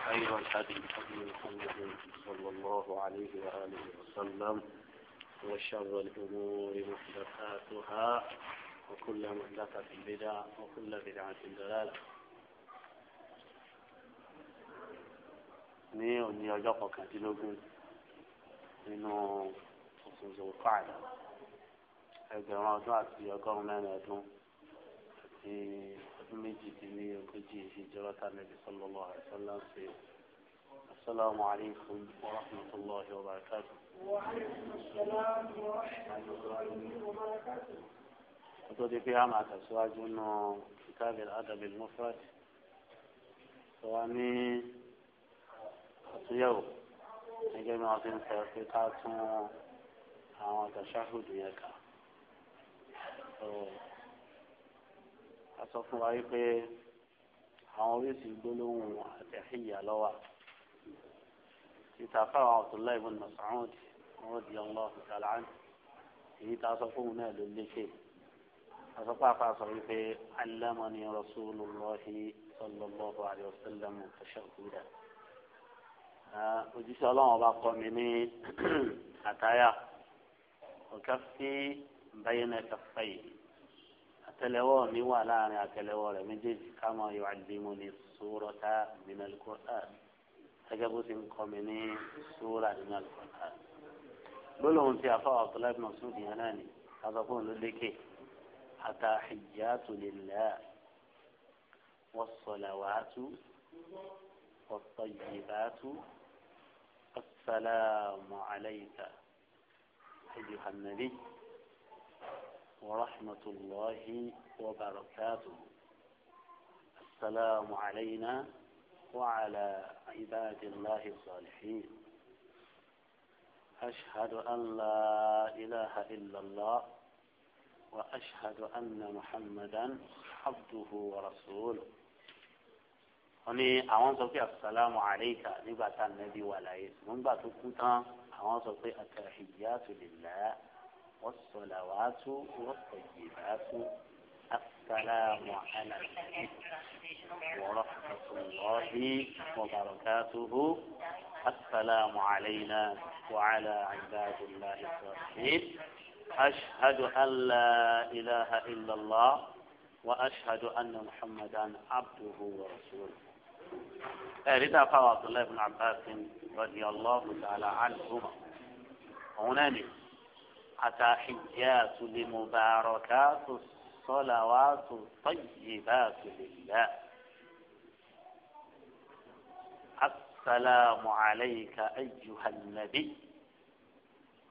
خير الحديث محمد صلى الله عليه وآله وسلم وشر الأمور محدثاتها وكل محدثة بدعة وكل بدعة ضلالة ní òní ọjọ́ kọkàndínlógún nínú oṣù zòkàdà ẹgbẹ̀rún ọdún àti ọgọ́rùn-ún mẹ́rin àti ọdún méjìdínlé ogójì النبي صلى الله عليه وسلم في السلام عليكم ورحمة الله وبركاته وعليكم السلام ورحمة الله وبركاته أتودي فيها مع تسواج أنه كتاب الأدب المفرد سواني أتيو نجي معظم تلقيقات أنا تشهد يكا a sọ fún wa wípé àwọn oríṣi gbólóhùn àtẹ̀híyà lọ́wọ́ títà fáwọn Abdullahi ibn Mas'ud radiyallahu ta'ala anhu èyí tá a sọ fún un náà ló léṣe a sọ pé àfa sọ sallallahu alayhi wa sallam tashahhuda ojúṣe ọlọ́run ọba kọ́ mi ní àtàyà ọ̀kẹ́ fi bayna kaffayhi tẹlẹwọ́ mi wà láàrin àtẹlẹwọ́ rẹ̀ méjèèjì kámọ́ yóò àdìmú ní sùúrọ̀tà nínú alukur'an gẹ́gẹ́ bó ti ń kọ́ mi ní sùúrà nínú alukur'an. gbólóhùn tí a fọ́ abdullahi bin masud yẹn náà ni azọ́kùn ló lékè ata hijjatu lillah wassalawatu wattayyibatu assalamu alayka ayyuhan nabiy. ورحمة الله وبركاته السلام علينا وعلى عباد الله الصالحين أشهد أن لا إله إلا الله وأشهد أن محمدا عبده ورسوله أني أعوان السلام عليك asalaamu aleyka النبي tá من nàbí wà láyé nígbà tó والصلوات والطيبات السلام على ورحمة الله وبركاته السلام علينا وعلى عباد الله الصالحين أشهد أن لا إله إلا الله وأشهد أن محمدا عبده ورسوله أريد أفعل عبد الله بن عباس رضي الله تعالى عنهما هناك التحيات لمباركات الصلوات الطيبات لله السلام عليك أيها النبي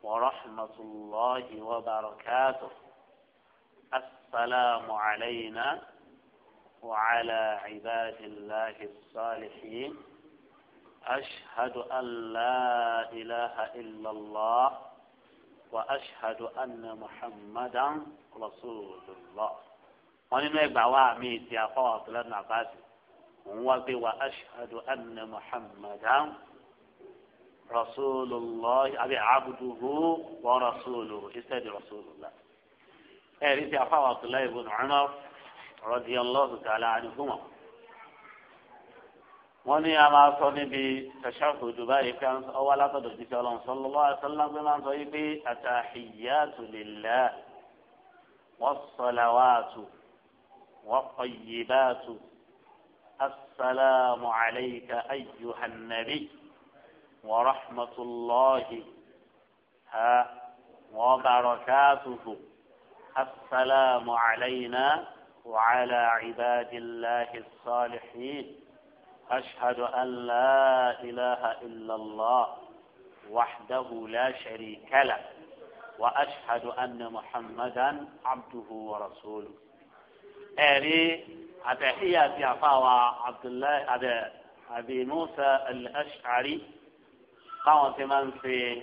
ورحمة الله وبركاته السلام علينا وعلى عباد الله الصالحين أشهد أن لا إله إلا الله وأشهد أن محمدا رسول الله وأنا ما يبعوا عميت يا خوات لنا قاسي وفي وأشهد أن محمدا رسول الله أبي عبده ورسوله استاذ رسول الله أريد يا خوات الله بن عمر رضي الله تعالى عنهما wọ́n ní a máa sọ níbi tashahhudu báyìí pé ọwọ́ alátọ̀dọ̀ ti fi ọlọ́run sallallahu alaihi wasallam pé máa ń sọ yìí pé at-tahiyyatu lillah was-salawatu wat-tayyibatu assalamu alayka ayyuhan nabiy wa rahmatullahi ha wa barakatuhu assalamu alayna wa ala ibadillahi as أشهد أن لا إله إلا الله وحده لا شريك له وأشهد أن محمدا عبده ورسوله أري أتحية عفاوة عبد الله أبي, أبي موسى الأشعري قام تمام في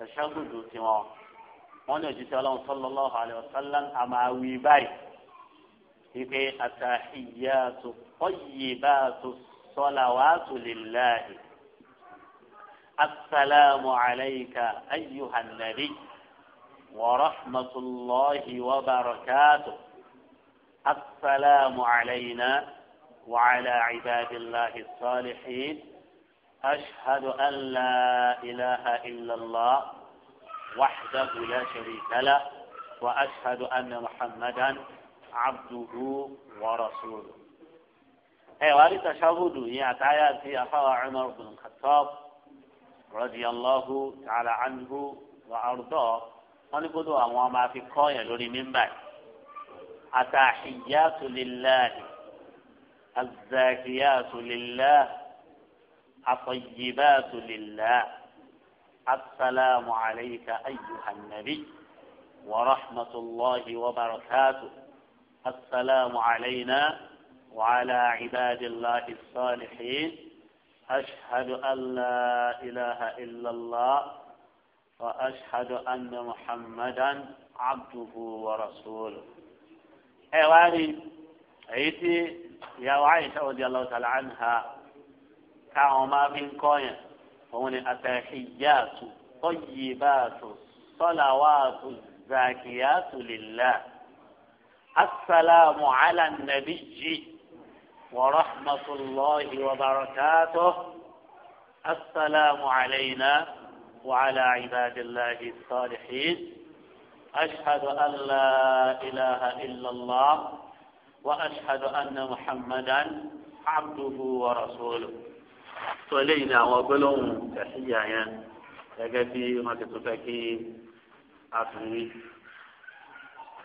تشهد تمام من جيت الله صلى الله عليه وسلم أما ويباي هي التحيات الطيبات الصلوات لله السلام عليك أيها النبي ورحمة الله وبركاته السلام علينا وعلى عباد الله الصالحين أشهد أن لا إله إلا الله وحده لا شريك له وأشهد أن محمدا عبده ورسوله إيه، هي وارد تشهد هي تعالى في أخوة عمر بن الخطاب رضي الله تعالى عنه وأرضاه قال بدو أما ما في قاية لوري من بعد لله الزاكيات لله الطيبات لله السلام عليك أيها النبي ورحمة الله وبركاته السلام علينا وعلى عباد الله الصالحين أشهد أن لا إله إلا الله وأشهد أن محمدا عبده ورسوله أيواني عيتي يا عائشة رضي الله تعالى عنها كعما من كوين هنا التحيات طيبات الصلوات الزاكيات لله السلام على النبي ورحمة الله وبركاته السلام علينا وعلى عباد الله الصالحين أشهد أن لا إله إلا الله وأشهد أن محمدا عبده ورسوله ولينا وبلون تحيا لقدي ما تتفكي أفني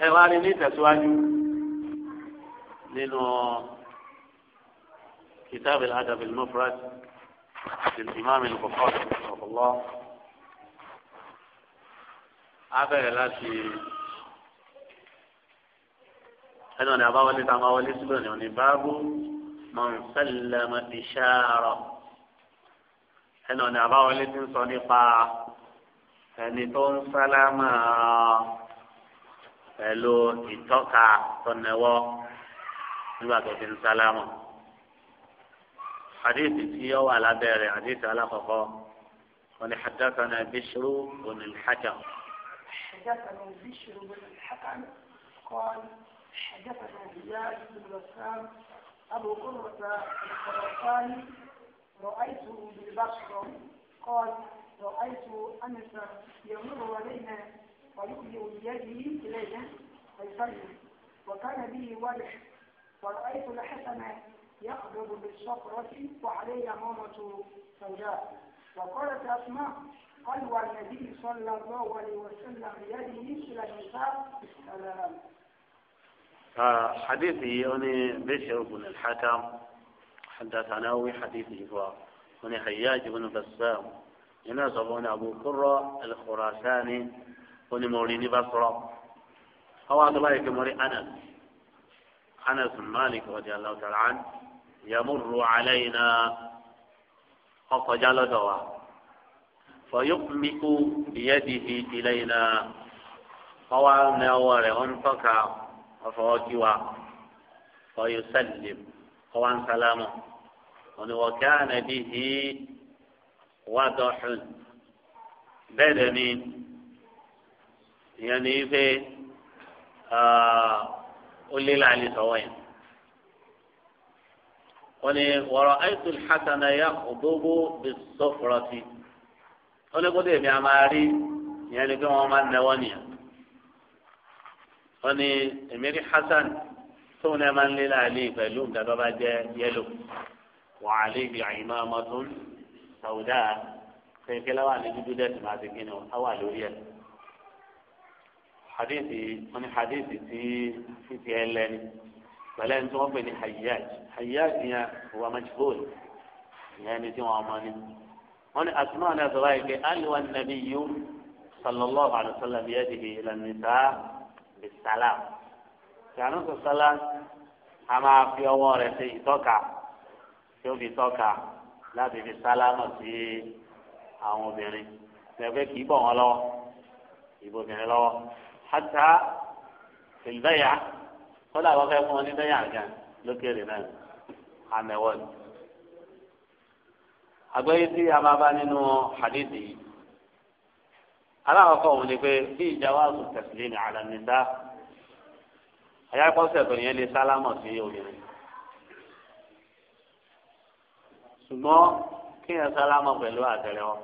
أيواني نتسواجو nínú كتاب الأدب المفرد للإمام البخاري رحمه الله abẹ́rẹ́ láti ẹnu ọ̀nà àbáwọlé tá a máa wọlé síbẹ̀ ní ọ̀nà báàbù mọ̀nsálẹ̀mọ̀ ìṣàrọ̀ ẹnu ọ̀nà àbáwọlé ti ń sọ nípa ẹni tó ń sálámà pẹ̀lú ìtọ́ka tọ̀nẹ̀wọ́ nígbà tó ti ń sálámà. حديث سيو على بير حديث على فقا قال حدثنا بشر بن الحكم حدثنا بشر بن الحكم قال حدثنا هلال بن بسام أبو قرة الخراساني رأيته بالبصرة قال رأيت أنس يمر علينا ويؤدي بيده إلينا فيصلي وكان به ولح ورأيت الحسن يقبض بالصفرة وعليه عمامة سوداء وقالت أسماء قال والنبي صلى الله عليه وسلم بيده إلى النساء السلام آه، حديثي أنا بشر بن الحكم حدث عناوي حديثي هو هنا حياج بن بسام يناسب هنا أبو كرة الخراساني هنا مولين بصرة هو عبد الله يكمل أنس أنس مالك رضي الله تعالى عنه yamuru alayna ọkọjá lọ́dọ̀ wa fọyọkùnmíkù biyadihi ilayna ọwọ́ ní ọwọ́ rẹ̀ ń tọ́ka ọfọwọkí wa fọyọsẹlẹm ọwọ́ ń sálámù oníwọkẹ ànàbíhi wàdọhùn bẹ́ẹ̀ ife ó lé wọ́n ní wọ́rọ̀ àìsùn hasana ya òdòbó bí sọ́fọ̀rọ̀ sí ó ní kódé mi a máa rí ìyẹn ni pé wọ́n máa nẹ́wọ́ nìyẹn wọ́n ní èmi rí hasan tóun náà máa ń lé láàlẹ́ pẹ̀lú nǹkan tó bá jẹ́ yẹ́lò wọ́n á lé ibi àyìnbá ọmọ tó ń sàwùdá kékeré wà ní dúdú dẹ́sì máa ti kíni ó wà lórí ẹ̀ hadithi wọ́n ní hadithi tí fífi ẹ lẹ́ni pẹ̀lú ẹni tí wọ́n pè ní hayaj hayaj yẹn wà majhul ìyẹn ni tí wọ́n mọ ni. wọ́n ní asúmọ́ náà sọ báyìí pé aliwa nàbí yìí sallallahu alayhi wa sallam yẹ ti fi ìlànà ìta bisalam. kànú sọ̀sọ́lá a máa fi ọwọ́ rẹ̀ ṣe ìtọ́ka tí ó fi tọ́ka láti fi sálámà sí àwọn obìnrin lẹ́gbẹ́ kì í bọ̀ wọ́n lọ́wọ́ ìbò obìnrin lọ́wọ́ hátà ìlbẹ́yà kọ́dà wọ́n fẹ́ fún ọ ní lẹ́yìn àga lókèrè náà àmẹ́wọ́ ni. àgbẹ̀yé tí a máa bá nínú hadithi yìí aláwọ̀kọ́ òun ni pé bí jawazu taslimi ala nisa àyàkọ́sẹ̀ tó yẹn lè sálámọ̀ sí obìnrin. ṣùgbọ́n kí yẹn sálámọ̀ pẹ̀lú àtẹ́lẹwọ́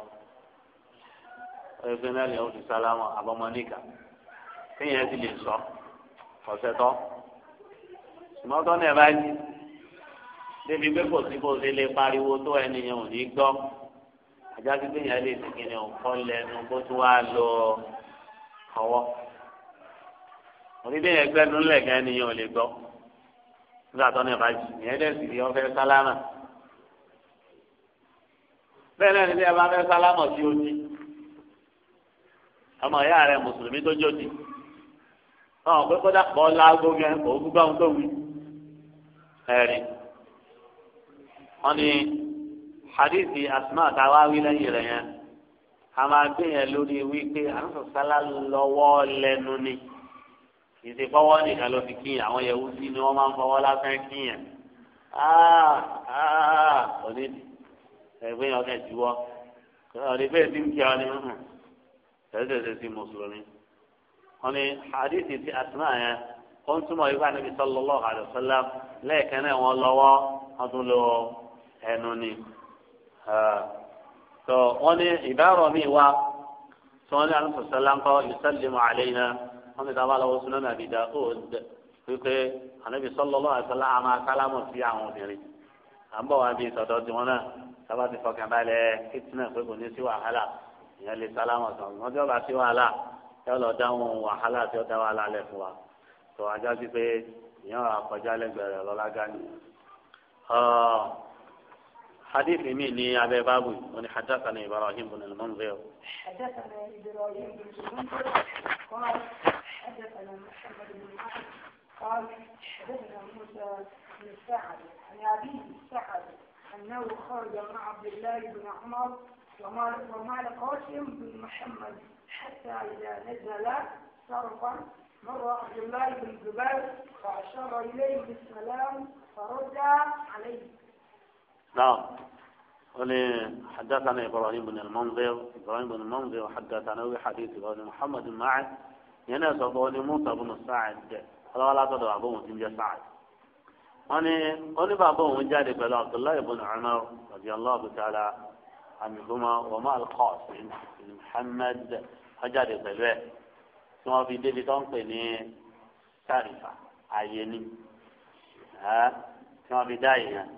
ẹgbẹ́ náà lè ó níkà kí ti lè sọ ọ̀sẹ̀ tán sùmọ́tọ́ náà bá yí débi pé kò sí bó ṣe lè pariwo tó ẹnìyàn ò ní gbọ́ ajá pípé yẹn lè sìnkì ní ọ̀pọ̀ lẹ́nu bó tún wá lọ ọwọ́ onídé yẹn gbẹnu lẹ gan ẹnìyàn ò lè gbọ́ nígbà tó ní ìbájú yẹn dẹ sì rí ọfẹ sálámà bẹ́ẹ̀ náà níbi ẹbá fẹ́ sálámà sí ojì ọmọ ìyá rẹ mùsùlùmí tó jódi ọ pé kódà pọ láago gan òun gbọ́ ohun tó wí ẹ̀rí wọ́n ní hadithi asma tawawi lẹ́yìn rẹ̀ yẹn a máa gbé yẹn lórí wípé àǹsọ̀sálà lọ́wọ́ lẹ́nu ni ìṣe fọwọ́ nìkan ló fi kíyàn àwọn yẹ̀wù sí ni wọ́n máa ń fọwọ́ lásán kíyàn ah, ah, òní ẹgbẹ́ yẹn ọkẹ́ juwọ́ òní bẹ́ẹ̀ ti ń kí ọ ní ẹ̀ẹ́dẹ̀ẹ́dẹ̀ sí mùsùlùmí wọ́n ní hadithi ti asma yẹn ó ń túmọ̀ ìwà níbi sallallahu alaihi wasallam lẹ́ẹ̀kan náà wọ́n lọ́wọ́ wọ́n tún lo ẹnu ni. tó wọ́n ní ìbára mi wá tí wọ́n ní alùpùpù sọ́lá ń kọ́ yusallimu alayna wọ́n ti dábàá lọ́wọ́ sunan Abi Daud wípé ànábì sallallahu alaihi wasallam àmà kálámù sí àwọn obìnrin à ń bọ̀ wá bí ìsọ̀dọ̀ tí wọ́n náà sábà ti fọkàn balẹ̀ tó ajá sí pé ìyẹn wà kọjá lẹ́gbẹ̀ẹ́ lọ́lá gánì. حديث مين أبي بابوي من حدثنا إبراهيم بن المنذر حدثنا إبراهيم بن المنذر قال حدثنا محمد بن معبد قال حدثنا موسى بن سعد عن أبي سعد أنه خرج مع عبد الله بن عمر ومع القاسم بن محمد حتى إذا نزل صرفا مر عبد الله بن زبير فأشار إليه بالسلام فرجع عليه نعم ولي حدثنا إبراهيم بن المنذر إبراهيم بن المنذر حدثنا حديث إبراهيم محمد معه ينسى ضولي موسى بن سعد قال لا تدع أبوه تنجى سعد أني أني بابو جاري بلا عبد الله بن عمر رضي الله تعالى عنهما وما القاسم بن محمد فجاري بلوه tí wọ́n fi débi tó ń pè ní sàrìfà àyè ni tí wọ́n fi dá èèyàn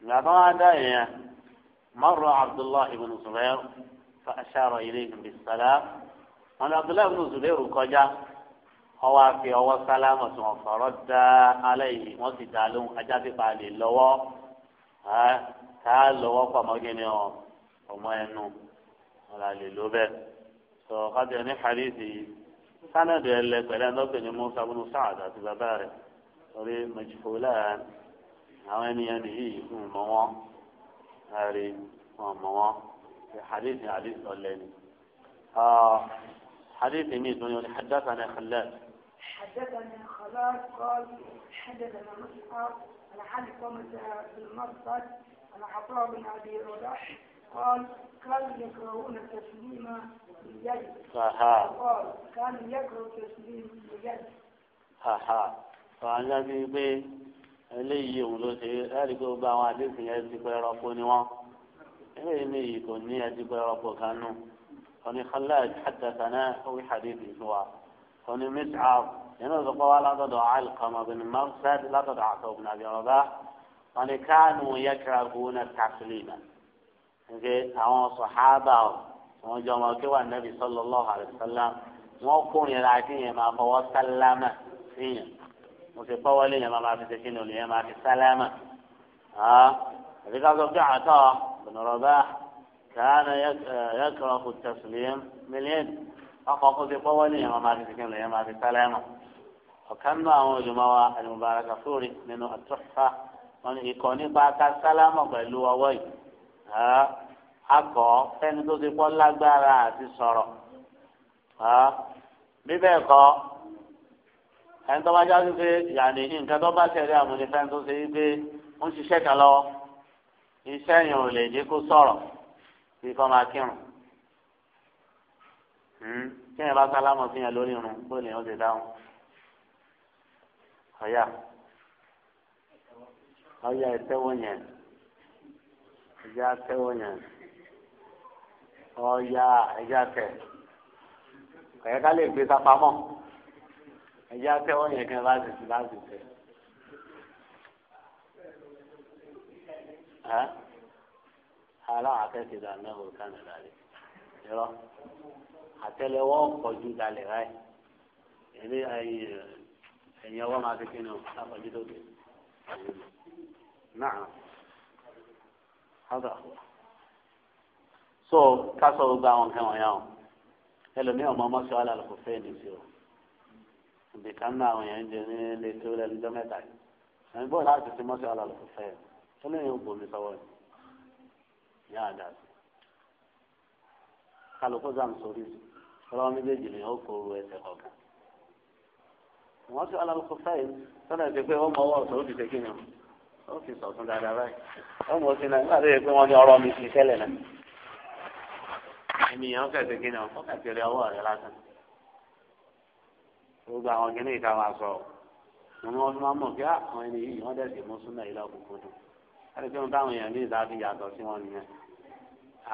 ìgbà tó wọ́n dá èèyàn mọ́rọ̀ abdullahi ibn zubair fa ashara ilayhim bisalam wọn lọ abdullahi ibn zubair kọjá ọwọ́ àfi ọwọ́ sálámù tí wọ́n fọ̀rọ̀ dá aláìyí wọ́n sì dá lóhùn ajá pípa lè lọ́wọ́ ká lọ́wọ́ pọ̀ mọ́gẹ́ni ọmọ ẹnu wọn là lè lọ bẹ́ẹ̀. فقد يعني حديثي كان بيقول لك بلان دوك موسى بن سعد في بابارك قال مجهولان هاوين يعني هي هم موا هاري هم موا في حديث حديث قال لي اه حديث مين حدثنا خلاد عن خلاد قال عن مصعب انا حالي قمت بالمصعب انا حطاه من ابي قال كان يقرؤون تسليما باليد قال كان يكره تسليم باليد fàánà bíi pé eléyìí òun ló ṣe ẹ̀rí pé gbogbo àwọn àdéhùn yẹn ti pẹ́ rọ́pò ni wọ́n eléyìí ní yìí kò ní ẹ ti pẹ́ rọ́pò kanú òní khalad hadathana orí hadithi fún wa òní mis'ab nínú ìsopọ̀ wa látọ̀dọ̀ alqama bin marsad látọ̀dọ̀ àtọ̀ bin abiyarọba òní kánú yẹ kíra gbóná tàfilìmà nke àwọn sòhábà àwọn jọ ọmọ kí wà nẹ́bí sallallahu alaihi wasallam wọ́n kórìíra kí yẹn máa fọwọ́ sálámà síyàn mo sì pọ́ wọlé yẹn máa fi ṣe kí ni olè yẹn máa fi sálámà àti ká sọ pé àtọ́ bùnúrọ̀bá kàánà yẹ́kọ̀ọ́ kò tẹ̀sílẹ̀ mílíọ̀nù ọkọ̀ kó sì pọ́ wọlé yẹn máa fi ṣe kí ni olè yẹn máa fi sálámà ọ̀kan náà àwọn olùmọ̀wá àlùmọ̀báraka sórí nínú àtúfà wọn ìkọ̀ nípa ká sálámà pẹ̀lú ọwọ́ yìí akọ fẹni tó ti kọ́ lágbára àti sọ̀rọ̀ bíbẹ̀ kọ́ ẹni tó bá já sí pé yàní nǹkan tó bá tẹ̀lé àmúni fẹni tó ṣe yí pé ń ṣiṣẹ́ kan lọ́wọ́ iṣẹ́ yẹn ò lè jẹ́ kó sọ̀rọ̀ bí kò máa kírun kí hmm? yẹn bá sálámọ̀ sí yẹn lórí irun bó lè yẹn ó ti dáhùn ọ̀yà ọ̀yà ìtẹ́wọ̀ ìyá ìtẹ́wọ̀ ọ̀ya ẹja tẹ̀ kẹ̀kẹ́ ká lè gbé sapamọ́ ẹja tẹ̀ wọ́n yẹ kẹ́ láti sí láti tẹ̀. aláwọ̀ akẹ́kẹ̀ẹ́ dáná ò kánà dálé yọ àtẹ́lẹwọ́ kọjú dalẹ̀ ráì ẹni ẹ̀yìn ọwọ́ máa fi kíni o lápọ̀jú tó dé náà hádà so kásọ gbogbo àwọn nǹkan wọ̀nyẹn o ẹlòmíràn ọmọ ọmọ sọ alàlùkò fẹ́ẹ̀ ní sí o ìbí kan náà àwọn èèyàn ń jẹ ní ilé tó lẹ lọ́jọ́ mẹ́ta yìí ẹni bọ́ọ̀lù láti ti mọ́sọ alàlùkò fẹ́ẹ̀ tó lẹ́yìn ó bomi sọ́wọ́ ẹ̀ ní àdá sí kálukú zam sórí ọlọ́wọ́ méjèèjì ni ó kóoru ẹsẹ̀ kọ̀ọ̀kan wọ́n sọ alàlùkò fẹ́ẹ̀ tọ́lẹ̀ ti pé ó mọ ọwọ́ ọ̀sán ó ti ṣe kí ni ó fi sọ̀tún dáadáa báyìí ó mọ̀ náà ènìyàn kẹsẹ̀ kí ni ọkọ kẹsẹ̀ rẹ rẹ lásán gbogbo àwọn kìnnì ìta wa sọ mo ọdún máa mọ kí ah, àwọn ẹni yìí wọn dẹsẹ mú súnmọ́ ìlà òkùnkùn dùn láti fi hàn táwọn èèyàn ní ìta fi yàtọ̀ sí wọn nìyẹn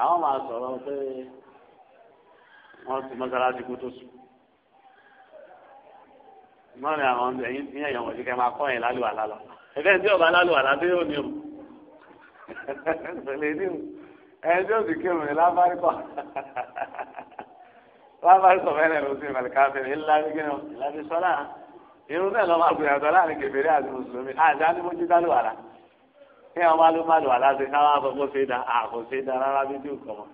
àwọn máa sọ̀rọ̀ pé wọn ti mọ́sálásí kú tó sùn wọn ni àwọn ẹyin ní ẹyàn wọn ti kẹ máa kọ yẹn lálùwàlá lọ ẹgbẹ́ tí ọba lálùwàlá tó yóò ní o ẹni tí ó sì kírun ní lábárìkọ lábárìkọ fẹ́rẹ̀ ló sì mẹ́lẹ̀ káfíìn ńlá ní kí ni ìlànà sọ́lá irun náà lọ́mọ àgbéyàtọ̀ láàrin kèfèrè àti mùsùlùmí àti ánimójú dálù àlá kí wọn bá ló má lù àlá sí káwọn àkókò ṣe dá àkóṣe dá rárá bí tí ò kọ́ mọ́.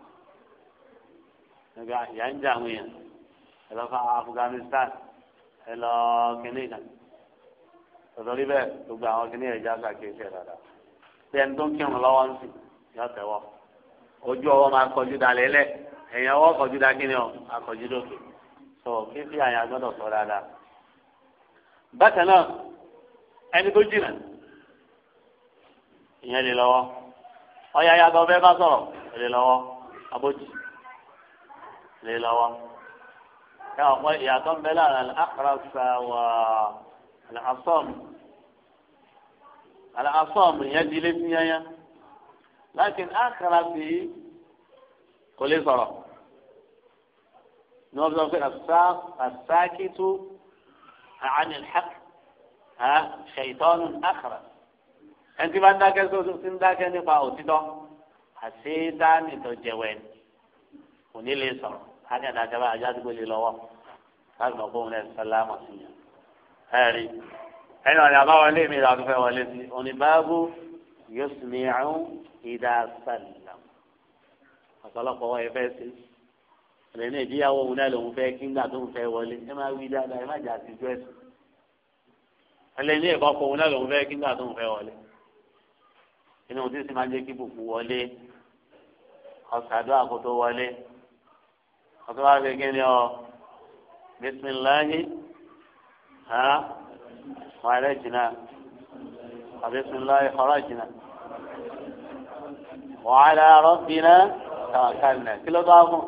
nígbà ìyá ń jà àwọn èèyàn ẹ lọ fún Afghanistan ẹ lọ kínní kan tòtòrí bẹ́ẹ̀ gbogbo àwọn kínní ẹ̀já sàkéṣe dáadáa bí ẹni tó kírun lọ́wọ́ ń sìn yọ tẹ̀wọ́ ojú ọwọ́ máa kọjú dalẹ̀ lẹ̀ ẹ̀yìn ọwọ́ kọjú da kíni ọ akọjú lókè sọ fífi àyàn gbọ́dọ̀ sọ dáadáa. bákan náà ẹni tó jìnà ìyẹn lè lọ́wọ́ ọ̀yà yàtọ̀ fẹ́ bá sọ̀rọ̀ lè lọ́wọ́ abójì lè lọ́wọ́ ẹ ọ̀pọ̀ ìyàtọ̀ ń bẹ láàrin àkàràṣà wà àlàásọ̀mù àlàásọ̀mù ìyẹn di ilé sí yányán lákìn ákàrà sí kò lè sọ̀rọ̀ ní wọ́n sọ pé àsákìtú àánì hàk ha ṣèyítọ́nù ákàrà ẹni tí bá ń dákẹ́ sóso tí ń dákẹ́ nípa òtítọ́ àti dání tó jẹwẹ́ kò ní lè sọ̀rọ̀ hàní àdájọ́ bá ajá dúgbò lè lọ́wọ́ láti mọ̀ fún un lẹ́sìn sálámù sí i ẹ̀rí mi ìlànà fẹ́ wọlé sí i òní báàbù yóò sì ní àrùn ìdá sàlám ọ̀pọ̀lọpọ̀ wọn ẹ fẹ́ sí ẹ̀rẹ́ ní ìdíyàwó òun náà lòun fẹ́ kí ńgbà tó ń fẹ́ wọlé ẹ má wí dáadáa ẹ má jà sí jọ́ ẹ̀sìn ẹ̀rẹ́ ní ìbọ̀kọ̀ òun náà lòun fẹ́ kí ńgbà tó ń fẹ́ wọlé inú tí sì máa ń jẹ́ kí bùkún wọlé ọ̀sàdó àkótó wọlé ọ̀tọ́ wa fi kíni ọ bisimilahi ha wàlẹ́ jìnnà bisimilahi ọ̀rọ̀ jìnnà wàhálà rọ́bìnà tàwákàlà kí ló dáa fún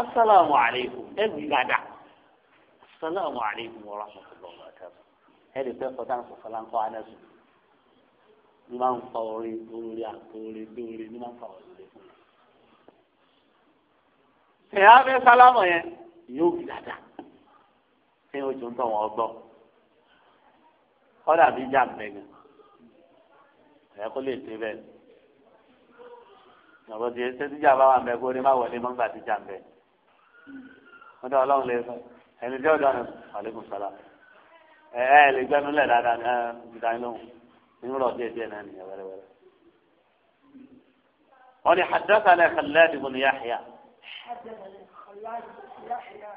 asalaamu aleykum ẹ gbì gàdà asalaamu aleykum wa rahmatulah wa barakatu ẹ lè fẹ́ fọdá sọ̀fọ̀lá ńkọ́ anásù ní máa ń fa orí orí àtòrí dórí ní máa ń fa orí lé fún mi. ṣèyá fẹ́ sálámù yẹn yóò gbì gàdà ṣé o jù ń tọ̀ wọ́n gbọ́ kọ́dà bí jà ń bẹ̀ gan ẹ̀yà kó lè ṣe bẹ́ẹ̀ ọ̀rọ̀ tiẹ̀ ṣé tíjà bá wà mẹ́kọ́ ní má wọlé mọ́ nígbà tíjà ń bẹ̀. wọ́n dá ọlọ́run lè ẹni tí ó dọ̀nà aleykum salaam ẹ ẹ lè gbẹnu lẹ̀ dáadáa ní ìdánilóhùn nínú rọ̀ díẹ̀ díẹ̀ náà nìyẹn wẹ́rẹ́wẹ́rẹ́. wọ́n ní hadathana Khalad ibn Yahya. hadathana Khalad ibn Yahya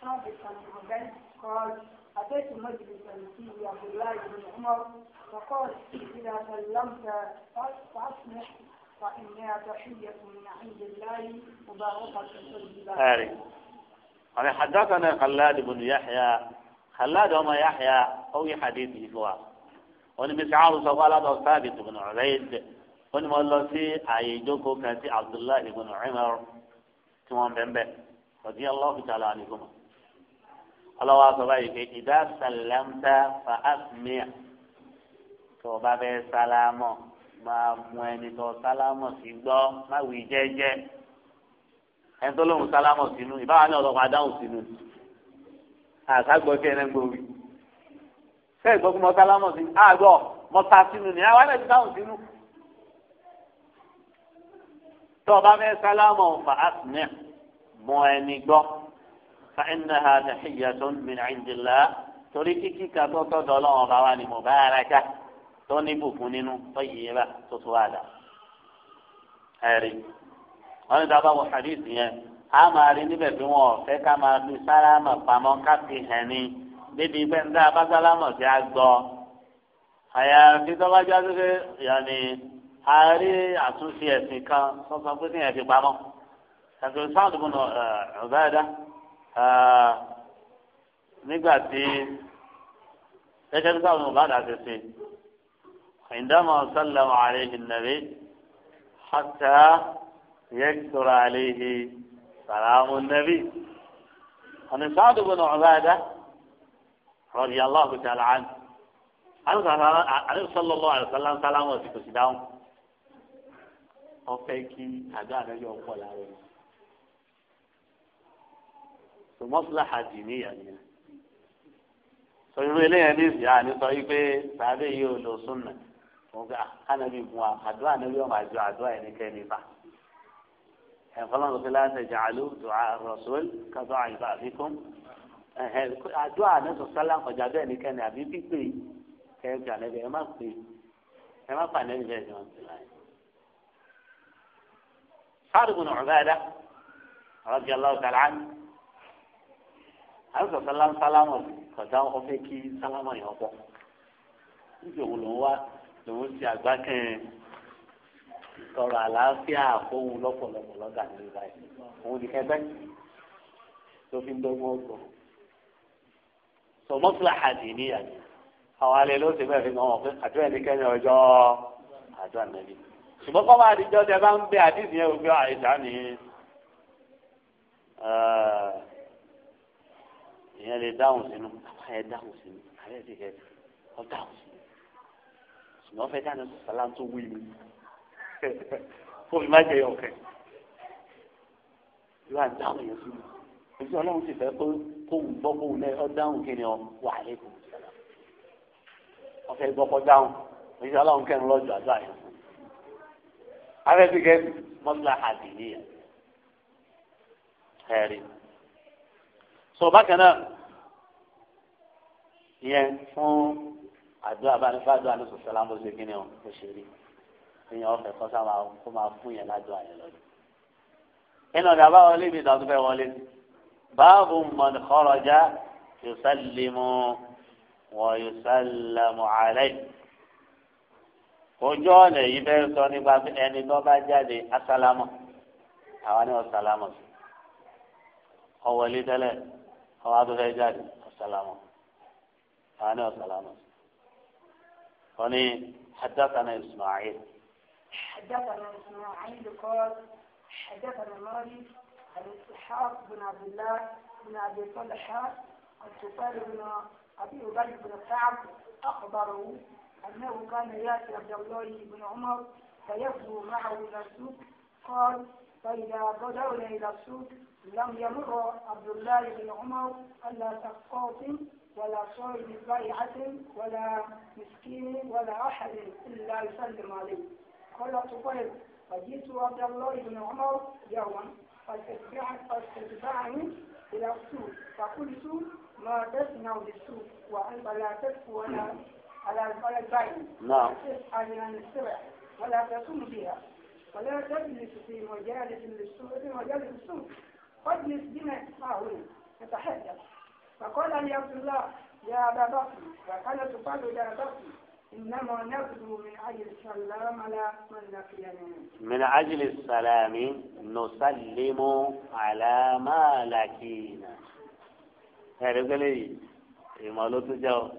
ثابتا عن قال أتيت مجلسا فيه عبد الله بن عمر فقال إذا سلمت فأصلح فإنها تحية من عند الله مباركة طيبة. أنا حدثنا خلاد بن يحيى خلاد وما يحيى قوي حديثه فوا wọn misaaru sọ fún aládọ sábì tó bìnrin ọ̀rẹ́d wọn ni mo lọ sí ààyè ìjókòó kan sí abdullahi ibùn umar tí wọn ọlọ́wọ́ aṣọ báyìí pé ìdá sàlámtà fa asmia tó o bá fẹ́ sálámọ̀ máa mú ẹni tó sálámọ̀ sí gbọ́ má wí jẹ́jẹ́ ẹni tó lóun sálámọ̀ sínú ìbáwa ní ọlọ́pàá dáhùn sínú àtàgbọ́ kí ẹni gbòòrì ṣé ìgbọ́ fún mọ́tà lámọ̀ sí àgọ́ mọ́tà sínú ni àwọn ẹ̀dẹ̀ dáhùn sínú. tó o bá fẹ́ sálámọ̀ fa asmia ẹni gbọ́. فإنها تحية من عند الله تريكي كتوتو دولون رواني مباركة توني بوكونينو طيبة تطوالا ẹ̀rí wọ́n ní dábàá wọ hadith yẹn a máa rí níbẹ̀ bí wọ́n fẹ́ ká máa fi sálámà pamọ́ ká fi hàn ní bíbi pé ń dá abásálámà sí agbọ́ àyàfi tọ́bajá tó ṣe yàní a rí àtúnṣe ẹ̀sìn kan sọ́sọ́ pé kéèyàn fi pamọ́ ẹ̀sìn sáà tó kún ọ̀gáàdá nígbà tí gẹ́gẹ́ bí sáwọn ọba àdá ṣe عندما سلم عليه النبي حتى يكثر عليه سلام النبي أن سعد بن عبادة رضي الله تعالى عنه àlùsọ̀lọ́ lọ́wọ́ àlùsọ̀lá ń sálámù ọ̀sìn kò sí dáhùn. wọ́n fẹ́ kí àdó àdájọ́ ọ̀pọ̀ lára rẹ̀ sọ mọ́sálàhà dì ní ìyá nìyẹn sọ irú eléyẹn ní ìsìn àní sọ yí pé sàbẹ̀ yìí ò lò súnà wọn gbà ah, ànábì gun wa àdúrà ànábì ọmọ àjọ àdúrà ẹnikẹ́ni bá ẹ̀fọ́lọ́n ló fi láti jà àlù dùà rọ̀ṣùl kátó àyùbá àfikún àdúrà ànábì sọ́lá ọ̀jà bẹ́ẹ̀ ẹnikẹ́ni àbí pípé kẹ́ẹ̀kẹ́ ànábì ẹ má pè ẹ má pàdé ẹnikẹ́ni bẹ́ẹ̀ ni wọ́n ti láyé. sáàdùkùn ọ̀gáyàdá rọ́bì aláwọ̀ tàlá àìsàn sálámù sálámù kọjá wọn fẹ́ kí sálámù yẹn pọ̀ níbi òun lòún wá lòún ti àgbá kẹ́hìn tọrọ àlàáfíà àkóhun lọ́pọ̀lọpọ̀ lọ́gà ní ìlú báyìí òun ní kẹgbẹ́ tó fi ń dọ́gbọ́n gbọ́. sọmọ́tìlá àdì níyàní àwọn alẹ́ ló ti bẹ́ẹ̀ fi hàn pé àdúrà ẹnikẹ́ni ọjọ́ àdúrà nàbí. ṣùgbọ́n kọ́ máa dijọ́ tẹ bá ń bẹ àdìsí yẹn gbé àìsàn ní ìyẹn lè dáhùn sínú ẹ dáhùn sínú ààrẹ ti kẹ ọ dáhùn sínú ṣùgbọ́n fẹ́ dáná sàlá tó wí mi kó fi má jẹ ọ̀kẹ́ yóò à dáhùn yẹn sínú èyí ọlọ́run ti fẹ́ pé kóun gbọ́ kóun náà ọ dáhùn kí ni ọ wà lẹ́kùn ọ̀fẹ́ gbọ́ kọ́ dáhùn èyí ọlọ́run kẹrin lọ́jọ́ àjọ àyẹ̀ fún un ààrẹ ti kẹ mọ́tò àdìyẹ ẹ̀rí sọ bákan náà yẹn fún àdúrà abánifádùn àdúrà sọsọlá mo ṣe kíni o mo ṣe rí èèyàn ọ̀fẹ́ kọ sáà máa kó máa fún yẹn ládùn àyẹn lọdún ẹnu ọdẹ àbáwọlé mi ìdánwò tó fẹ́ wọlé báàbù mọ̀nìkọ́rọ̀já yóò sálẹ̀mù wọ́n yóò sálẹ̀mù àlẹ́ ojú ọ̀nà yìí bẹ́ẹ̀ sọ nípa ẹni tó bá jáde asálámù àwọn ni wọ́n sálámù sí ọ̀wọ́lé tẹ́lẹ̀. ọwọ́ adúlọ ẹ jáde ọ̀sálàmù àánú ọ̀sálàmù. wọ́n ní حدثنا إسماعيل حدثنا إسماعيل قال حدثنا مالك عن إسحاق بن عبد الله بن أبي طلحة عن سفيان بن أبي أبي بن كعب أخبره أنه كان يأتي عبد الله بن عمر فيغزو معه إلى السوق قال فإذا غدونا إلى السوق لم يمر عبد الله بن عمر على سقاط ولا صائب بيعة ولا مسكين ولا أحد إلا يسلم عليه قال طفيل فجئت عبد الله بن عمر يوما فاستتبعني إلى السوق فقلت ما تصنع بالسوق وأنت لا تكفو ولا على البيع. نعم تسأل عن السبع ولا تصوم بها ولا تجلس في مجالس في مجالس السوق قد يسجن هاهنا نتحدث فقال لي عبد الله يا أبا بكر فقال تقال يا بكر إنما نبدو من أجل السلام على من لقينا من أجل السلام نسلم على ما لقينا هذا قال ìmọ̀ló إيه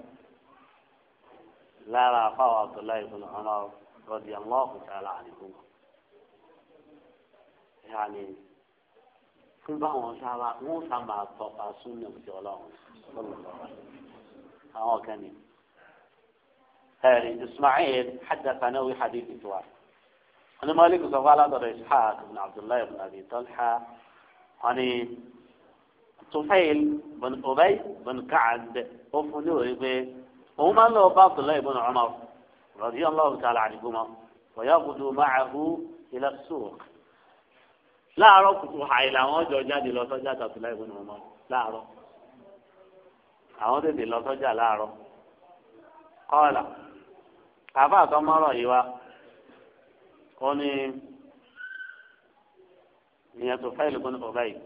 لا لا ọ lára afáwọn abdullahi ibùn ọmọ rọdìyàn lọ́ọ̀kùn tààlà àdìgún إسماعيل حدث أنا حديث إتوار أنا مالك وصفال هذا إسحاق بن عبد الله بن أبي طلحة يعني طفيل بن أبي بن كعب أفنوي به هما له عبد الله بن عمر رضي الله تعالى عنهما ويأخذ معه إلى السوق láàárọ̀ kùtù hàì làwọn jọ jáde lọ sọ́jà tàbí láì wọnú ọmọ láàárọ̀ àwọn tètè lọ sọ́jà láàárọ̀ kọlà àbá àtọmọrọ yìí wa ó ní ìyẹn tó fáìlì kún ní bàbá yìí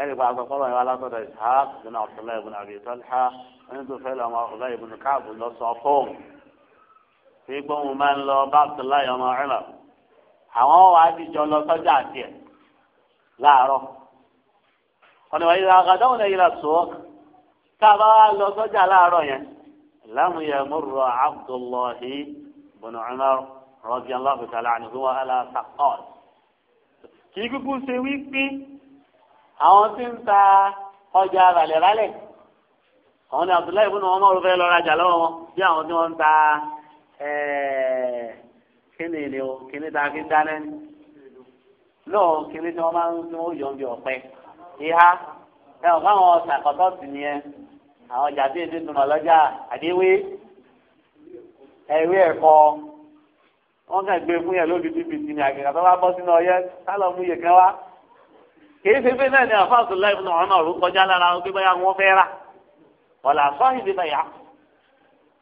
ẹnì kan àtọkọrọ yìí wa látọ̀dọ̀ ishaq bin abdullahi bin abi talha ẹni tó fáìlì ọmọ abdullahi bin káàbù lọ sọ fóun fi gbóhùn máa ń lọ bá abdullahi ọmọ ọ̀rẹ́là àwọn wà á dìjọ lọ sọ́jà àti ẹ̀ láàárọ̀ ọ̀nà ìlà àgàdáwọn náà ìlà sọ́ọ́ tá a bá lọ sọ́jà láàárọ̀ yẹn lámùyẹ múrò abdullahi bùnú umar rọ́bì aláàbò tààlà àníhùwà aláàtàkọ́ọ̀ kì í kúkú ṣe wípé àwọn tí ń ta ọjà ràlẹ̀ràlẹ̀ àwọn ni abdullahi bùnú umar fẹ́ lọ rajà lọ́wọ́ bí àwọn tí wọ́n ń ta ẹ̀ẹ́ kíni ni o kíni tá a fi dáná ni lóò kíni tí wọ́n máa ń tí wọ́n ń bí ọ̀pẹ ìhá ẹ ò fáwọn ṣàkọ́tọ̀tì nìyẹn àwọn ọjà bíi èdè tuma lọ́jà àdéwé ẹ̀wé ẹ̀kọ́ wọ́n kàn gbé fún yẹn lóbi bíbí ti ní àgbẹ̀ká tó bá bọ́ sínú ọyẹ sálọ mú yẹ kẹwàá kìí ṣe pé náà ni àfáàsù láìpẹ́ náà ọ̀nà ọ̀rú kọjá lára wọn pé báyà wọn fẹ́ rà wọ́n là sọ́ọ́ ìdí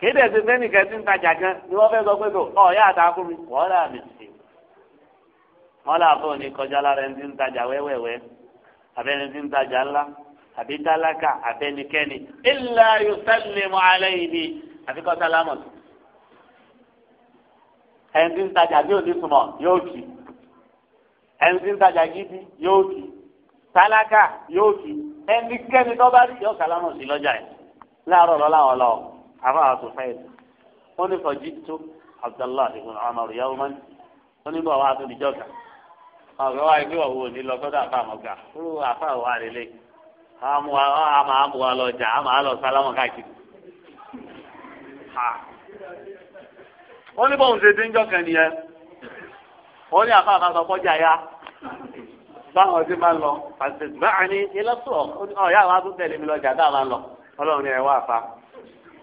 kéde ẹsẹ fẹ nìkan ti ń tajà gan ni wọn fẹ sọ pé kò ọ yá àtà fún mi wọn là mí sí wọn là fún ní kọjá lára ẹni tí ń tajà wẹ́wẹ́wẹ́ abẹni tí ń tajà ńlá àbí tálákà abẹnikẹ́ni ilà yóò sẹ́lẹ̀ mọ́ alẹ́ ibi àfi kọ́ sálámọ̀ sí. ẹni tí ń tajà bí òní sùnmọ̀ yóò kì ẹni tí ń tajà gidi yóò kì tálákà yóò kì ẹnikẹ́ni tó bá rí yóò sálámọ̀ sí lọ́jà yẹn láàárọ̀ lọ́la àfáà sùfẹ́yìn ó ní fọjí tó abdullahi ibùn amaru yawman ó ní bọ̀ wá tó ní jọ́gà ọ̀gá wa ìgbé òwò ní lọ sọ́dọ̀ àfáà mọ̀gà fúru àfáà wà lélẹ̀ àmà àmù wa lọ jà àmà àlọ́ sálámù káàkiri. ó ní bọ́ọ̀n ṣe dé ń jọ́kàn nìyẹn ó ní àfáà máa sọ fọ́jà ya báwọn ọdún máa ń lọ àti báà ní ilé sọ̀rọ̀ ọ̀yá àwọn adúgbò tẹ̀lé mi lọ jà dáa máa ń lọ ọlọ́run ni ẹ̀ wá àfa.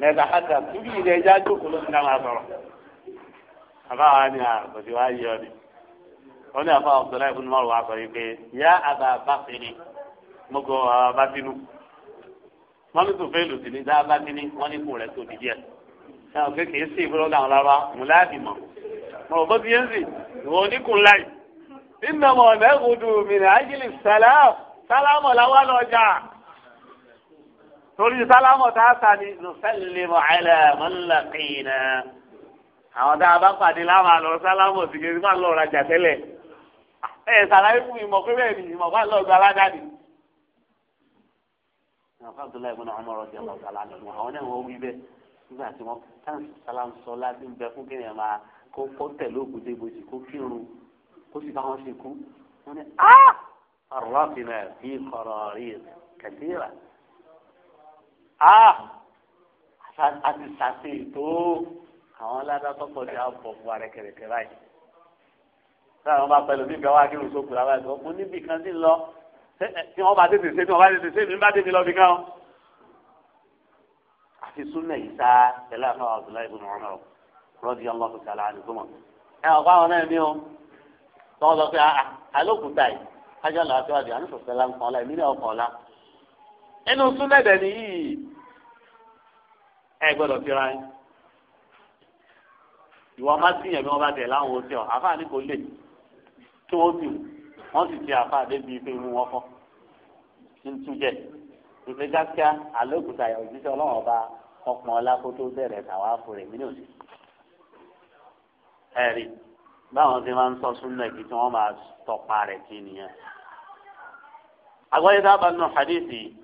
lẹ́tà hàtà níbi ilẹ̀ ẹja jókòó ló ti dá máa sọ̀rọ̀ bàbá wa ni àkọsí wa yọ ni wọn ní àfa Abdullahi ibn Umar wa sọ yìí pé yá àbá bàtìní mo kọ àbá bàtìnú wọn ní tòfé lòsì ní dá bàtìní wọn ní kò rẹ tó di díẹ̀ náà pé kìí sí ìfúnná náà lára mùláàdì mọ mọ bó ti yẹn sì ìwọ oníkùn láì nínú ọmọ ọ̀nà ẹ̀kúndùn mìíràn ájílì sàlám sàlámù làwọn ọjà torí sálámù tá a sá ni nùsẹ́lẹ̀mù ẹlẹ́mọ̀lẹ́kìnà àwọn tá a bá pàdé láwọn àlọ́ sálámù òsìkè ní máa lọ rajà tẹ́lẹ̀ ẹ̀ sàlàyé fún ìmọ̀ pé bẹ́ẹ̀ ni ìmọ̀ bá lọ gba aládá ni. àwọn Abdullahi ibùdó àwọn ọmọ ọ̀rọ̀ jẹ́ ọ̀gá lánàá àwọn náà wọ́n wí bẹ́ẹ̀ nígbà ń bẹ fún kéèyàn máa kó kó tẹ̀lé òkúté bòjì kó kírun kó sì bá wọn ṣe kú wọ́n ní ah! Ah! a ti sàṣe ètò àwọn aládàtọ̀ pọ̀ ní àbọ̀ fún ara kẹ̀kẹ́ báyìí sáà wọn bá pẹ̀lú níbi àwọn akérò sókùn làwọn ẹ̀sọ́ mo níbi kan sí lọ tí wọn bá tètè ṣe tí wọn bá tètè ṣe mi bá tètè lọ bí kan àfi súnà yìí sá pẹ̀lú àwọn Abdullahi ibn Umar rọ́ọ̀dì ọlọ́ọ̀kú sàlá àdìgúnmọ̀ ẹ̀ ọ̀pá àwọn náà ah, ah, ní o tọ́wọ́ ẹnu súnlẹ̀dẹ̀ nìyí ẹ gbọ́dọ̀ fi ra ẹ ìwọ má sí yẹn bí wọ́n bá tẹ̀ láwọn oṣù ọ àfáà ní kò lè kí wọ́n sì wọ́n sì ti àfáà débi pé mú wọn fọ́ ntújẹ ìfẹ́ gáfíà alóòkúta ìyàwó jíjẹ ọlọ́wọ́n ọba ọkùnrin ọlákótó bẹ̀rẹ̀ tàwa fún rẹ̀ nínú òsì báwọn ti máa ń sọ súnlẹ̀ kí tí wọ́n máa tọpa rẹ̀ kí nìyẹn. àgbáyé dábàá nù hadithi yìí.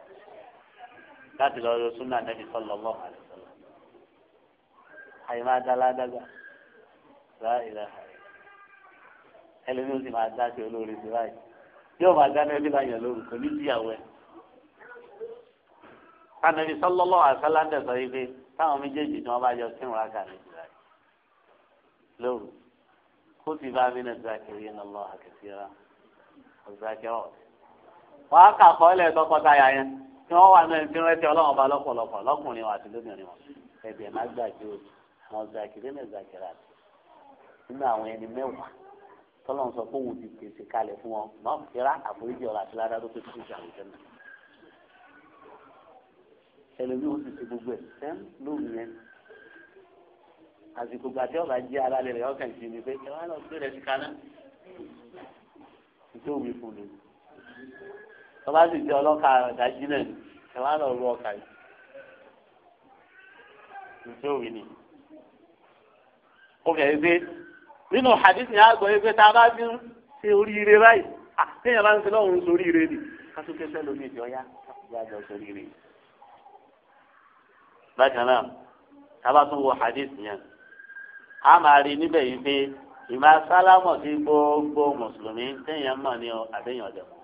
láti lọ rí súnà nẹ́bí sọ́lọ́ mọ́ àlẹ́sọ́lọ́ àyè máa dá ládàgbà láìlà ẹlẹ́ni ó sì máa dá sí olórí sí báyìí yóò máa dá nẹ́bí láyàn lóru kò ní síyàwó ẹ̀ kánẹ́bí sọ́lọ́ mọ́ àlẹ́sọ́lọ́ dẹ̀sọ́ yìí pé táwọn méjèèjì ni wọ́n bá yọ sínú rákà méjì láyìí lóru kó ti bá mi náà zákìrì yẹn lọ́wọ́ àkẹ́sí ra ọ̀zákẹ́rọ̀ wọ́n á kà kọ́ ọ́ lẹ́ẹ̀dọ́kọ́tà yà yẹn tí wọ́n wà náà ti rántí ọlọ́run ọba lọ́pọ̀lọpọ̀ lọ́kùnrin wọn àti lóbìnrin wọn ẹ̀bẹ̀ má gbàgbé o àwọn zakiri náà zakiri àti nínú àwọn ẹni mẹ́wàá tọ́lọ́run sọ pé òun ti pèsè kalẹ̀ fún wọn náà kíra àforíjì ọ̀rọ̀ àti ládàá tó tó ti àwùjọ náà ẹlòmí ó sì ti gbogbo ẹ̀ sẹ́m lómi yẹn àsìkò gbàtí ọba jí alálẹ̀ rẹ̀ ọkàn sí pé ẹ wá lọ gbé rẹ̀ sí kaná ìtòwé fún mi tọ́ba sì jẹ́ ọlọ́ka ìdájí náà ni ẹ wá lọ ru ọkà yìí ìṣe òwe ni. ó fẹ́ gbé nínú hadith yẹn àgbọ̀ yẹn pé tá a bá fi ń ṣe oríire báyìí àtẹ̀yìn bá ń ṣe lọ́hùn sóríire ni kátó kẹsẹ́ lómi ìjọ yá kátó yá jọ sóríire. bákan náà tábà tún wo hadith yẹn a máa rí níbẹ̀ yìí pé ìmọ̀ sálámọ̀ sí gbogbo mùsùlùmí téèyàn mọ̀ ní àbẹ̀yàn ọ̀dẹ̀mọ̀.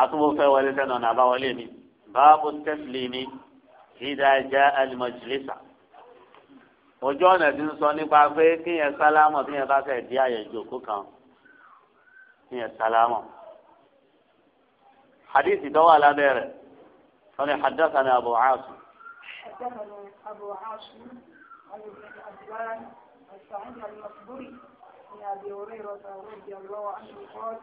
atúbọ̀fẹ́ wọlé sẹ́nu ọ̀nà àbáwọlé mi báàbù tẹ́sílì mi ìdájà alimọ̀jìlísà ojú ọ̀nà ti ń sọ nípa pé kíyẹn sálámọ̀ kíyẹn bá fẹ́ di àyè ìjòkó kan kíyẹn sálámọ̀ hadith dọ́wọ́ alábẹ́rẹ̀ wọ́n ní hadassani abu asu. hadassani abu asu عن سعيد المصبري عن ابي هريره رضي الله عنه قال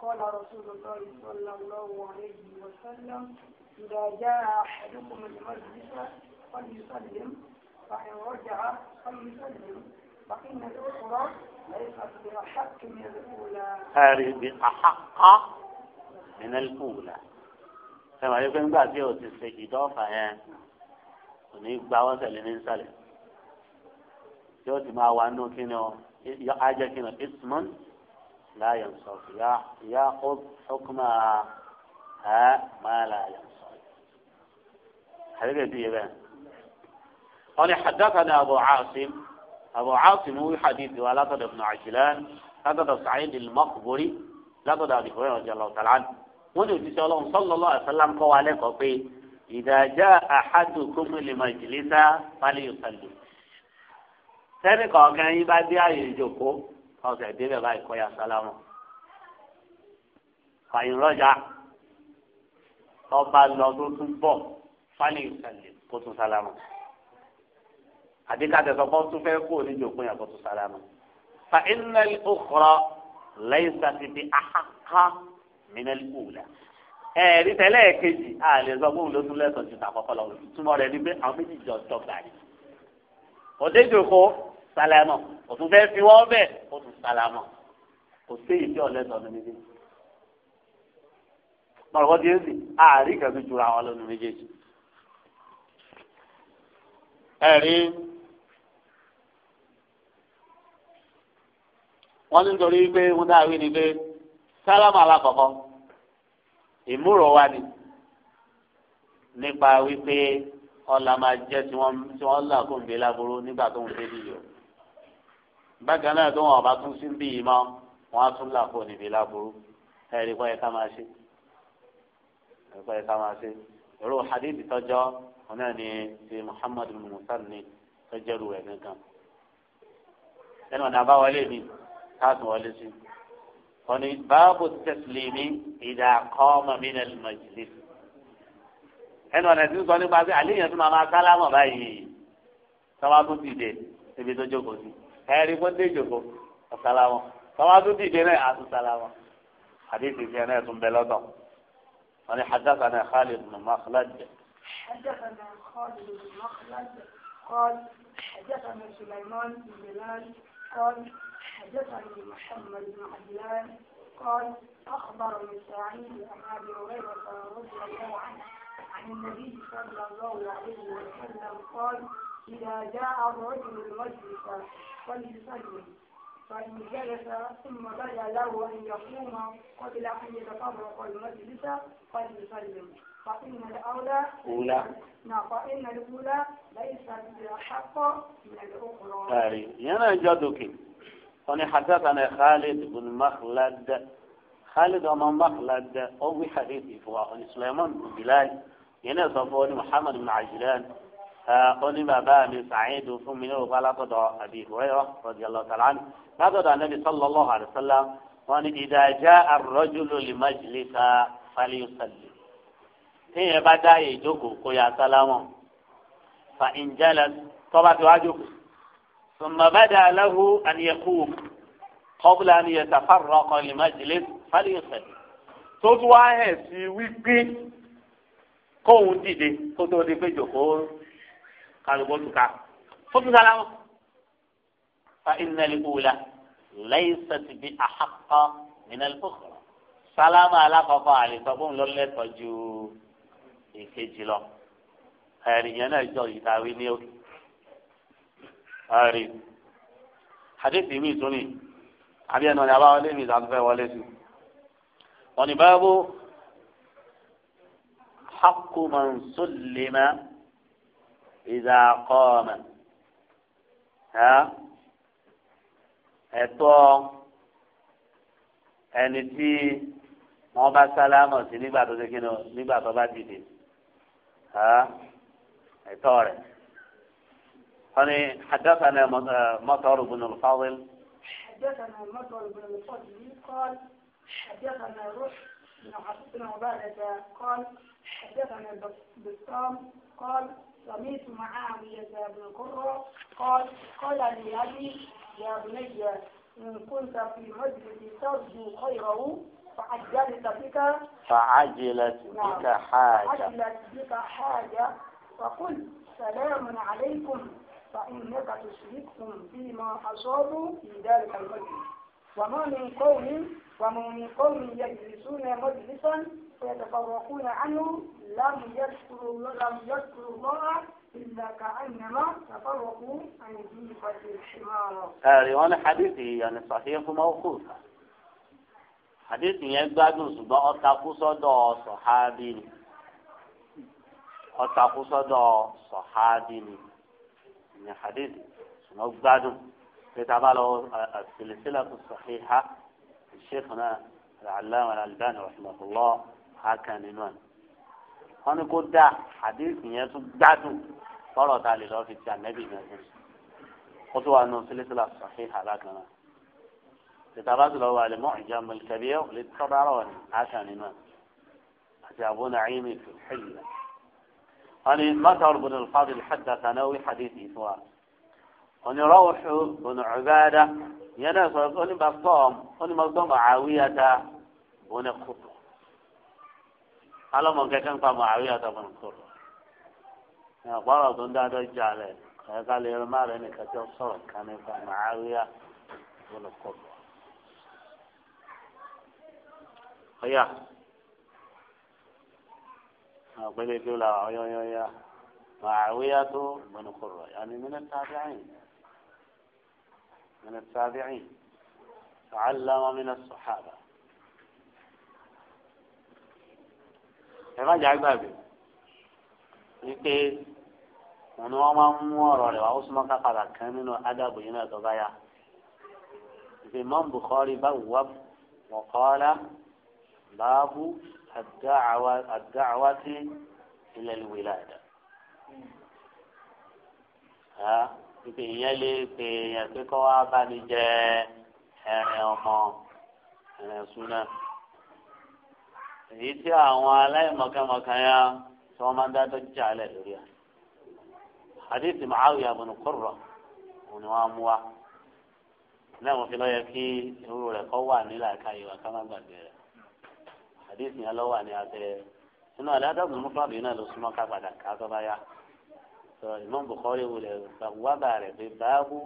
قال رسول الله صلى الله عليه وسلم إذا جاء أحدكم المسجد فليسلم فإن رجع فليسلم فإن الأخرى ليست بأحق من الأولى هذه بأحق من الأولى كما يقول بعد يوم o ti ṣe ìdọ́fà yẹn kò ní gba wọ́n tẹ̀lé ní sálẹ̀ tí ó ti máa wà nínú kí يوم ọ o لا ينصرف يأخذ حكمها ما لا ينصرف هذا ديبان قال حدثنا أبو عاصم أبو عاصم هو حديث ولقد ابن عجلان لقد سعيد المقبري لقد أبي هريرة رضي الله تعالى عنه وجد صلى الله عليه وسلم قال عليه إذا جاء أحدكم لمجلسه فليصلي سنة قال كان يبدأ يجوكو ọ̀sẹ̀ débẹ̀ báyìí kọ́ ya sálámù. fàyìn rọ́jà ọba lọ tó tún bọ̀ fani ìsàlẹ̀ kó tún sálámù. àdékàtẹ̀ sọ fọ́ tún fẹ́ kó oníjòkó yẹn kó tún sálámù. fa innal ukhra laysat bi ahaqqa minal ula ẹ̀ẹ́dì tẹ́lẹ̀ kejì àlè sọ fún olóṣù lẹ́sọ̀ ju tàkọ́kọ́ lọ túmọ̀ rẹ̀ ni pé àwọn méjì jọ dọ́gba ni. òdejò kó sálámọ̀ òtún fẹ́ fi wọ́n bẹ̀ ó tún sálámọ̀ kò sí èyí tí ọ̀lẹ́sọ̀ ní méjèèjì mọ̀lọ́kọ́ ti ń sìn àárí kẹ́kẹ́ jura wọn lónìí méjèèjì. ẹ̀rí wọ́n ní nítorí pé wọ́n dáa wí ni pé sálámọ̀ alákọ̀ọ́kọ́ ìmúrò wa ni nípa wípé ọ̀la máa jẹ́ tí wọ́n là kó ń gbé láboró nígbà tó ń gbé nìyẹn bákan náà tó wọn ọba tún sí bí ìmọ̀ wọn á tún làkó níbi láburú ẹrí kọ́ ẹ ká máa ṣe ẹrí kọ́ ẹ ká máa ṣe irú hadith tọjọ wọn náà ni ti muhammadu musanni tọjọrù rẹ gangan ẹnu ọ̀nà àbáwọlé mi káàtún wọlé sí wọn ni báàbù tẹsílẹ̀mì ìdá kọ́mọ mi nà lùmọ̀jìlì ẹnu ọ̀nà tí ń sọ nípa pé àléyìn tó máa máa sálámọ̀ báyìí tọ́wọ́ tó dìde ibi tó jókòó sí. هاري wọ́n dé ìjòkó ọ̀sálámọ̀ tọ́wá tó dìde náà àti sálámọ̀ àdéhùn ìfẹ́ náà حدثنا خالد بن مخلد. حدثنا خالد بن مخلد قال حدثنا سليمان بن بلال قال حدثني محمد بن عدلان قال اخبر سعيد بن أبي هريرة رضي الله عنه عن النبي صلى الله عليه وسلم قال إذا جاء الرجل المجلس فليسلم فإن جلس ثم بدا له أن يقوم قبل أن يتفرق المجلس فليسلم فإن الأولى أولى نعم فإن الأولى ليست بأحق من الأخرى. أي طيب، أنا جدك أنا حدثنا خالد بن مخلد خالد بن مخلد أو حديث فوا سليمان بن بلال هنا صفوني محمد بن عجلان oni bàbá mi sàcídù fún mi ní òkú alátọ̀dọ̀ àbí ìhùrẹ́rọ̀ rọ̀dìyàlọ́ sàlámì látọ̀dọ̀ anábì sallallahu alaihi wasallam wọn ni ìdájá ar-rajulu li majlisa falyusalli. téèyàn bá dá ìjókòó kó yà sálámọ̀ fa in jalas tọ́ba tó wájú kù. thumma bada lahu an yaqum qabla an yatafarraqa li majlis falyusalli. tó tún wá hẹ̀ sí wípé kóun dìde kó tó di pé kálukó tuka ó tuka la o fa ìnàlí òwúlà lẹ́yìn sẹ́tìbí àhàkọ́ ìnàlí òkùnrin sálámà alákọ̀ọ́kọ́ àlìsọ fún lọ́lẹ́tọ̀ ju ìkejì lọ ẹ̀rì yẹn náà jọ ìtàwé ní òkè ẹ̀rì hadith mi tún ni àbí ẹnu ọ̀nà mi ìdánù fẹ́ wọlé sí wọn ni báwo ìdá kọ́ọ̀mà ẹ̀tọ́ ẹni tí wọ́n bá sálámọ̀ sí nígbà tó ṣe kíni nígbà tó bá dìde ẹ̀tọ́ rẹ̀. قال حدثنا مطر بن الفاضل حدثنا مطر بن الفاضل قال حدثنا روح بن عبادة قال حدثنا بسام قال سمعت معاوية بن قرة قال قال لي أبي يا بني إن كنت في مسجد ترجو خيره فعجلت بك فعجلت نعم. بك حاجة عجلت بك حاجة فقل سلام عليكم فإنك تشركهم فيما أصابوا في ذلك المسجد وما من قوم ومن قوم يجلسون مجلسا فيتفرقون عنه لم يذكروا لم يذكروا الله إلا كأنما تفرقوا عن جيفة الحمار. رواية حديثي يعني صحيح موقوف. حديثي يقبل سبع تقصد صحابي ọtakùsọdọ sọhábì ni ní hadith ṣùgbọ́n gbádùn pé tá a bá lọ àṣìlẹsílẹ tó sọhíhá الشيخنا العلامة الألباني رحمه الله حكى نمان هنا قد حديث نيسو دعتو صلى الله عليه وسلم النبي من الهنس قطوة أنه سلسة صحيحة لكنا كتابات الله على معجم الكبير للتضارون حكى نمان أبو نعيمي في الحلة أنا ما تعرف بن الفاضل حتى تناوي حديثي سواء أنا روح بن عبادة ìyẹn náà sọ pé ó ní bá gbọ́m ó ní mo gbọ́ Mu'awiyata bun Qurra alọ́mọ kẹ́kẹ́ ń pa Mu'awiyata bun Qurra ìyàgbọ́rọ̀ tó ń dáadọ́ jà lẹ̀ ẹ̀ka lè rẹ má rẹ nìkan tó sọ̀rọ̀ kan nípa Mu'awiya bun Qurra. ọ̀yà àpẹẹrẹ kí ó la ọ̀yọ̀yọ̀yà Mu'awiyata bun Qurra yàní mílẹ̀ tàbí àyìn. من التابعين تعلم من الصحابة ìrajà gbàgbé wípé wọn ni wọn máa ń mú ọ̀rọ̀ rẹ̀ wá ó súnmọ́ kápára kan nínú ádàbò yìí náà tó bá yá ìfẹ́ Imam Bukhari báwo wá wọkọọlá báàbù àdáàwátì ilẹ̀ ìwé láàdá. ibi ìyẹn lè pè èèyàn pé kọ́ wá bá mi jẹ ọmọ ẹ̀rìn súnà èyí tí àwọn aláìmọ̀kẹ́mọ̀kẹ́ yá tí wọ́n máa ń dájọ́ jíjà alẹ́ lórí ẹ̀ àdéhùn màáwì àbùnú òun ni wọ́n mú wa náà wọ́n fi lọ́yẹ kí rẹ̀ kọ́ wà nílà ká má gbàgbé rẹ̀ yẹn lọ́wọ́ abẹ́ àdájọ́ ló súnmọ́ ká padà Imam Bukhari wulẹ̀ wàbà rẹ̀ pé báàbù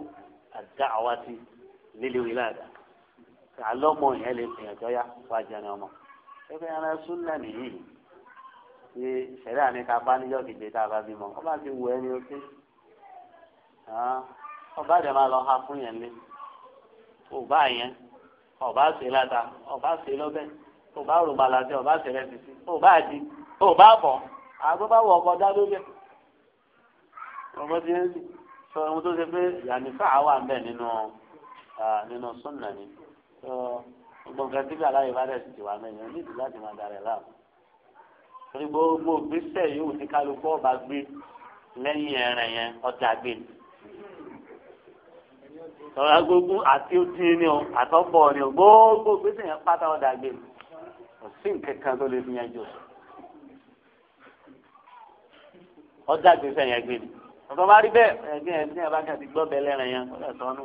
àdáwàtì líle wílàdà àlọ́mọ yẹn lè fìyàn tó yá wájà ní ọmọ ẹgbẹ́ ara súnlẹ̀ nìyí ṣe ìṣẹ̀lẹ̀ àní ká bá níjọ́ kìdé tá a bá bímọ ọba ti wù ẹni oké ọba àdè máa lọ ha fún yẹn lé ọba yẹn ọba ṣe láta ọba ṣe lọ́bẹ̀ ọba rògbàlà tẹ ọba ṣe rẹ títí ọba àdì ọba àbọ̀ àgbẹ̀ bá wọ ọkọ̀ dá lórí ẹ̀ ọmọ tí ń sìn sọ ọmọ tó ṣe pé yànífà wà ń bẹ nínú nínú súnà ni gbogbo nǹkan tí aláyè bá dẹ̀ sì ti wà mẹ́yìn onídìí láti máa darẹ̀ láàmú torí gbogbo gbèsè yóò ti kálukú ọba gbé lẹ́yìn ẹ̀rẹ̀ yẹn ọjà gbé ni sọ̀rọ̀ agogo àti odi ni o àtọ́bọ̀ ni o gbogbo gbèsè yẹn pátá ọjà gbé ni kò tó lè fi yẹn jò ọjà gbèsè yẹn gbé ọ̀tọ̀ bá rí bẹ́ẹ̀ ẹ̀gbẹ́ ẹ̀ ní abájá ti gbọ́ bẹ́ẹ̀ lẹ́rìn yẹn kọ́lẹ̀ sọ́nù.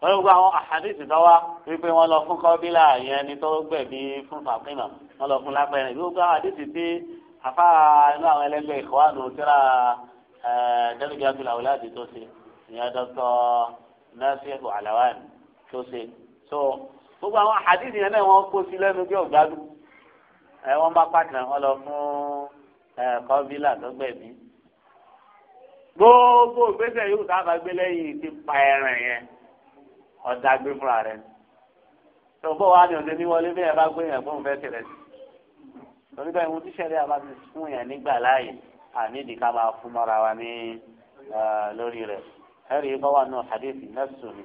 wọ́n gbọ́ àwọn àhàdìsì tó wá wípé wọ́n lọ fún kọ́bílà yẹn ni tó gbẹ̀bí fún fàfínà wọ́n lọ fún lápẹ́rẹ́ ìlú gbọ́ àhàdìsì tí afá inú àwọn ẹlẹ́gbẹ́ ìkọ́wánu tíra dẹ́rẹ́gbẹ́ abúlé àwòláàdì tó ṣe ìyẹn dọ́tọ̀ nasiru alawani tó ṣe so gbogbo àwọn àhàdìsì yẹn náà wọ́n kó sí lẹ́nu bí ọ̀gbádùn ẹ̀ wọ́n bá pàtàkì wọn lọ fún kọ́bílà lọ́gbẹ̀bí gbogbo ìgbésẹ̀ yóò sábà gbé lẹ́yìn ti pa ẹran yẹn ọ̀dà gbé fúnra rẹ̀ tó bó wa ni ọ̀dẹ ní wọlé bẹ́ẹ̀ bá gbé yẹn fún fẹ́ẹ́ tẹ̀lé torí bẹ́ẹ̀ mo ti ṣẹlẹ̀ àbá ti fún yẹn nígbà láàyè àníìdí ká máa fún mọ́ra wa ní lórí rẹ̀ ẹ̀rí bá wà náà hadith nẹ́sùn ni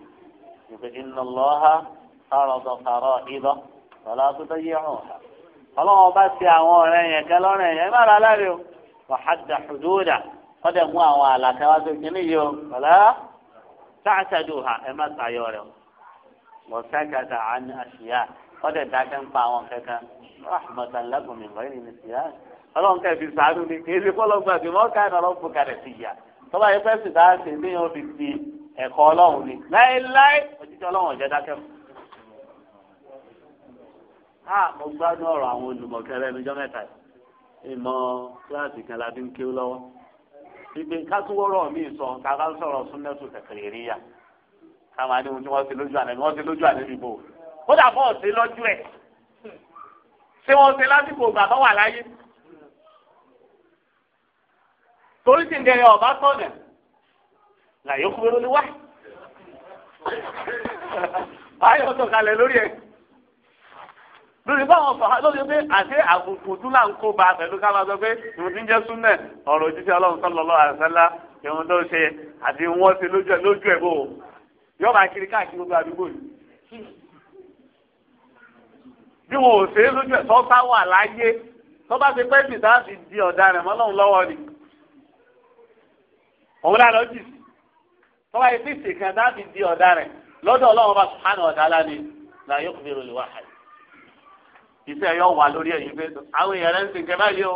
ìpè inna Allaha ọlọ́wọ́n bá ṣe àwọn ọ̀rẹ́ yẹn gan lọ́rẹ́ yẹn má ra láre o wàhádà ṣùdúdà wọ́n dẹ̀ mú àwọn àlàkà wá sí kínní yìí o ọ̀lá sáàṣàdù ha ẹ má tayọ rẹ o lọ sákàtà àánú àṣìyá wọ́n dẹ̀ dákẹ́ ń pa àwọn kankan rahmatan lakum min ghayri nisyan ọlọ́run kẹ́ fi sàánú ni kì í ṣe kọ́ lọ́gbà káyọ̀ ọlọ́run ni láéláé a mo gbádùn ọ̀rọ̀ àwọn olùmọ̀kẹ́rẹ́ mi jọ́ mẹ́ta kíláàsì kan la fi ń kéwú lọ́wọ́ ìgbé kátúwọ́rọ̀ mi sọ kàkà sọ̀rọ̀ súnmẹ́sù tẹ̀kẹ̀rẹ̀ rí ya káwọn adé tí wọ́n ti lójú àná wọ́n ti lójú àná níbo ó dà bọ́ọ̀ sí lọ́jú ẹ̀ ṣé wọ́n ṣe lásìkò ìgbà wà láyé torí sì ń dẹrẹ ọ̀bá sọ̀nà làyé kúrò ló wá báyọ̀ sọ̀kalẹ̀ lórí ẹ̀ lórí báwọn sọ̀há lórí pé àti àbùkù tún là ń kó ba pẹ̀lú ká máa sọ pé ìwọ̀n ti ń jẹ́ súnmẹ̀ ọ̀rọ̀ òjíṣẹ́ ọlọ́run sallallahu alaihi wasallam ìwọ̀n tó ṣe àti wọ́n ṣe lójú ẹ̀ bò ó yọ máa kiri káàkiri gbogbo àdúgbò yìí. bí wọn ò ṣe é lójú ẹ̀ tó bá wà láyé tó bá ti pẹ́ bì tá a fi di ọ̀daràn mọ́lọ́run lọ́wọ́ ni. òun lára ó tó bá ti pèsè kan tá a fi di ọ̀daràn lọ́dọ̀ ọlọ́run bá sùn iṣẹ́ yọ wà lórí ẹ̀yìn pé àwọn èèyàn rẹ̀ ń sìnkẹ́ báyìí o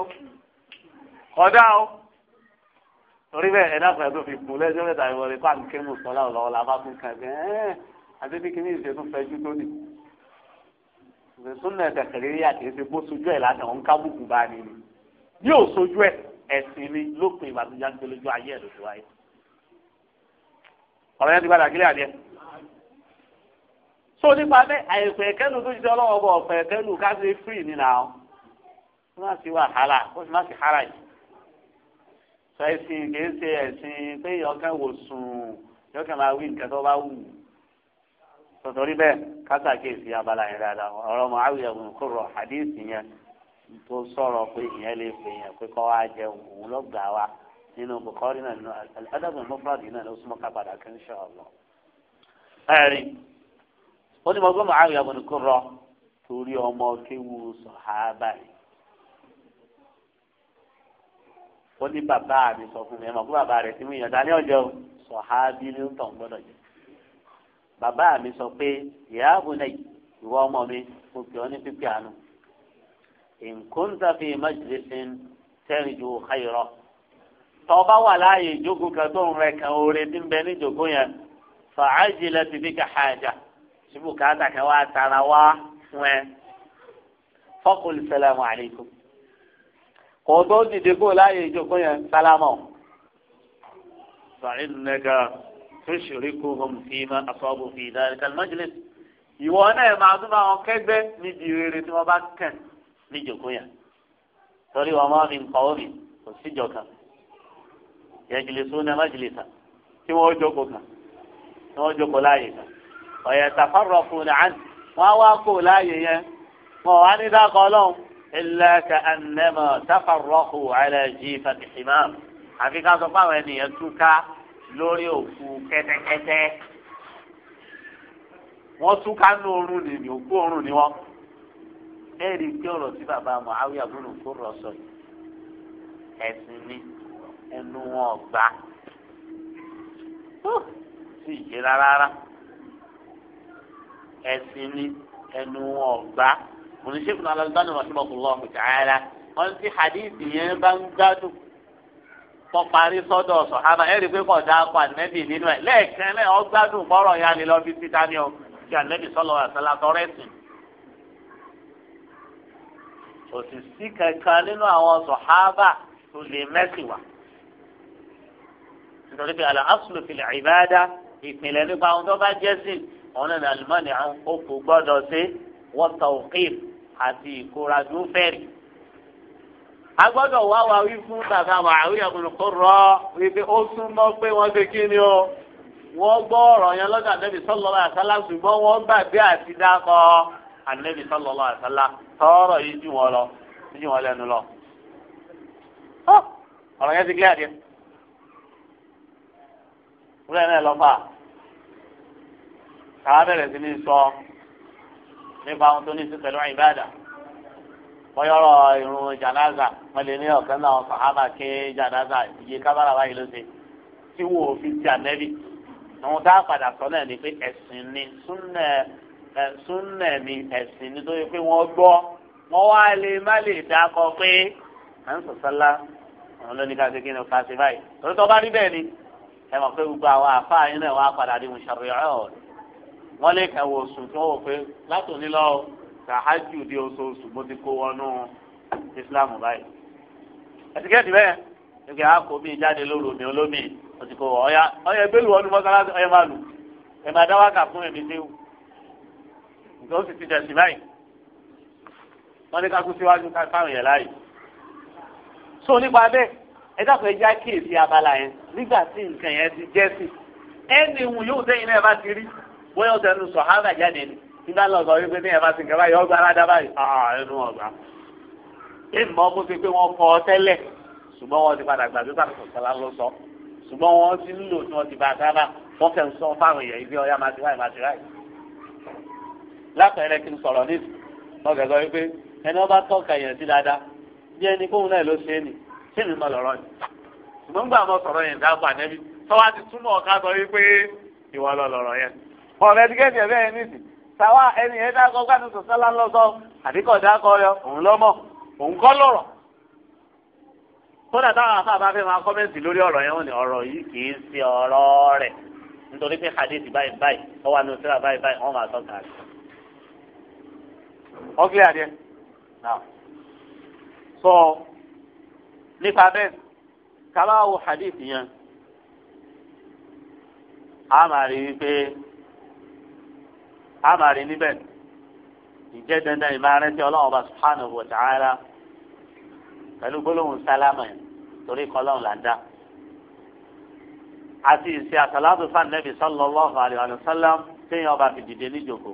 kọjá o torí bẹ́ẹ̀ ẹ̀dá kan tó fi kú lẹ́jọ́ mẹ́ta ìwọ rẹ̀ pa nǹkan mú sọ́lá ọ̀lọ́wọ́ la bá tún kàn gẹ́ ẹ́ àti bí kíní ìṣètò fẹjú tó nì. ìṣètúnú ẹ̀sẹ̀ kẹrìírí àkẹ́sẹ̀ bó sojú ẹ̀ lánàá ń kábùkù bá ní ni yóò sojú ẹ̀ ẹ̀sìn ni lópin ìbàdàn jáde lójú ayé ẹ̀ lójú ayé. ọ̀rọ̀ yẹn ti gbàdá kílẹ̀ so nípa bẹ́ẹ̀ àìpẹ́ kẹ́nu tó ṣiṣẹ́ ọlọ́wọ́ bọ̀ ọ̀pẹ́ kẹ́nu ká ṣe free nínú àwọn kó má sí wàhálà kó má sí hara yìí sọ ẹ̀sìn kìí ṣe ẹ̀sìn pé yọkàn wò sùn yọkàn máa wí nǹkan tó bá wù tòtòrí bẹ́ẹ̀ kásà kéèsì abala yẹn dáadáa ọ̀rọ̀ mọ àwìyẹ òun kò rọ àdéhìsì yẹn tó sọ̀rọ̀ pé ìyẹn lè pè yẹn pé kọ́ wá jẹ òun lọ gbà wá nínú bukọ́rí náà nínú adágún mọ́fúládì náà ló súnmọ́ ká padà kí ń ṣe ọ̀lọ́. ó ní mo gbọ́ màá yàgò ní kó rọ torí ọmọ kéwu sọ̀hábà yìí. ó ní bàbá mi sọ fún mi ẹ mọ̀ pé bàbá rẹ̀ ti mú ìyàtọ̀ ní ọjọ́ sọ̀hábì ní tọ̀ gbọ́dọ̀ jẹ. bàbá mi sọ pé ìyá àbúlé ìwọ ọmọ mi mo pè ọ́ ní pípé àánú. ìǹkóńtàfin májèlésìn tẹ́rìn ju káyọ̀rọ̀ tọba wà láàyè ìjókòó kan tó ń rẹ kan oore tí ń bẹ níjókòó yẹn fàájì láti tí bùkátà kan wá tara wá fún ẹ fọkùn sẹlẹmù àlejò kò tó dìde kó láàyè ìjókòó yẹn sálámọ. sàyìn nẹgà tó ṣòrí kó hàn fi máa àfọwọ́ fi ìdárí kàlmájìlẹ̀ ìwọ náà máa tún bá wọn kẹgbẹ́ níbi rere tí wọ́n bá kàn ní yẹn torí wọn máa fi nǹkan omi kò síjọ kan yẹn jìlẹ̀ sóun náà má jìlẹ̀ tán tí jókòó kan tí wọ́n jókòó láàyè kan ọ̀yẹ̀ tàfàrọ̀ fún àn wọ́n á wá kó láàyè yẹn wọ́n wá ní dákọ̀ ọlọ́run ilẹ̀ ka anẹ́mọ̀ tàfàrọ̀ kù àìlẹ́jì fàtìsímà àfi ká sọ fáwọn ènìyàn túká lórí òkú kẹ́tẹ́kẹ́tẹ́ wọ́n túká ní oorun nìyí òkú oorun ni wọ́n ẹ̀rí pé ọ̀rọ̀ tí bàbá Muawiya àbúrò kó rọ̀ sọ yìí ẹ̀sìn ni ẹnu wọn gbà sí ìyè rárá ẹ̀sìn ni ẹnu wọn ọ̀gbá oníṣègùn náà alágbádùn rahimahullah ta'ala wọn ti hadith yẹn bá ń gbádùn kọ parí sọ́dọ̀ sọhábà ẹrí pé kọjá akọ ànẹbì nínú ẹ lẹ́ẹ̀kan náà ọgbádùn bọrọ ya ni lọ bí títà ni ọ kí ànẹbì sọlọ àtàlà tọrẹ sìn òsìsí kankan nínú àwọn sọhábà tó lè mẹsì wá nítorí pé àlà asùlù fil ìbáadá ìpìlẹ̀ nípa ohun tó bá jẹ́ sí i. ọ̀nà ní alimọ́nì àwọn òkú gbọ́dọ̀ sí wọ́tà òkèèm àti ìkóradú fẹ́rì. a wá wa wí fún bàbá wa àwọn ìyàgùnrin rọ wípé ó súnmọ́ pé wọ́n ṣe kí ni o wọ́n gbọ́ ọ̀rọ̀ yẹn lọ́dọ̀ àdẹ́bí sọ́lọ́lá àṣálá ṣùgbọ́n wọ́n àti àdẹ́bí àṣálá tọ́ọ̀rọ̀ yìí jù wọ́n lọ lọ. ọ̀rọ̀ yẹn káwá sí ní sọ nípa ohun tó ní sí pẹ̀lú ìbáàdà bọ́yọ̀rọ̀ irun jànáza wọ́n lè ní ọ̀kan náà sàhábà ké jànáza iye kábàrà báyìí ló ṣe tí wò ó ti ànẹ́bì àwọn tá a padà sọ náà ni pé ẹ̀sìn ni súnnà ni ẹ̀sìn ni tó yẹ pé wọ́n gbọ́ wọ́n wá lè má lè dákọ pé à ń sọ̀sọ́lá àwọn lóní ká kí ni ká ṣe báyìí torí tó bá rí bẹ́ẹ̀ ni ẹ mọ̀ pé gbogbo àwọn àfáà yín náà wá padà di mùsàrìyàn ọ̀rẹ́ wọ́n lè kà wọ oṣù tí wọ́n wò pé látòní lọ sàhájù di oṣooṣù bó ti kó wọnú islam báyìí. ẹ̀sìkẹ́tì bẹ́ẹ̀ ẹ̀kẹ́ àkómi jáde lóru mi olómi ó ti kó wọ ọ̀yà ọ̀yà ebélu ọdún mọ́sálásí ọ̀yà máa lù ẹ̀ máa dá wákà fún ẹ̀mí séwu. nǹkan ó sì ti dẹ̀sí báyìí. wọ́n ní kakú síwájú fáwọn yẹn láàyè. so nípa bẹ́ẹ̀ ẹ dákun ẹ já kíyèsí abala yẹn nígbà tí nǹkan yẹn ti jẹ́ sí bóyá ó sẹ́nu sọ̀hábà jáde ni nígbà lọ sọ wípé ní ẹ̀fà sìnkẹ́ báyìí ọgbà aládàbà yìí ah, ah, ẹnu ọgbà ìmọ̀ kó ti pé wọ́n kọ́ ọ tẹ́lẹ̀ ṣùgbọ́n wọ́n ti padà gbàgbé pàtàkì sọ̀tàlá ló sọ ṣùgbọ́n wọ́n ti ń lò tí wọ́n ti bá a sábà wọ́n fẹ́ ń sọ fáwọn èèyàn ibi ọ̀yá máa ti ráì máa ti ráì. lápẹẹrẹ kí n sọ̀rọ̀ ní ọ̀gẹ̀ wípé ẹni wọ́n bá tọ́ka èèyàn sí dáadáa bí ẹni kóhun náà ló ṣe é nì ṣé mi mọ lọ́rọ́ ni. ṣùgbọ́n gbà sọ̀rọ̀ yẹn dáàbò ànẹ́bí tọ́wá ti túmọ̀ ọ̀ká sọ wípé ìwọ lọ lọ́rọ̀ yẹn ọ̀rẹ́ tíkẹ́tì ẹ̀fẹ́ ẹni sì tàwa ẹni ẹ̀ dákọ̀ gbàdúrà tó sálá lọ́sọ àdìkọ̀ dákọ̀ yọ òun lọ́mọ òun kọ́ lọ́rọ̀ kódà táwọn afáàbá fẹ́ máa kọ́mẹ́ǹtì lórí ọ̀rọ̀ yẹn wọ́n ní ọ̀rọ̀ yìí kì í ṣe ọ̀rọ̀ rẹ̀ nítorí pé hadith báyìí báyìí ó wà ní òṣèlú báyìí báyìí wọ́n máa tọ́ka rẹ̀. wọ́n kílẹ̀ sọ nípa bẹ́ẹ̀ kábàáwò hadith yẹn a máa rí i pé a máa rí níbẹ̀ ìjẹ́ dandan ìmárẹ́ tí ọlọ́run ọba subhanahu wa ta'ala pẹ̀lú gbólóhùn sálámà yẹn torí kọlọ́run là ń dá àti ìṣe àsàlátù fáńdẹ́bì sallallahu alaihi wa sallam téèyàn ọba fi dìde níjòkó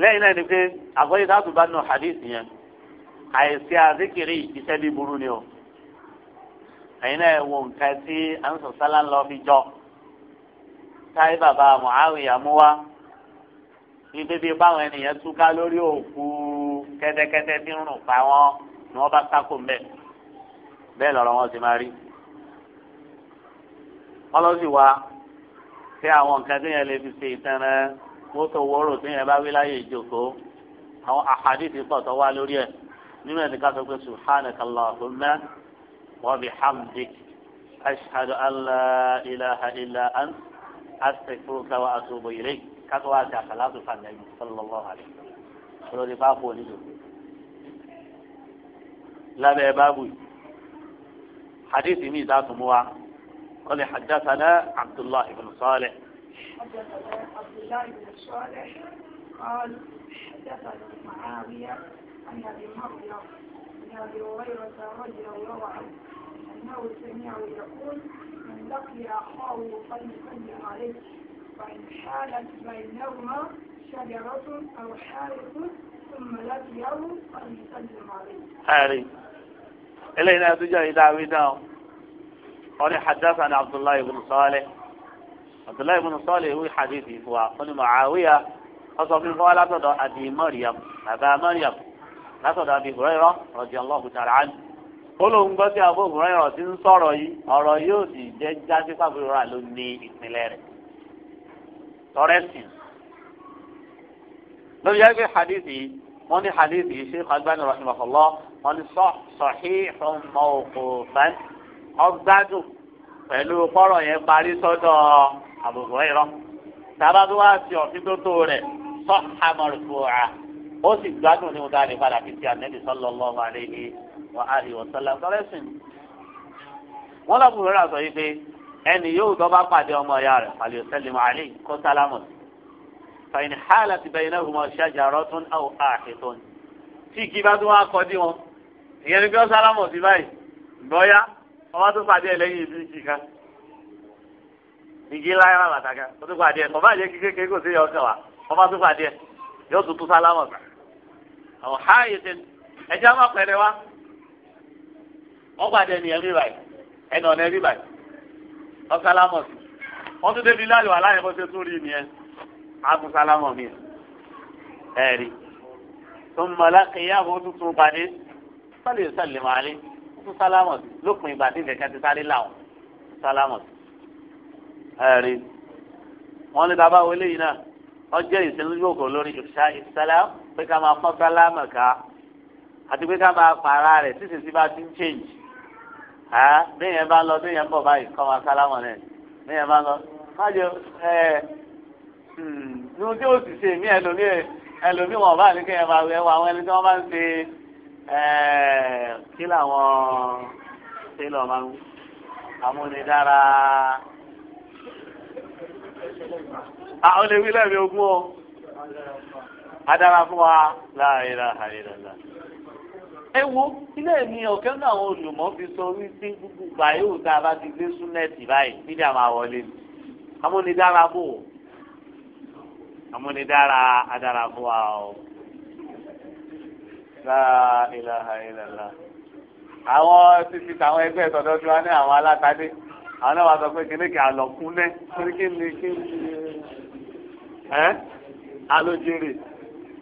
lẹ́yìn náà ni pé àgbọ̀yé dáàbò bá nù hadith yẹn àìsí àzíkiri iṣẹ́ burú ni o ẹ̀yin náà wọ nǹkan tí à ń lọ fi jọ táyé bàbá Muawiya mú wá ibi bíi báwọn ènìyàn túká lórí òkú kẹ́tẹ́kẹ́tẹ́ tí ń rùn pa wọn ni wọ́n bá sákò mbẹ́ bẹ́ẹ̀ lọ́rọ̀ wọn ti máa rí wọ́n lọ sí wa pé àwọn nǹkan tó yẹn lè fi ṣe ìtẹnẹ mọ́tò wọ́rọ̀ tó yẹn bá wí láyé ìjókòó àwọn àhàdí ti pọ̀ tó wá lórí ẹ̀ nínú ẹ̀ nìkan tó pé subhanaka allahumma wa bihamdik ashhadu an la ilaha illa anta. أستغفرك وأتوب إليك كاتو أتى صلاة النبي صلى الله عليه وسلم قالوا لي bò وليد لا báàbù hadithi mi ìdáàtú mu wa قال حدثنا عبد الله بن صالح حدثنا عبد الله بن صالح قال حدثنا معاوية عن أبي مريم عن أبي هريرة رضي الله عنه أنه سمع يقول لقي أخاه فليسلم عليه فإن حالت بينهما شجرة أو حائط ثم لقيه فليسلم عليه أري إلينا تجاه دعوتهم قال حدثنا عبد الله بن صالح عبد الله بن صالح هو حديثي هو قال معاوية أصاب من قال أبي مريم أبا مريم أصاب أبي هريرة رضي الله تعالى عنه ó lóun gbọ́ sí àbó òkúrọ́ ẹ̀rọ tí ń sọ̀rọ̀ yìí ọ̀rọ̀ yóò sì jẹ́ jásí pàbílò rà ló ní ìpínlẹ̀ rẹ̀ tọ́rẹ́sì lórí yàgbé hadith yìí wọ́n ní hadith yìí Sheikh Albani rahimahullah wọ́n ní sahihun mawqufan ọgbádùn pẹ̀lú kọ́rọ̀ yẹn parí sọ́dọ̀ Abu Hurairah sábà tó wá sí ọ̀fíì tó tó rẹ̀ sahha marfu'a ó sì gbádùn ní mo dáa lè padà fi ti Ànábì sallallahu alayhi wa sallam wà á lè wọ̀sánlá sọ́lẹ́sìn. wọ́n lọ́ bùrọ̀ rà sọ yìí pé ẹnì yóò tó bá pàdé ọmọ ìyá rẹ̀ pàlẹ́ sẹ́lẹ̀mù àlè kó sálámù. fàyìn hàlà ti bẹ̀yìn náà hùmọ̀ ṣáàjà rọ́tún àwọn àṣetún. tí kì bá tún wá kọ dí wọn ìyẹn ni kí wọ́n sálámù sí báyìí bọ́yá ọba tó pàdé ẹ lẹ́yìn ibi ìkì kan igi láyé wà bàtà kan ó pàdé ẹ ọba àjẹ kékeré wọ́n pàdé ẹni ẹ̀rí báyìí ẹni ọ̀nà ẹ̀rí báyìí wọ́n sálámọ̀ sí wọ́n tún débi láàyò aláyẹ̀ bó ṣe tún rí nìyẹn àgùn sálámọ̀ mi ẹ̀rí tó ń mọ̀lá kéyàwó tuntun pàdé sọ́lé sọ́lé màálé tún sálámọ̀ sí lópin ìgbà tí ìdẹ̀kẹ́ ti sáré làwọn sálámọ̀ sí ẹ̀rí wọ́n lé bàbá wọlé yìí náà ọjọ́ ìsinlójókò lórí ìṣá ìsálá pé ká máa fọ́n sálámù ká àti pé ká máa pààrà rẹ̀ títí tí bá ti ń change ha bẹ́ẹ̀ bá lọ bẹ́ẹ̀ bọ̀ báyìí kọ́ wa sálámọ̀ náà bẹ́ẹ̀ bá lọ májò ẹ hmm, nu tí o sì ṣe mí ẹlòmí ẹlòmí wọn bá ní kí ẹ máa wẹ wọ àwọn ẹni tí wọn bá ń ṣe kí làwọn máa ń amúnidára àwọn ẹ wo ilé mi ọ̀kẹ́ náà àwọn olùmọ̀ fi sọ wípé gbogbo ìgbà yóò tá a bá ti gbé súnẹ́ẹ̀tì báyìí níbi àwọn àwọlé mi amúnidára bò ó amúnidára adára bò á o láà ìlàhà ìlàlá àwọn títí táwọn ẹgbẹ́ ìtọ́jọ́ tí wọ́n ní àwọn alátadé àwọn náà wà sọ pé kìnnìkì àlọ́kúnlẹ̀ kí ni kí ni ẹ́ alójúre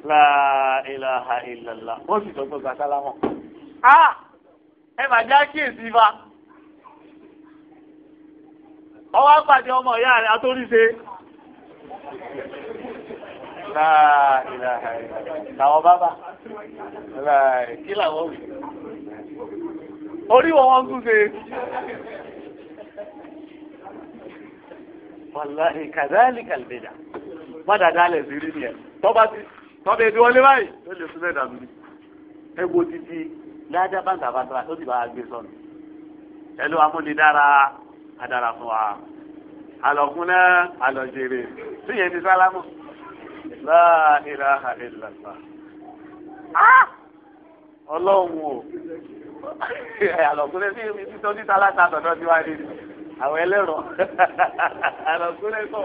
la ilaha illallah wọ́n sì dọ́gbọ́n gba sálámọ̀. a ẹ mà já kíyèsí fa ọwọ́ àpàdé ọmọ ìyá rẹ̀ atóríṣe. la ilaha illallah làwọn bábà kí làwọn wì. orí wọn wọn kú ṣe. wàláhì kàdáàlì kàlbẹ̀dà má dàda lẹ̀ sí rí nìyẹn tọ́ba ti tọ́bẹ̀ èdè wọlé báyìí ó lè sún mẹ́ta lórí ẹgbẹ́ odidi lájà bàtà bàtà ó sì bá a gbé sọnù ẹlò amúnidára adára fún wa alọ̀kún náà alọ̀jèrè tíyẹn ti sálámù láìra àìlàlá ọlọ́run o alọ̀kún náà sí títọ́ títa látàtọ̀ náà ti wá rí ni àwọn ẹlẹ́rọ alọ̀kún náà kọ́.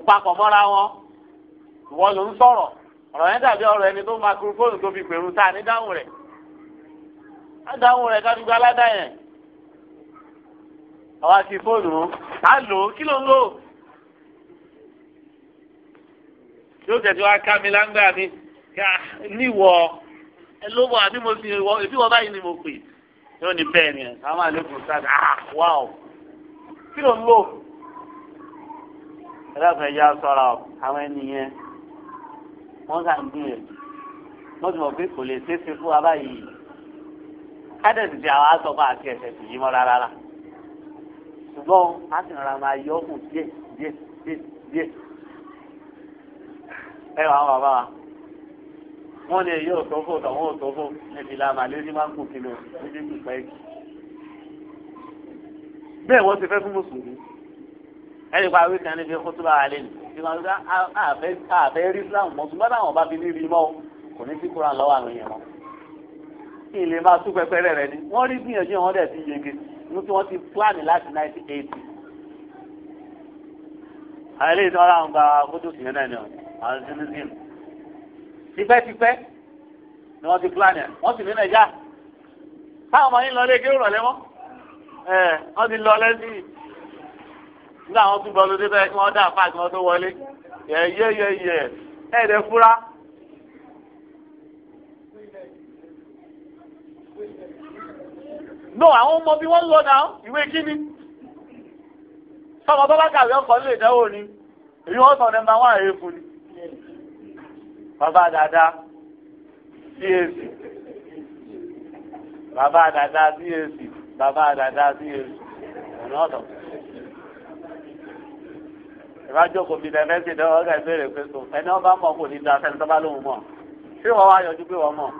kò mọ́ra wọn ìwọ ló ń sọ̀rọ̀ ọ̀rọ̀ yẹn dàbí ọ̀rọ̀ ẹni tó makurofóònù tó fi pèrú tá ní dáhùn rẹ̀ dáhùn rẹ̀ kájú gba aládàá yẹn àwa ti fóònù á lò ó kí ló ń lò ó yóò tẹ̀sí wa ká mi láńgbà mi ká níwọ̀ ẹ ló wà bí mo fi wọ èbí wọ báyìí ni mo pè yóò ní bẹ́ẹ̀ ni ẹ̀ sáwọn àlékún sáà ah, wáò kí ló ń lò ó ẹlẹ́fẹ̀ẹ́ yá sọ́ra àwọn ènìyàn wọ́n sàn gbìyànjú wọ́n ti mọ̀ pé kò lè ṣeé ṣe fún wa báyìí kádẹ́sì ti àwọn aṣọ àti ẹ̀sẹ̀ sì yí mọ́ rárá rà ṣùgbọ́n a sì rà máa yọ kù díẹ̀ díẹ̀ díẹ̀ díẹ̀ ẹ wà wọn bàbá wa wọn ní èyí ò tó fò tọ̀wọ́n ò tó fò níbi la màlẹ́ máa ń kù kìlọ̀ níbi kù pẹ́ẹ́kì bẹ́ẹ̀ wọ́n ti fẹ́ fún mùsùlùmí ẹni pa awé kan níbi kótó bá wà lẹ́nu bí wọn sọ àfẹ àfẹ rí islam mọ ṣùgbọ́n táwọn bá fi ní rí mọ́ kò ní sí koran lọ́wọ́ àwọn èèyàn mọ́ kí n lè máa tú pẹpẹrẹ rẹ ni wọ́n rí gbìyànjú wọn dẹ̀ ti yege ní tí wọ́n ti plan láti ninety eight àìlè ìdánwò àwọn gba kótó sì yẹn náà àwọn sinizim tipẹ́tipẹ́ ni wọ́n ti plan yẹn wọ́n sì ní nàìjíríà táwọn ọmọ yín lọ lé kí ó rọ̀ lẹ́wọ́ nígbà wọn tún bọ́ lóde bẹ́ẹ̀ kí wọ́n dá àfáà kí wọ́n tó wọlé yẹ̀yẹ̀yẹ̀ ẹ̀ẹ́dẹ̀ fúra. no àwọn ọmọ bí wọ́n lọ náà ìwé kíni sọmọ bọ́bá kàwé ọkọ̀ lè dánwò ni èyí wọ́n sọ nẹ́mbà wọn àyè fún ni bàbá dáadáa CAC bàbá dáadáa CAC bàbá dáadáa CAC ọ̀nà ọ̀tọ̀ ìwájú kò fi tẹ̀fẹ́ sí ìdánwò ọ̀gá ìbéèrè pé kò ẹni ọba mọ̀ kò ní da fẹ́ni tọ́ba lóhùn mọ̀ ṣé wọ́n wá yọjú pé wọ́n mọ̀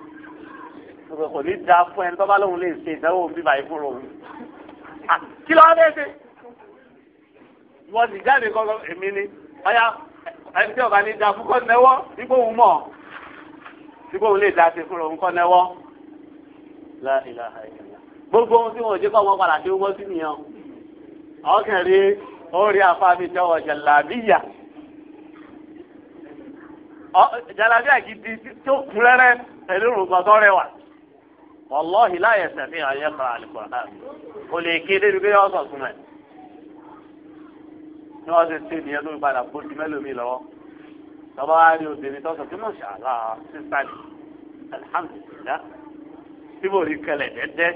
kò ní da fún ẹni tọ́ba lóhùn lè ṣe ìdánwò bíbá ìfún rò wù. kí ló wá bẹ́ẹ̀ ṣe wọ́n ti jáde kọ́kọ́ èmi ni ọ̀yà ẹni tí ọba ní da fún kọ́ nẹ́wọ́ dípò òun mọ̀ dípò òun lè da ṣe fún òun kọ́ nẹ́wọ́ gbogbo ohun tí wọn ò jẹ́ kọ́ wọn padà ṣe wọ́n sí nìyẹn ọkàn rí ó rí afáàmì tí ọwọ́ jàlábíyà jàlábíyà gidi tó kú rẹ́rẹ́ pẹ̀lú rògbò tó rẹwà wàlọ́ọ̀hì láyé sẹ̀mí ayé kan àlùkò náà kò lè ké débi pé yọ sọ̀tún rẹ̀ ní wọ́n ti ṣe nìyẹn tó ń padà bójú mẹ́lòmí lọ́wọ́ tọ́ba wa rí obìnrin tó sọ kí ṣàlá sísá ni alihamdulilayi rí kẹlẹ̀ dẹ́dẹ́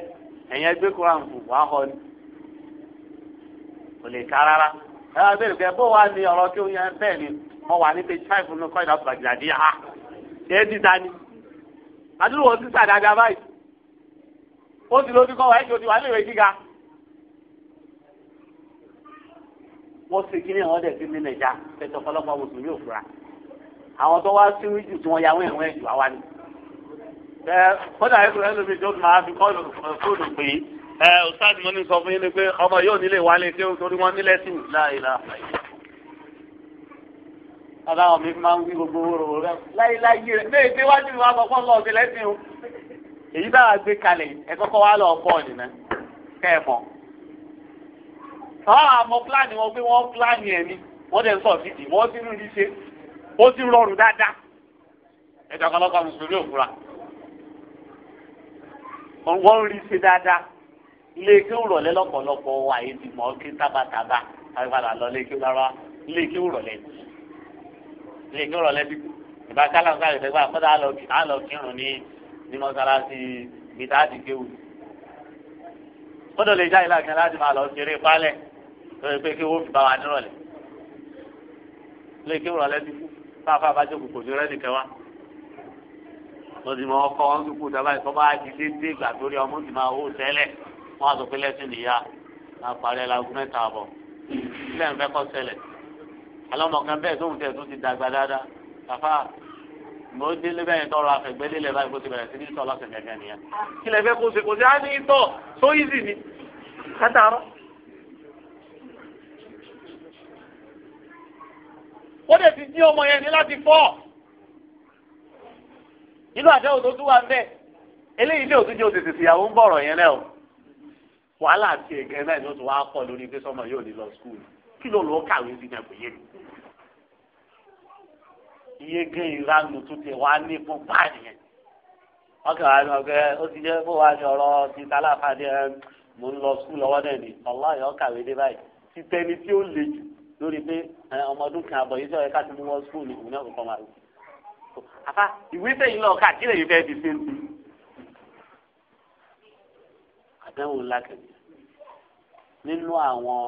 ẹ̀yẹn gbé kóra ń bù wá họ kò lè ká rárá ẹ wá bẹ̀rẹ̀ bó wà ní ọ̀rọ̀ yẹn bẹ́ẹ̀ ni mo wà ní page five nínú kọ́ ìdàpọ̀ ha ṣé ni àdúrà wọn ti ó ti lójú kọ́ wa ẹ̀ wà wọ́n kí ni àwọn ọ̀dẹ̀ nàìjà àwọn tó wá sí wíjù tí wọ́n yàwó ẹ̀jù wá wá ni. ẹ ẹ ọ̀sáàdì mo ní sọ fún yín ni pé ọmọ yóò nílé wálé tí ó torí wọn nílẹ̀ sí láìla aláwọ̀ mi máa ń wí gbogbo owó rẹ̀ láìláyé rẹ̀ bẹ́ẹ̀ tí wájú mi wá bọ̀ fọ́ọ̀mù ọ̀sẹ̀ lẹ́sìn o èyí bá wa gbé kalẹ̀ ẹ kọ́kọ́ wá lọ bọ̀ nìyẹn kẹ́ ẹ mọ̀ àwọn àmọ́ pílánì wọn gbé wọn pílánì ẹ̀ wọ́n dẹ̀ ń sọ fìdí wọ́n ti rí ṣe ó ti rọrùn dáadáa ẹ̀dọ̀ mùsùlùmí òkúra wọ́n rí ṣe dáadáa ilé kí lọ́pọ̀lọpọ̀ wà yìí ti kí tábàtàbà àgbàlá lọ lé kí ó lára ilé kí ń bí ìbá kálá ń sáré fẹ́gbà kọ́dà á kírun ní ní mọ́sálásí gbìdáàdì kéwù kọ́dọ̀ lè já ìlà kan láti máa lọ ṣeré pálẹ̀ lórí pé kí wọ́n fi bá wa nírọ̀lẹ́ ilé kí bí fáfá bá jókòó kò sí rẹ́ nìkan wá wọn àtòkè lẹ́sìn nìyá àpàrẹ làgùn mẹ́ta àbọ̀ ilẹ̀ ń fẹ́ kọ́ ṣẹlẹ̀ alọ́mọkan bẹ́ẹ̀ tóun tẹ̀ tó ti dàgbà dáadáa kàfà mo délé bẹ́ẹ̀ tọrọ afẹ́gbẹ́lélẹ̀ báyìí kó ti bẹ̀rẹ̀ sí ní sọ ọlọ́sẹ̀ gẹ́gẹ́ nìyẹn kí lẹ fẹ́ kó ṣe kó ṣe á ní ìtọ̀ tó ìzì ni kátàárọ̀. ó dẹ̀ ti dín ọmọ yẹn ní láti fọ́ nínú àdéhùn tó tún wà ń bẹ̀ eléyìí ilé òtún jẹ́ òtètè ìyàwó ń bọ̀rọ̀ yẹn náà wàhálà àti ẹ̀gẹ́ náà ni ó wá pọ̀ lórí pé sọ́mọ yóò ní lọ skul kí ló lọ́ọ́ kàwé sí ìjà pèyé iye gan ìlànà tó ti wá ní fún báyìí yẹn. ọkàn àwọn ọ̀gẹ́ ó ti jẹ́ fún wa ní ọ̀rọ̀ ti tálàfàdé ẹ̀ mò ń lọ skul lọ́wọ́ náà ni ọláyọ̀ kàwé dé báyìí ti tẹni tí ó le jù lórí pé ọmọ ọdún kan àbọ̀ yìí sọ̀rọ̀ ká ti mú wọ́n skul ní ìwé náà kò kọ́ máa rú. àfa ìwé àdéhùn ńlá nínú àwọn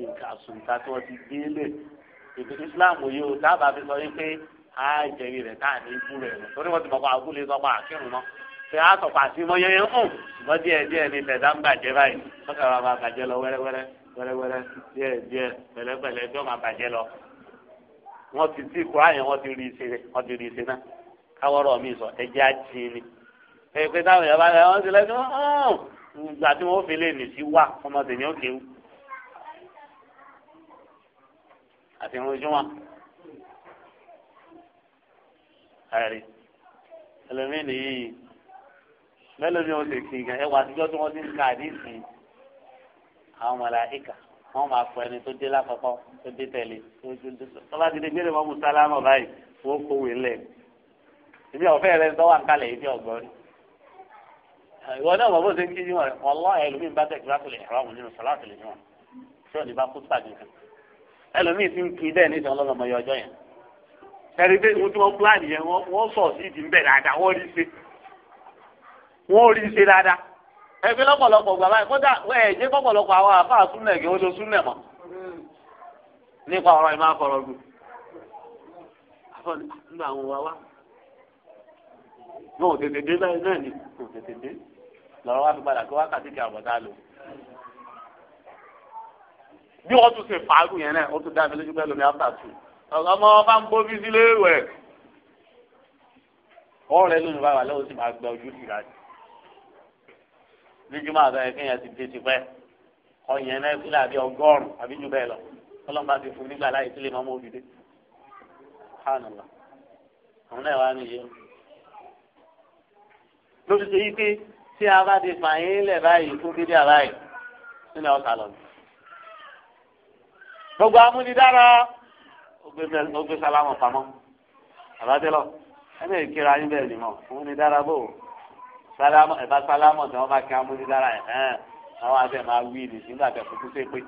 nǹkan àsùnta tí wọ́n ti gbé lè ètò Islam yóò dábàá fi sọ pé a jẹ̀rí rẹ̀ tá à ní ikú rẹ̀ lọ torí wọ́n ti mọ̀ pé àgúlé sọ àkírun náà ṣe á sọ̀pọ̀ àti mọ́ yẹn hàn ṣùgbọ́n díẹ̀ díẹ̀ ni tẹ̀dá ń bàjẹ́ báyìí wọ́n kà máa bàjẹ́ lọ wẹ́rẹ́wẹ́rẹ́ wẹ́rẹ́wẹ́rẹ́ díẹ̀ díẹ̀ pẹ̀lẹ́pẹ̀lẹ́ bí wọ́n máa bàjẹ́ lọ. wọ́n ti tí ìkura yẹn wọ́n ti rí ìṣe wọ́n ti rí ìṣe náà káwọ́rọ̀ mi sọ ẹjẹ́ á ni. ẹ pé táwọn èèyàn bá rẹ̀ wọ́n ti lẹ́nu ìgbà tí wọ́n fi lè nì sí wà ọmọ tèmi ó kéwù àti ìrun ojúmọ́ ẹ̀rí ẹlòmíì nìyí mẹlòmíì ó sì kí gan ẹwà àtijọ́ tí wọ́n ti ń ka àdìsí àwọn màláíkà wọ́n máa fọ ẹni tó dé lákọ̀ọ́kọ́ tó dé tẹ̀lé tọ́lá ti dé gbére wọn mú sálámà báyìí wọ́n kó wèé lẹ̀ ibi ọ̀fẹ́ rẹ tọ́wà ń kalẹ̀ ibi ọ̀gbọ́n rí ìwọ náà wọ́n bó ṣe ń kí yín wọn wallahi ẹlòmíín bá tẹ̀ kíláàsì lè ṣàwọn nínú sàlátì lè yín wọn tí òní bá kú pàdé kan ẹlòmíín ti ń kí bẹ́ẹ̀ ní ìtàn ọlọ́mọ yọ ọjọ́ yẹn ẹ̀rí pé ohun tí wọ́n pílánì yẹn wọ́n sọ̀ sí ìdí ń bẹ̀ dáadáa wọ́n rí ṣe wọ́n rí ṣe dáadáa ẹ̀fẹ́ lọ́pọ̀lọpọ̀ gbàgbá kódà ẹ̀jẹ̀ pọ̀pọ̀lọpọ̀ àwọn àfáà súnmọ̀ ẹ̀gẹ́ ó ló súnmọ̀ mọ́ nípa ọ̀rọ̀ ìmọ̀ akọ̀rọ̀ gùn ah, nígbà àwọn wa wá wọn ò tètè dé báyìí náà ni wọn ò tètè dé lọ́rọ̀ wá fi padà kí wákàtí kí àbọ̀tá lò. bí wọ́n tún ṣe fàárù yẹn náà ó tún dá mi lójú pẹ́ lómi áfà tù ọmọ ọba ń bó bíi sílé ìwẹ̀ ọ̀rẹ́ lónìí báwa lọ́wọ́ sì máa gba ojú tìra lójúmọ́ àtọ́ yẹn kéèyàn ti dé tipẹ́ ọ̀yẹn náà fi làbí ọgọ́rùn-ún àbí jù bẹ́ẹ̀ lọ ọlọ́mọba ti fún nígbà láyé sílé mọ́mọ́ òdìdé lóṣù tó yí pé tí a bá ti fà yín lẹ̀ báyìí fún bíbí àbáyìí nínú ọ̀sà lọ. gbogbo amúnidára ogbe sálámù pamọ́ àbátẹ́lọ ẹni ìkíra yín bẹ́ẹ̀ ni mọ̀ amúnidára bò sálámù ẹ̀bá sálámù tí wọ́n bá kí amúnidára ẹ̀ hẹ́n àwọn àti ẹ̀ máa wí ní nígbà tẹ̀ fún kúṣe pé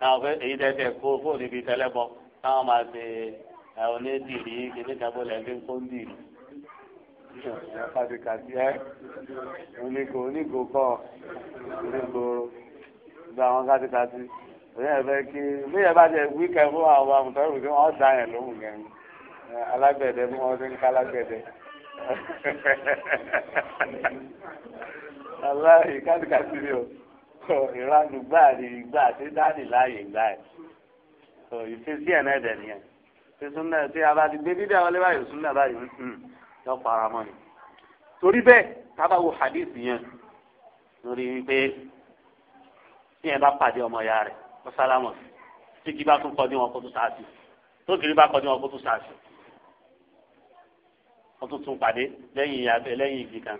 táwọn fẹ́ èyí tẹ́tẹ́ kó fóònù ibi tẹ́lẹ̀ bọ́ táwọn máa ṣe ẹ̀ onídìrí kìnnìkan bó lẹ́ẹ̀fín kó ń dìrí kàtìkàtì ẹ onígò onígò kọ onígò gba àwọn kàtìkàtì bẹ́ẹ̀ bẹ́ẹ̀ kí bẹ́ẹ̀ bá jẹ wíkẹ́ fún àwọn àmùtọ́rù kí wọ́n dá yẹn lóhùn yẹn alágbẹ̀dẹ bí wọ́n ti ń ká alágbẹ̀dẹ. aláì kàtìkàtì ni o ìranu gbáà ni gbáà tí dáàdì láàyè gbáà ẹ̀ ìfésì ẹ̀ náà dẹ̀ nìyẹn. sísun náà tí a bá ti gbé bíbí àwọn ẹlẹ́wàá yòó sún náà báyìí yọ para mọ́ ni torí bẹ́ẹ̀ tábà wo hadith yẹn lórí wípé tí yẹn bá pàdé ọmọ ya rẹ̀ kó sálámù tí kì bá tún kọjú wọn kó tún sáàsì tó kiri bá kọjú wọn kó tún sáàsì wọn tún tún pàdé lẹ́yìn abẹ lẹ́yìn igi kan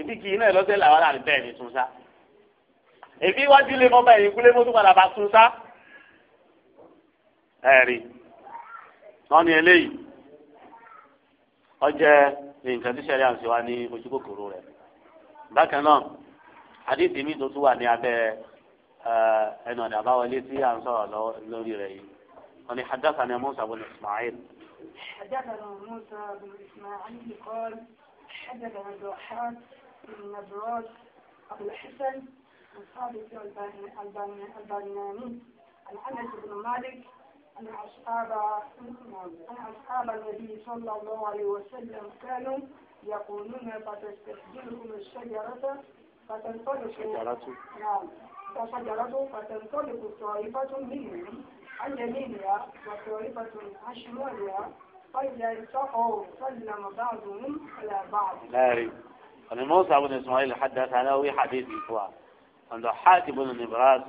ibi kì í náà lọ́sẹ̀ làwọn àrùn bẹ́ẹ̀ ni tún sá èmi wájú lé mọ́ báyìí kúlé mọ́tò padà bá tún sá ẹ̀rí wọ́n ní eléyìí ọjẹ nǹkan tí sẹríà ń ṣe wá ní ojú kòkòrò rẹ bákan náà àdìsí mi tó tún wà ní abẹ eh, ẹnu ọ̀dà àbáwọlé tí à ń sọ̀rọ̀ lórí rẹ̀ yìí wọn ni hadathana musa bin ismail. hadathana musa bin ismail qal hadathana dohan bin nabrod abulhasan musa bin albanani عن أنس بن مالك أن أصحاب أن أصحاب النبي صلى الله عليه وسلم كانوا يقولون فتستخدمهم الشجرة فتنطلق نعم فشجرة فتنطلق طائفة منهم عن يمينها وطائفة عن شمالها فإذا التقوا سلم بعضهم على بعض. ناري. الموسى بن اسماعيل حدث عنه حديث اسوان. عند حاتم بن نبراس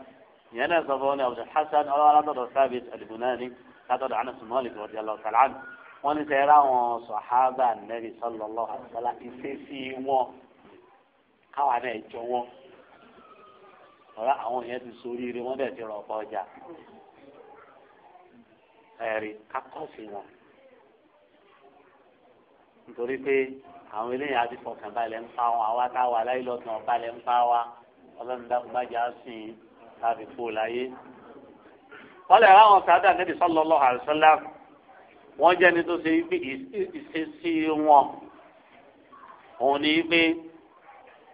ìyẹn náà sọ fún ọ́nà ọ̀sẹ̀ hasan ọlọ́dọ̀ sábẹ́t alìbùnáni látọ̀dọ̀ anas malik radiyallahu ta'ala anhu wọ́n ní sẹ́yìn ráwọn sọ̀hábà nẹ́bí sallallahu alaihi wasallam ìṣesí wọn káwa náà jọ wọn ọ̀rọ̀ àwọn yẹn ti sórí ire wọ́n dẹ̀ ti rọ̀ ọ̀pọ̀ ọjà ẹ̀rí kákọ́ọ̀sì wọn nítorí pé àwọn eléyìí á ti fọkàn balẹ̀ ń pa wọn àwa táwa aláìlọ́tàn balẹ̀ ń pa wa ọlọ́run dákúmájà sìn ín láti kú láyé. wọ́n lè rá àwọn sàádà níbi sallallahu alaihi wasallam wọ́n jẹ́ ní tó ṣe wípé ìṣesí wọn òun ni wípé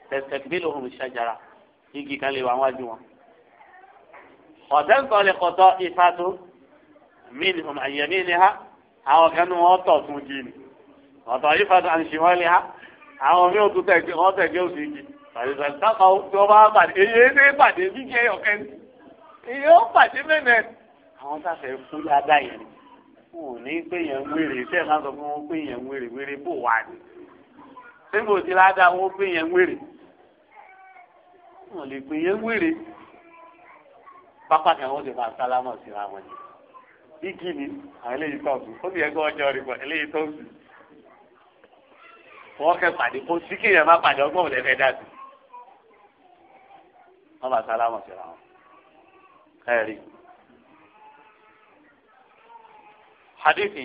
tẹ̀sẹ̀ gbé lòun ṣàjára igi kan lè wà wájú wọn. ọ̀tẹ́ nǹkan lè kọ́tọ́ ifá tó mí ni àyẹ̀mí ni ha àwọn kan ní wọ́n tọ̀ tún jí ni ọ̀tọ̀ ifá tó àǹṣìwọ́n lè ha àwọn mí ò tún tẹ̀ gbé òsì igi àyùsà tí ládàá yẹn kò yẹn ń wéré lè pè yẹn ń wéré pápákẹ́ ti máa sálámọ̀ síra wọn igi ni àwọn eléyìí tó ọ̀sùn ó sì yẹ kí wọ́n jọ rìpọ̀ eléyìí tó ọ̀sùn wọ́n kẹ́ pàdé kó sí kéèyàn má pàdé ọgbọ́n lẹ́fẹ̀ẹ́ dá wọ́n bá sálámọ̀ síra wọn. ẹ̀rí hadithi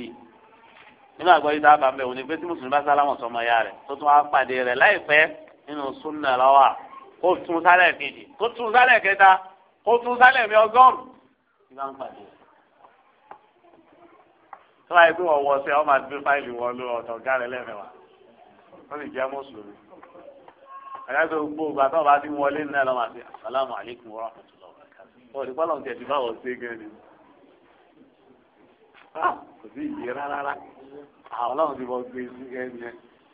nínú àgbọ̀ yìí dábàá mbẹ́ òní pé tí mùsùlùmí bá sálámọ̀ sọmọ ya rẹ̀ tó tún wá pàdé rẹ̀ láìpẹ́ nínú súnà lọ́wọ́ kó tún sálẹ̀ kejì kó tún sálẹ̀ kẹta kó tún sálẹ̀ mi ọgọ́rùn-ún tí wọ́n pàdé rẹ̀ tọ́lá yìí pé wọ́n wọ sí ọ máa gbé fáìlì wọn lọ ọ̀tọ̀ ọ̀gá rẹ̀ lẹ́mẹ̀wá wọ́n sì jẹ́ mùsùlùmí àyàgbé gbogbo ìgbà tó bá ti wọlé náà lọ́mọ àti asalaamu aleykum wa rahmatulah wa barakatuh. ó ní pálọ̀ tẹ̀ ti bá wọ́n ṣe gan ni. Ah, kò sí ìyè rárá àwọn ah, ọlọ́run ti bọ́ gbé sí gan ni ẹ.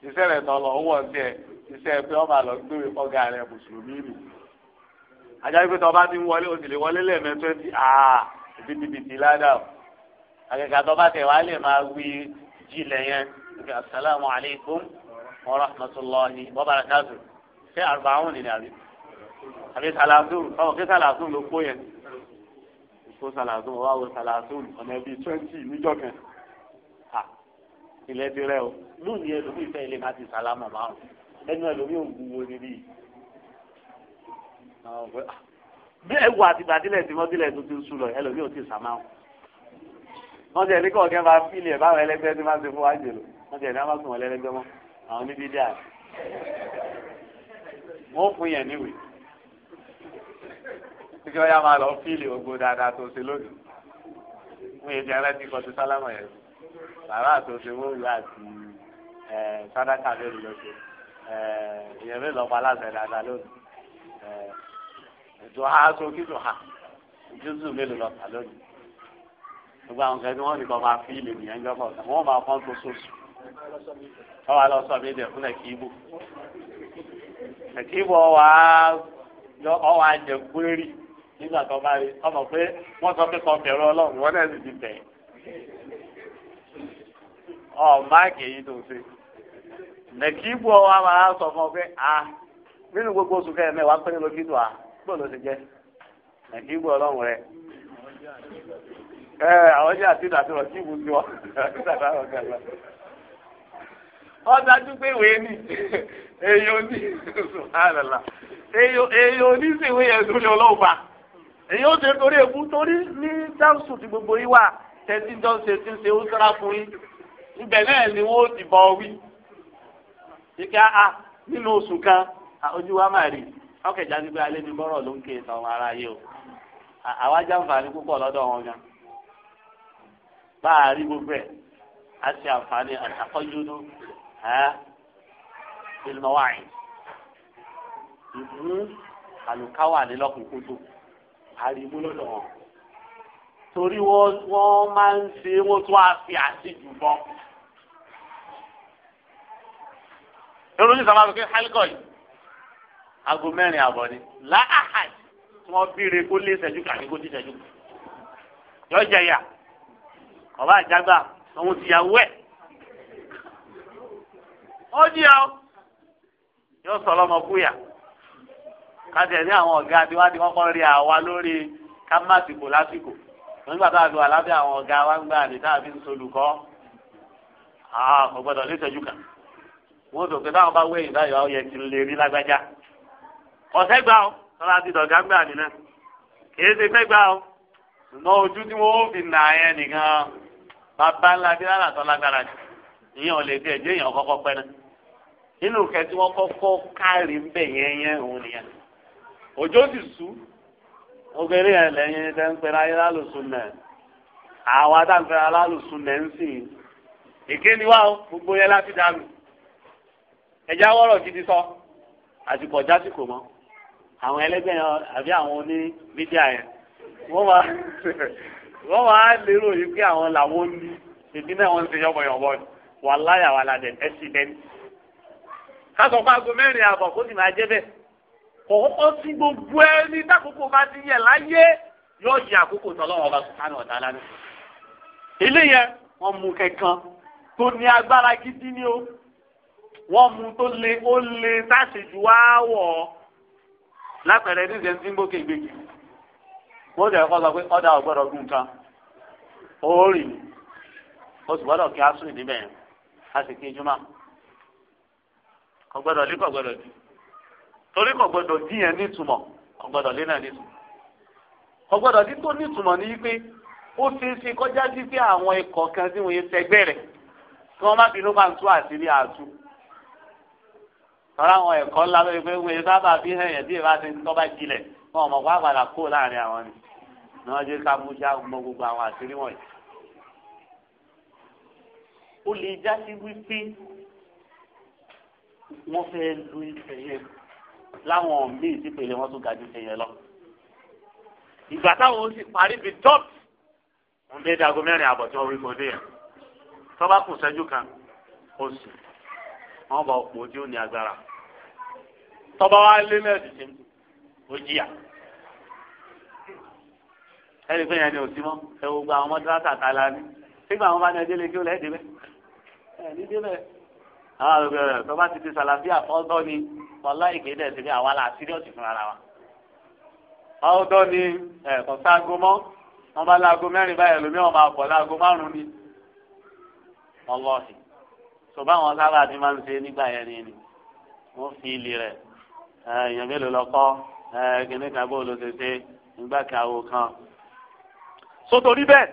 iṣẹ́ rẹ̀ tọ́ lọ wọ̀ sí ẹ iṣẹ́ pé ọba lọ gbéwèé kọ́gà rẹ̀ mùsùlùmí nì. àjàgbé pé tó bá ti wọlé o sì lè wọlé lẹ́ẹ̀mẹ́ twenty aa ah, bìtìbìtì ládàá. àgàgà tó bá tẹ̀ wá lè máa wí jilẹ̀ yẹn asalaamu aleykum wa rahmatulahi wa barakatuh ṣé àrùbá àwọn nìyẹn àbí àbí sàlàsùn ọ̀hún ṣé sàlàsùn ló kó yẹn kó sàlàsùn wà wọ sàlàsùn ọ̀nà bíi twenty níjọ́ kan ilẹ̀ ti rẹ o lónìí ẹlòmí ìfẹ́ ilé má ti sàlámà márùn ẹnu ẹlòmí òògùn wo níbí bí ẹwù àtìgbà tilẹ̀ tí wọ́n tilẹ̀ tó ti sùn lọ ẹlòmí ò ti sàmáwò wọ́n ti ẹni kọ̀ọ̀kẹ́ máa fílì ẹ̀ báwọn ẹlẹgbẹ́ ti máa ń ṣe fún wájú lò wọ́n ti ẹni á máa sùn wọ́n lẹ́lẹ́gbẹ́ mọ́ àwọn níbi díà wọ́n fún yẹn níwèé títí ọ̀yà máa lọ fíìlì gbogbo dáadáa tó ṣe lónìí wọ́n yẹ ti ẹlẹ́tì kan tó sálámà yẹn bàbá àtòṣe wọ́n wù àti sádàkà lórí lọ́sẹ̀ ìyẹn mi lọ́ọ́ pa aláṣẹ dáadáa lónìí ètò ha sókè tó ha jésù mélòó lọ́ọ́ pa lónìí gbogbo àwọn kan ní wọ́n nìkan máa fíìlì nìyẹn jọ́pọ̀ wọ́n máa fọ́n tó sóṣù wọ́n wá lọ sọ mí dẹ̀ fúnlẹ̀ kí ibù ẹ̀kí bọ̀ wá ọ wá jẹ gbérí nígbà tó bá rí ọmọ pé wọ́n sọ pé kan bẹ̀rù ọlọ́run wọ́n náà sì ti bẹ̀ ọ máàkì èyí tó ṣe ẹ̀kí bọ̀ wá máa sọ fún ọ pé a nínú gbogbo oṣù kẹrin mẹ́wàá péré lójú tó a gbọ́dọ̀ ló ti jẹ́ ẹ̀kí bọ̀ ọlọ́run rẹ ẹ àwọn jẹ́ àti ìdàtúrọ̀ kí ìwúzi wọn àti ìdàtúrọ̀ kẹrin ọ̀dájú pé ìwé ni èyí oní sùhánàlá èyí oní sì ìwé yẹn lórí ọlọ́ọ̀bà èyí ó ṣe torí èkú torí ní dáhùsù ti gbogbo yìí wà tẹ́tí jọ ṣe ti ṣe ó sára fún yín ibẹ̀ náà ni wọ́n ti bọ̀ wí. Ìka a ah, ah, nínú oṣù kan ah, ojú wa máa rí ọkẹ̀já ní pé alẹ́ ní bọ́rọ̀ ló ń ké sọ ọmọ ara yìí o. Àwa jàǹfààní púpọ̀ lọ́dọ̀ wọn gan. Bá a rí gbogbo ẹ̀, a ṣe àǹfààní àtàkọ́jú ها بالمواعيد ìmú àlùkáwà ní lọ́kùnkúndù àrìmú lọ́dọ̀ wọn torí wọ́n máa ń ṣe wọ́n tún á fi àṣejù bọ́. lórí sábà sọ pé hálíkọ̀ yìí aago mẹ́rin àbọ̀ ni láàhàj tí wọ́n bíire kó lé ìṣẹ́jú kàní kó ti ìṣẹ́jú yọ jẹ̀yà ọba àjágbá òun ti yà wẹ́ẹ̀ ó di ọ yóò sọ lọmọ kúyà kájẹ ní àwọn ọ̀gá adiwádìí wọn kọ rí àwa lórí kámásìkò lásìkò nígbà tá a lo àlàáfíà àwọn ọ̀gá wa ń gbà ní tá a fi ń solùkọ́ kò gbọdọ̀ léṣẹ́jú kan wọ́n sọ pé táwọn bá wé ìdá ìyá ọ̀yẹ́ ti lè rí lágbájá ọ̀sẹ̀ gbà ó tọ́lá ti dọ̀gá gbà nínú kìí ṣe fẹ́ gbà ó ṣùgbọ́n ojú tí wọ́n fi nà ẹ́ nìkan bàbá ńlá bí lálàtọ́ lágbára jù ìyẹn ò lè fi ẹ̀jẹ̀ yẹn kọ́kọ́ pẹ́ náà nínú kẹtí wọn kọ́kọ́ kárí ń bẹ̀ yẹn yẹn òun nìyẹn òjò sì sú obìnrin yẹn lẹ́yìn tẹ́ ń pera ayé lálùsùn nẹ̀ àwa tá ń pera lálùsùn nẹ̀ ń sìn èké ni wá gbogbo yẹn láti dànù ẹja wọ́rọ̀ gidi sọ àsìkò jásìkò mọ́ àwọn ẹlẹ́gbẹ́ yẹn àbí àwọn oní mídíà yẹn wọ́n máa wọ́n máa lérò yìí pé àwọn làwọn ní ìdí náà wọ́n ń ṣe yọ̀bọ̀yọ̀bọ̀ ni wà láyà wà ládẹ ẹsì bẹ́ẹ̀ ni. kásán fún aago mẹ́rin àbọ̀ kó sì máa jẹ́ bẹ́ẹ̀. kọ̀ọ̀kọ́ sí gbogbo ẹni tákòókò bá ti yẹ láyé yóò jẹ àkókò tọ́lọ́wọ́ ọba sùkánù ọ̀tá lánàá. ilé yẹn wọ́n mú kẹ̀kan tó ní agbára gidi ni o. wọ́n mú tó le ó le sáṣejù wá wọ̀ ọ́ lápẹ̀rẹ̀ níṣẹ́ ń síngbó kégbèké. wọ́n jẹ́ kọ́ sọ pé ọ̀dà ọ̀gbọ́dọ̀ gùn kan. ó rì ó sì gbọ́dọ̀ kí á sùn níbẹ̀ yẹn a sì kí lé kò gbọ́dọ̀ dì torí kò gbọ́dọ̀ dì yẹn nítumọ̀ kò lé náà nítumọ̀ kò gbọ́dọ̀ tó nítumọ̀ ní pé ó ti ṣe kọjá sí pé àwọn ikọ̀ kan tí wọ́n yẹ sẹgbẹ́ rẹ̀ kí wọ́n má bínú máa ń tú àṣírí àtú tọ́lá àwọn ẹ̀kọ́ ńlá lórí pé wọ́n yẹ sábà bí ẹ̀yẹ̀ bí ìbá ti ń tọ́ bá jilẹ̀ wọn ò mọ̀ wá padà kó láàrin àwọn ni ni wọ́n jẹ́ ká mú já gbogbo àwọn àṣírí wọ̀nyí ó lè já sí wípé wọ́n fẹ́ lu ìfẹ́ yẹn láwọn míì sí pèlè wọ́n tún ga ju ìfẹ́ yẹn lọ. ìgbà táwọn ó sì parí bíi tọ́pù wọ́n bẹ́ẹ̀ dago mẹ́rin àbọ̀ tí wọ́n wí kọ́dé yẹn tọ́ba kù sẹ́jú kan ó sì wọ́n bá òpó tí ó ní agbára tọ́ba wa lé mẹ́rin tí ó jìyà ẹni pé yẹn ni ò sí mọ́ ẹ wo gba àwọn ọmọdé látàtà la ní sígbà àwọn bá ní ẹjẹ́ kí ó lẹ́ẹ̀dẹ́ bẹ́ẹ̀ àwọn àgbẹ̀rẹ̀ tó bá ti di sàlàfíà ọ̀dọ́ ni ọ̀la ìkéde ẹ̀sìn ní àwa la síríọ̀sì fúnra wa. ọ̀dọ́ ni ẹ̀kọ́ ságo mọ́ wọ́n bá láago mẹ́rin báyìí lómi ọ̀ máa pọ̀ láago márùn-ún ni. ọlọ́ọ̀sì tó báwọn sábà ti máa ń ṣe nígbà yẹn ni wọ́n fi ilé rẹ̀ èèyàn mélòó lọ kọ́ kíní kan bó ló ṣe ṣe nígbà kàwó kan. sótò níbẹ̀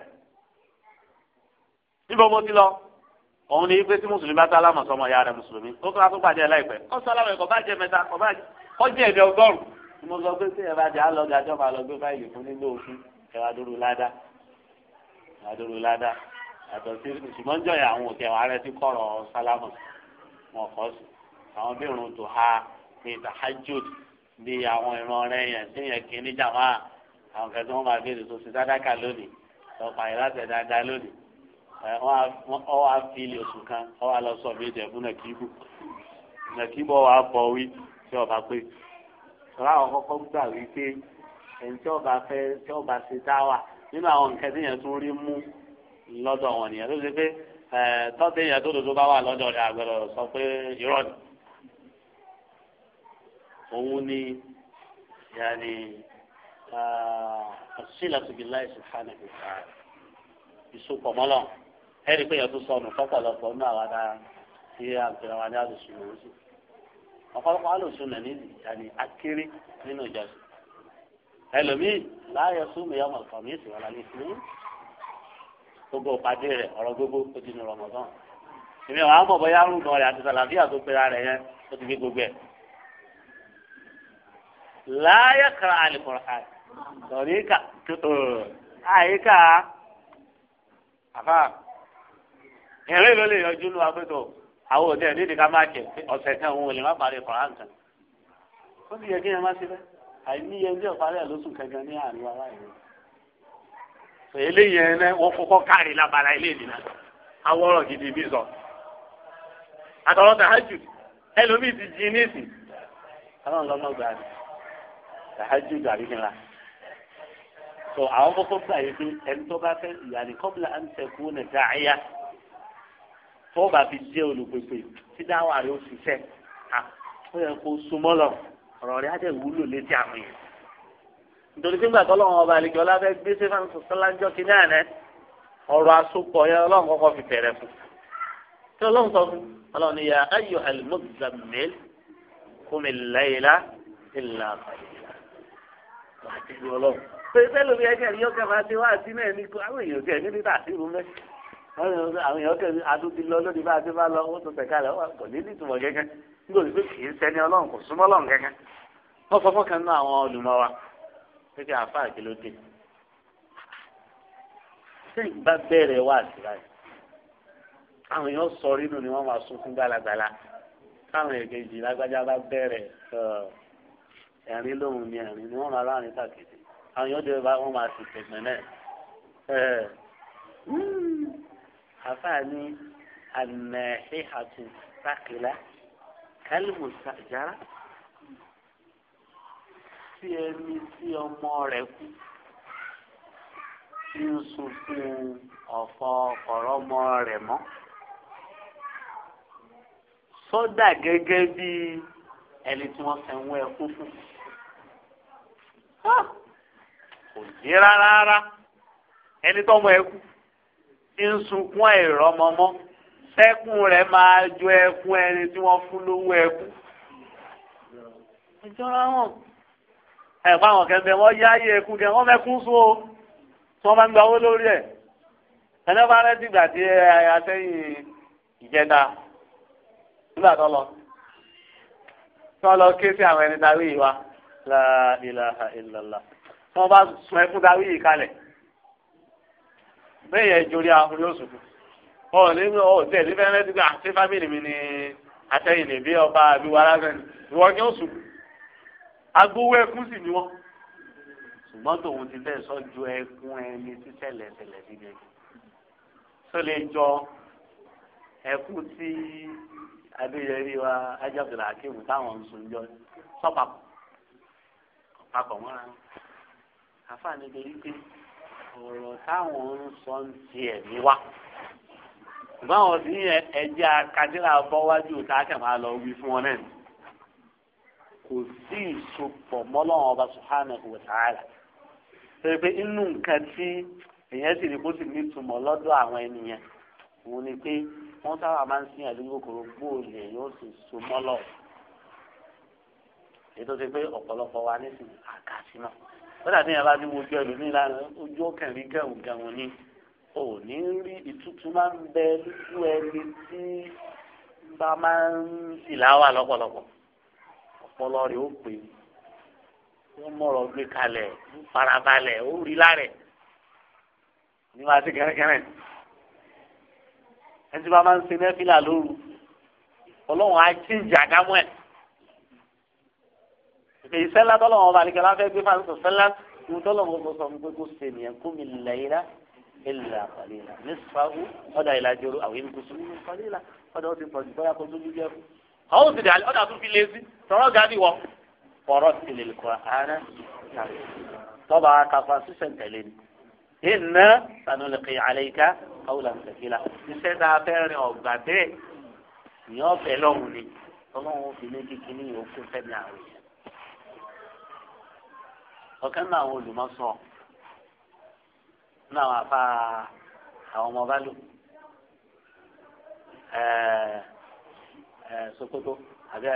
níbo mo ti lọ òun ni pé tí mùsùlùmí bá sálámà sọmọ ìyá rẹ mùsùlùmí ó tún aṣọ pàdé ẹ láìpẹ́ ó sálámà ẹ kò bá jẹ mẹ́ta kò bá kọjá ẹbẹ ọgọ́rùn. mo sọ pé tí ẹ bá jẹ alọgà jọ máa lọ gbé fáìlì fún nílò òfin ẹ wá dúró ládàá ẹ wá dúró ládàá yàtọ̀ sí ṣùgbọ́n jọ̀yà àwọn òkè wà ti kọ̀rọ̀ sálámà wọn kọ́ sí àwọn bí irun tó ha ní tahajjud ọwọ́ àfihàn oṣù kan ọwọ́ àlọ́sọ méjì ẹ̀fún nàkíbù nàkíbù ọwọ́ àbọ̀ wí tí ọba pé sọlá àwọn kọ́kọ́ gbà wípé ẹni tí ọba fẹ́ tí ọba ṣe dáwà nínú àwọn nǹkan tí yẹn tún rí mú lọ́dọ̀ wọn nìyẹn tó ṣe pé tọ́tẹ̀ yẹn tó dodo bá wà lọ́dọ̀ rẹ̀ àgbẹ̀rọ̀ sọ pé irọ́ ni òun ni yàní ṣílẹ̀ tó bí láì sùn fún àná ìsopọ̀ mọ́lọ́run ẹni pé yẹn tó sọnù fọ́pọ̀lọpọ̀ nínú àwọn ará tí a ń pèrè wọn ní alùsùn lòún sí ọ̀pọ̀lọpọ̀ alùsùn lẹ̀ nídìí ìtàní akéré nínú ìjọsìn ẹlòmíì láàyè súnmù yọmọ ìfọ̀mí ìsìnkú ọ̀la ní ìsinmi gbogbo ìpàdé rẹ̀ ọ̀rọ̀ gbogbo ó di ní rọmọdán èmi àwọn àmọ̀ bọ́yá rúgbọ̀n rẹ̀ àti sàlàfíà tó pera rẹ̀ yẹn ó ti fi gbogbo ẹ̀ láàyè kara àlùkùránì sọ̀rí àyíká àfáà ẹ̀rín ló lè yọjú lu agbẹ́tọ̀ àwọn òde ẹ̀ nídìí ká máa jẹ ọ̀sẹ̀ kan òun ò lè má parí kọ̀ọ̀rán kan. ó ti yẹ kí ẹ má ṣe bẹ́ẹ̀ àìníye ilé ọ̀parí ẹ̀ lóṣù kẹjọ ní àríwá láìpẹ́. eléyìí ẹ̀ wọ́n kọ́kọ́ kárí labala ilé ìdìnnà awọ́rọ̀ gidi bí sọ. àtọ̀rọ̀ tàhájù ẹlòmíì ti jí níìsì. ọlọ́run lọ́nà gbà ní tàhájù gàrí nìlá. sọ àwọn kọ́kọ́ gbà yìí pé ẹni tó bá fẹ́ ìyàní kọ́bìlà à ń tẹ̀kú nìta tó bá fi dé olùpèpè tí dáwà rẹ ó ṣiṣẹ́ ó yẹ kó súnmọ́ lọ ọ̀rọ̀ rẹ á jẹ́ ìwúlò létí àwọn yẹn nítorí pé gbàgbọ́ lọ́wọ́ ọba àlejò ọláfẹ́ gbé stéphane sọ́lájọ́ kí náà rẹ ọ̀rọ̀ àsopọ̀ yẹn ọlọ́run kọ́kọ́ fi bẹ̀rẹ̀ fún kí ọlọ́run sọ fún ọlọ́run ya ayọ̀ alimọ́gbàmẹ́l kùmí láyìlá ìlà àbàlẹ́lá àwọn èèyàn kẹ́ni adúdí lọ lórí bá a ti bá lọ ó tún tẹ̀ka rẹ̀ kò ní nítumọ̀ gẹ́gẹ́ nítorí pé kì í sẹ́ni ọlọ́run kò súnmọ́ ọlọ́run gẹ́gẹ́ wọ́n fọ́ fọ́kàn nínú àwọn olùmọ̀ wa pé kí àfa àkìlódé sẹ́yìn bá bẹ̀rẹ̀ wá àtìlá yìí àwọn èèyàn sọ nínú ni wọ́n máa sún fún gbalagbala káwọn èkejì lágbájá bá bẹ̀rẹ̀ ẹ̀rín lòun ni ẹ̀rín ni wọ́n máa láàrin kàkiri àwọn èèyàn àfààní ànàhíhàtú sákìlá kálímù sàjára tí ẹni tí ọmọ rẹ kú tí ń sunkún ọ̀fọ̀ ọ̀rọ̀ ọmọ rẹ mọ́ sọ́dà gẹ́gẹ́ bí ẹni tí wọ́n fẹ́ wọ́n ẹkún fún kò dé rárá ẹni tó mọ ẹkún ń sunkún àìrọ́mọmọ́ sẹ́kùn rẹ̀ máa jọ ẹkún ẹni tí wọ́n fún lówó ẹkún. ìjọra wọn ẹ̀pọ̀ àwọn kẹ̀kẹ́ wọ́n yá ayé ẹkún kẹ́ wọ́n mẹ́kún sún o tí wọ́n bá ń gba owó lórí ẹ̀. ẹni bá rẹ́ dìgbà tí atẹ́yìn ìjẹta nígbà tó lọ tí wọ́n lọ ké sí àwọn ẹni darí yìí wa la ilaha illallah tí wọ́n bá sun ẹkún darí yìí kalẹ̀ bẹ́ẹ̀ yẹn ahun yóò sùn ọ nínú ọ tẹ̀ ní fẹ́rẹ́ ti gbà ṣé fámìlì mi ni àtẹ̀yìn lè bí ọba àbí wàrà sẹ́ni ìwọ́n kí ó sùn agbowó ẹkún sì ni wọ́n ṣùgbọ́n tòun ti bẹ́ẹ̀ sọ́jú ẹkún ẹni tí tẹ̀lẹ̀tẹ̀lẹ̀ ti dé tó lè jọ ẹkún tí adéyẹrí wa ajáfẹ̀lẹ̀ akéwù táwọn ń sùn jọ sọ́pàpọ̀ papọ̀ mọ́ra àfáà níbi yìí pé ọ̀rọ̀ táwọn ń sọ ń ti ẹ̀mí wá báwọn sí ẹ̀jẹ̀ akadéra bọ́ wájú táàkà máa lọ wí fún wọn náà kò sí ìsopọ̀ mọ́lọ́wọ́n ọba subhanahu wa ta'ala pé inú nǹkan tí èèyàn sì rí bó sì nítumọ̀ lọ́dọ̀ àwọn ènìyàn òun ni pé wọ́n sábà máa ń sìn àdúgbò kòrò gbòòlè yóò sì so mọ́lọ́wọ́ ètò ti pé ọ̀pọ̀lọpọ̀ wa nísìnyí kódà ní yàrá ní wojú ẹlòmíì lára ojú ọkẹrin kẹrùn gẹrun ni ò ní rí ìtútù máa ń bẹ lójú ẹni tí bá máa ń ìlàwà lọ́pọ̀lọpọ̀ ọpọlọ rẹ ó pè wọn mọrọ gbé kalẹ̀ farabalẹ̀ ó rí lárẹ ní wàá sí kẹrẹkẹrẹ ẹni tí bá máa ń ṣe nẹfìlà lóru Ọlọ́run á jí ìjà kámú ìfẹ̀yìsẹ́ ńlá tọ́lọ̀ wọn balẹ̀ kẹlá fẹ́ gbé fáwọn sọ̀sẹ́ ńlá ní tọ́lọ̀ wọn kò sọ pé kó ṣe nìyẹn kó mi lẹ́yìnlá ilà kàlílà nísfàwù ọ̀dà ìlàjọrò àwọn èmi kò sọ nínú kàlílà ọ̀dà ó ti pọ̀ jù bọ́yá kó tó dúdú ẹ̀kú. àwọn òsèlè àlẹ́ ọ̀dà tó fi lé sí tọ́rọ̀ ga bí wọ́n. fọ̀rọ̀ tilẹ̀ kọ́ ara tọ́ba kafa sísẹ̀ tẹ̀lé ni. iná sanulẹ̀kì àlẹ́ká kawulà nsẹ̀kìlà. iṣẹ́ tá a fẹ́ rin ọ̀gbà bẹ́ẹ̀ ìyọ́fẹ́ lọ́hùn ni ọlọ́run fi lé kíkiní yòókù fẹ́mi àwẹ̀ ọ̀kan náà àwọn olùmọ̀sán ní àwọn afá àwọn ọmọ bá lò Sokoto àbí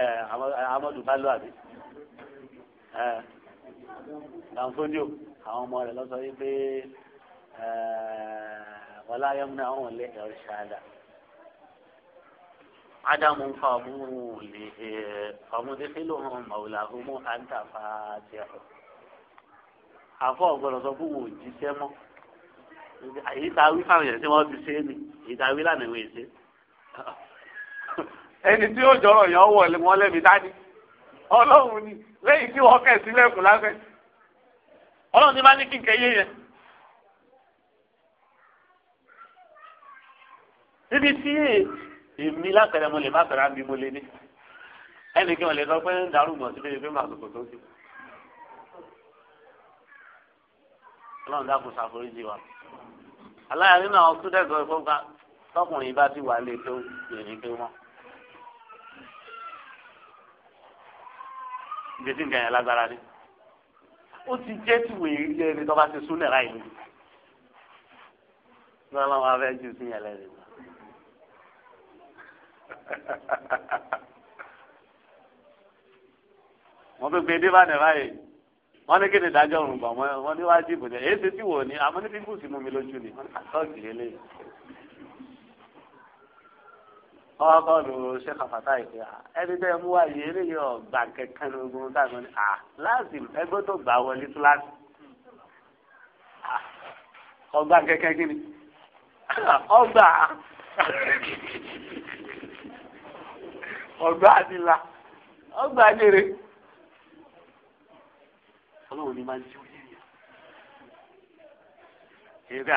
Amadu bá lò àbí Danfodio àwọn ọmọ rẹ̀ lọ́sọ yìí pé wọ́n láyé mú àwọn ọ̀lẹ́ ẹ̀rọ ṣáadà. عدم قبول فمدخلهم مولاهم أنت فاتح àfọ ọgbọdọ sọ fún wò jíṣẹ́ èyí tá a wí fáwọn yẹn tí wọn ti ṣe é ni èyí tá a wí lánàá ìwé ṣe. ẹni tí yóò jọrọ yẹn wọ wọn lẹbi dání Ọlọ́run ni lẹ́yìn tí wọn kẹ sílẹ̀kùn láfẹ Ọlọ́run ti bá ní kí n kẹyẹ yẹn. níbi tí èmi látẹrẹ mo lè má tẹrẹ àmì mo lè ní ẹnì kí wọn lè sọ pé ń darúgbọn síbi ìfẹ́ màsòkò tó ti kù. ọlọ́run dákun ṣàforíjì wa aláya nínú àwọn student ọ̀rẹ́ tọkùnrin bá ti wà lé tó lèmi tó mọ́. ìgbésí nǹkan yẹn lágbára ni ó ti jẹ́ tí wèé rí ẹni tó bá ti sún lẹ̀ láì ní ọlọ́run afẹ́ jù sí yẹn lẹ́nu. wọ́n fi gbé dé bá báyìí wọ́n ní kí ni ìdájọ́ òun gbà wọ́n ní wájú ìbò jẹ́ èyí tí wò ní àmọ́ ní pípùsì mú mi lójú ni àtọ́jì lélẹ̀. wọ́n kọ́ lu sẹ́kà fàtà ìpè ẹni tẹ́ mú wá yìí eléyìí ọ̀gbà kẹ̀kẹ́ ní ogun táwọn ní à láti ẹgbẹ́ tó gbà wọlé tó láti. ọgbà kẹ̀kẹ́ kí ni ọgbà ọgbà àdìlà ọgbà àdìrẹ́ ọlọ́run ni máa ń jú yìí ìgbà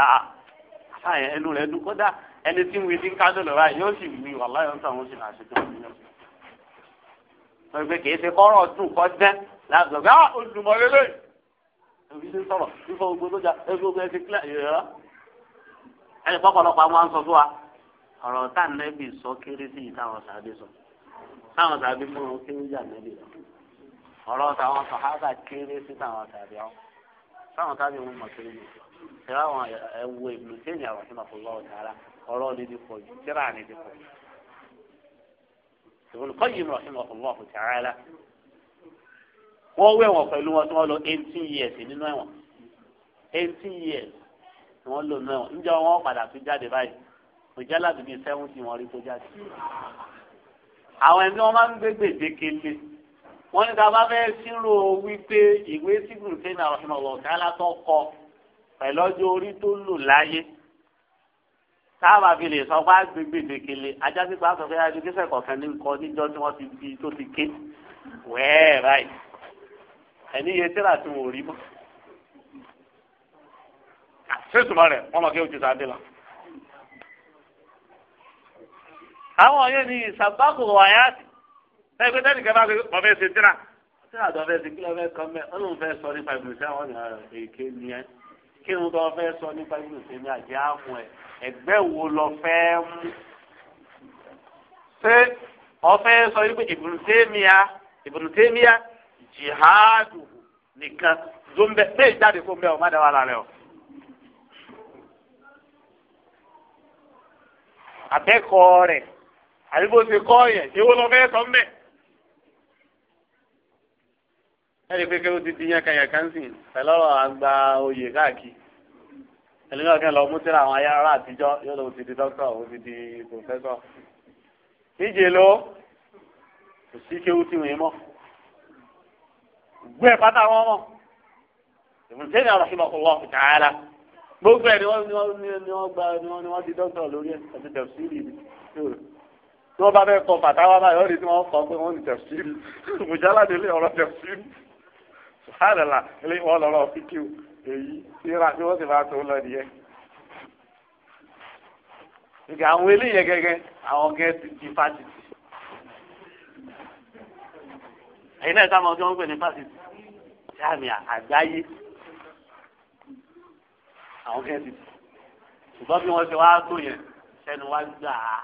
àṣàyàn ẹnu rẹ̀ dùn kódà ẹni tí ń wí ní kájọ lọ́ra yóò sì wí wà láyọ̀ nítorí àwọn òṣèlú àṣetò ìyẹn. wọ́n gbé kìí ṣe kọ́rọ̀ dùn kọ́ dẹ́ láti ọ̀gá ah, olùmọ̀lélẹ́ òbí ṣe sọ̀rọ̀ fífọ gbogbo lójà ẹgbẹ́ ogun ẹsẹ̀ kílẹ̀ yẹ̀rọ. ẹni pọ́pọ̀lọpọ̀ àwọn aṣọ fún wa ọ̀rọ̀ táà nẹ́bì sọ kéré sí ìtàwọn sàbí sọ táwọn sàbí fún wọn kéré jà nẹ́bì lọ ọ̀rọ̀ táwọn sàhábà kéré sí táwọn tàbí ọ́ táwọn tàbí wọn mọ̀ kéré jù tẹ́lá àwọn ẹ̀wù ìlú tẹ́lẹ̀ àwọn tí màfọ́ lọ́wọ́ tààrà ọ̀rọ̀ ni ti pọ̀ jù tẹ́lá ni ti pọ̀ jù. olùkọ́ yìí mọ̀ sí màfọ́ lọ́wọ́ tààrà wọ́n wé wọn pẹ̀lú wọn tí wọ́n lò eighteen years nínú ẹ̀wọ̀n eighteen years tí wọ́n lò nínú ẹ̀wọ̀n níjọ́ wọn padà tún jáde báyìí òjá láti bíi seventy wọn rí tó jáde. àwọn ẹni wọn máa ń gbé gbèdéke lé wọ́n ní tàbá fẹ́ sírò wípé ìwé sígùn tẹ́lẹ̀ àwọn ọ̀gá alátọ́ kọ pẹ̀lú ọjọ́ orí tó lò láyé táàbà fi lè sọ pé gbẹgbẹdẹkẹlẹ ajá pípa àtọ̀fẹ́ adúgbẹ́sẹ̀ kọ̀ọ̀kan ní nǹkan níjọ́ tí wọ́n ti fi tó ti ké wẹ́ẹ̀ báyìí ẹni iye tẹ́lá tí wọ́n rí mọ́ àṣetùmọ̀ rẹ̀ wọ́n mọ̀ kí o ti sáà dé lọ. àwọn yẹn ni ìsàbákò wáyà sí ẹ pé tẹ́nì kẹfà pé wọ́n fẹ́ ṣe tíra tí àdó fẹ́ ṣe kí lọ́ fẹ́ kọ́ mẹ́ ọ́n lòun fẹ́ sọ nípa ìbùdó sí àwọn èké ni ẹ kí ló tó fẹ́ sọ nípa ìbùdó sí ní àjẹ́ àfún ẹ ẹgbẹ́ wo lọ fẹ́ mú ṣé ọfẹ́ sọ wípé ìbùdó tèmíà ìbùdó tèmíà jihadu nìkan zombẹ bẹ́ẹ̀ jáde fún bẹ́ẹ̀ o má dá wà lára o. àbẹ́kọ̀ọ́ rẹ̀ àbí bó ṣe kọ́ yẹn ṣé wọ́n lọ fẹ́ sọ mẹ́ẹ̀. ẹni pé kéwù ti di yẹn kan yẹn kan sìn pẹ̀lú ọ̀rọ̀ àgbà oyè káàkiri ẹni náà kẹ́ni lọ mú síra àwọn ayára àtijọ́ yóò lọ ti di dókítà ó ti di pòfẹ́sọ̀ níje ló kò sí kéwù tí wọ́n mọ̀ gbé ẹ̀ pátá wọn mọ̀ ìmùsẹ́ni àròhìmọ̀ ọ̀wọ́ ìtàhálà gbogbo ẹ̀ ni wọ́n ni wọ́n ni wọ́n gba ni wọ́n ni wọ́n lórí ẹ̀ àti tẹ̀síìlì tí wọ́n bá fẹ́ kọ bàtà báyìí wọ́n ti tẹ̀síìlì ọ̀rọ̀ tẹ̀síìlì sùhánàlà ilé wọn lọ́rọ̀ fíkìú èyí síra tí wọ́n sì máa tó lọ nìyẹn. ìgbà àwọn eléyẹ gẹ́gẹ́ àwọn gẹ́gẹ́ di fásitì. ẹ̀yin náà sábà tí wọ́n ń pè ní fásitì jáàmì àgbáyé àwọn gẹ́gẹ́ di. ṣùgbọ́n bí wọ́n ṣe wá tó yẹn sẹ́nu wá gbà á.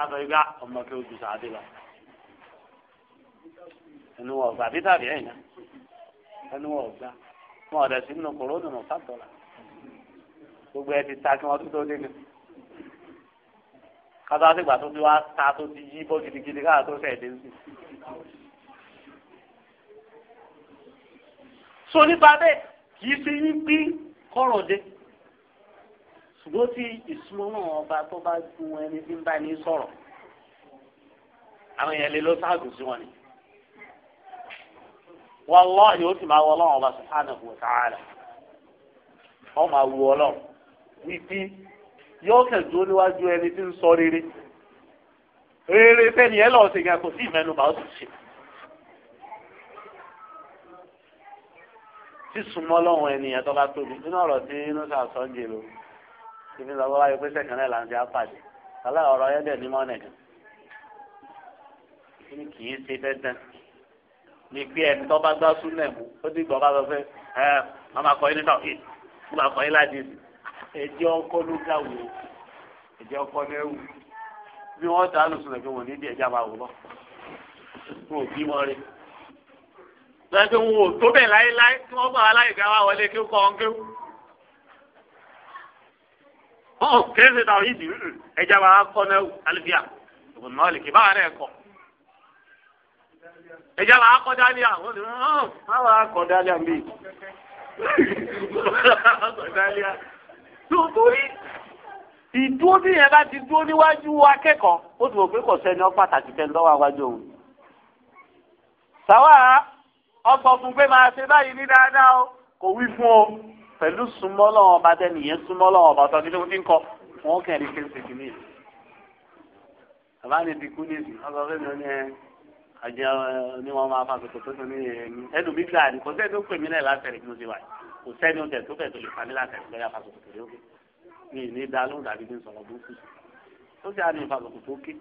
a sọ yìí ọmọ kí o jù sàádé lọ ẹnu wọn ọgbà bí tàbí ẹ̀yìn ẹnu wọn ọgbà wọn ọ̀dẹ̀ sí nínú kòrónà mọ̀ fàtọ́là gbogbo ẹ ti ta kí wọn tó tó dénú kátó wá sígbà tó ti wá ta tó ti yí bó gidigidi káà tó sẹ̀ dé sí. so nípa bẹ́ẹ̀ kì í ṣe yín pín kọ́rọ̀ dé ṣùgbọ́n tí ìsúná náà ọba tó bá gun ẹni tí ń bá ní sọ̀rọ̀ àwọn èèyàn lè lọ sáàgùn sí wọn ni. والله ó sì الله wọ ọlọ́run ọba subhanahu wa ta'ala ọ máa wọ ọlọ́run wípé yóò kẹ̀jú níwájú ẹni tí ń sọ rere rere fẹ́ni ẹ lọ́ọ́ sèkà kò sí ìmẹ́nubà ó sì ṣe. sísunmọ́ ọlọ́run ènìyàn tó bá tóbi nínú ọ̀rọ̀ tí inú sàṣọ ń jèrò ìfi sọ wáyé pé sẹ́kẹ̀rẹ́ là ń àpàdé aláà ọ̀rọ̀ ayẹ́dẹ̀ ní mọ́nẹ̀kan kì í ṣe dandan ní pé ẹni tó bá gbá súnà mú ó ti gbọ́ bá sọ pé ẹ wọ́n kọ́ yín nínú ọ̀hìn kọ́ yín láti ìsìn ẹjẹ́ ọkọ́ ló dà wò ó ẹjẹ́ ọkọ́ ló wù bí wọ́n dá lùsùn lẹ́gbẹ̀ẹ́ wò ní ibi ẹ̀já máa wò lọ wọn ò wọn rí lọ́jọ́ wọn ò tó bẹ̀ láéláé tí wọ́n gbà wá láyè ká wá wọlé kí ó kọ́ ọ́n kéwù. ọ̀ kérésì tàwọn yìí ẹ̀já máa kọ́ náà àlùfíà ìbùnú náà lè náà kọ́ ẹ̀jẹ̀ wàá kọ́ dálíà wọ́n ti rán àwọn akọ̀ dálíà mi. Nítorí ìdúró bí yẹn bá ti dúró níwájú akẹ́kọ̀ọ́ ó ti mọ̀ pé kò sẹ́ni pàtàkì tẹ́ lọ́wọ́ àwájú òun. Sàwa ọgbọ̀n fún pé máa ṣe báyìí ní dáadáa o kò wí fún o pẹ̀lú súnmọ́ ọba tẹ́nìyẹn súnmọ́ lọ́wọ́ ọba tọ́ni ló ń kọ wọn kẹrin kéńtì kìíní. Bàbá mi ti kú níbi ọgbọ̀n fẹ́mi ó ní ẹ àjẹ eh, ni wọn máa fa kòtò tó tó ní ẹnu ẹnu mi gbà ní kò sẹ́ni ó pè mí náà látẹ̀rẹ̀ kí mo ti wà yìí kò sẹ́ni ó tẹ̀ tó fẹ̀ tó lè fa mí látẹ̀rẹ̀ lọ́yà fa kòtò tó lé òkè mi ní da lóhùn dàbí ní sọ̀rọ̀ burúkú tó sì á ní fa kòtò tó ké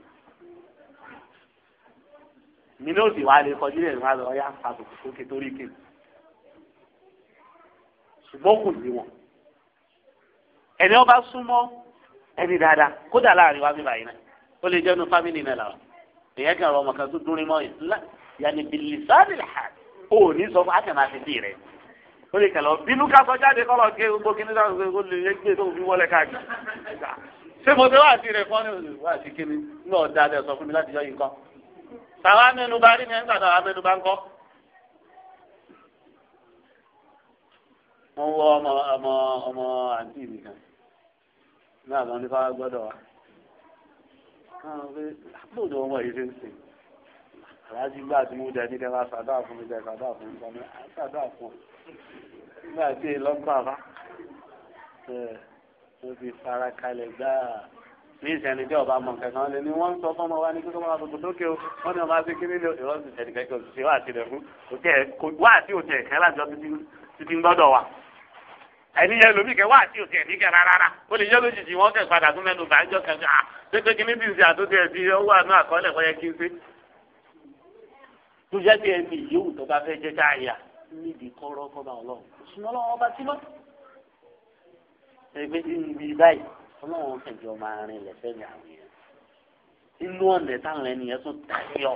mi ní òsì wàá lè kọjú lè má lọ́yà fa kòtò tó ké torí ké ṣùgbọ́n kò ní wọn ẹni ọba súnmọ́ ẹni dáadáa kódà láàrin wa mi báyìí náà ó lè jẹ́ nu fámìlì náà làwọn èyàn kan ọmọ kan tó dúnrín mọ́ yàní bilisani lẹ́hà ó ní sọ fún akẹ́nà àtẹ̀tẹ̀ rẹ̀ ó lè kẹlẹ́ bínú kásọ jáde kọ́ lọ gé gbogbo kíní sáà ó lè yẹ gbé tó fi wọlé káàkiri ṣé mo ti wá àti rẹ̀ fọ́n ní wá àti kíní náà dáadáa sọ fún mi láti yọ yìí kan tàwa mẹnuba rí ni ẹ ń gbàdá wa mẹnuba ń kọ́. wọ́n wọ ọmọ ọmọ ọmọ àǹtí mi kan ní àgbọn nípa gbọ́dọ̀ wa kan pé bóòdù ọmọ yìí ṣe ń sìn aláàjì gbà tí mo jẹ ní kẹfà sàdá fún mi jẹ sàdá fún mi sàmì sàdá fún ọ nígbà tí lọ́gbà bá ó ti fara kalẹ̀ gbáà ní ìsẹ̀ni tí ọba mọ̀ kankan lé ní wọ́n ń sọ fọ́mọ wa ní kíkọ́ máa tó lókè o wọ́n ní ọba ṣe kí nílò ìrọ́sì ìsẹ̀ni kankan òṣìṣẹ́ wà á ti rẹ̀ fún òkè wá àti òtẹ̀ ẹ̀ láti ọ ẹni yẹn lomi kẹ wá àti òsì ẹni kẹ rárá ó lè yẹ lójijì wọn kẹ padà tún mẹnu bàájọ kẹfì à pépé kí ní bí n ṣe àtúntì ẹbí ọwọ́ àánú àkọọ́lẹ̀ kọ kí n ṣe. tó yẹ ẹni yòówù tó bá fẹ́ jẹ́ ká yà níbi kọ́rọ́ kọ́ba ọlọ́run sùn ọlọ́run ọba tí lọ. ẹgbẹ́ ibi báyìí ọlọ́run kẹjọ máa rin lẹ́sẹ̀ ní àwọn yẹn inú ọ̀nà táwọn ẹni yẹn tún tàbí ọ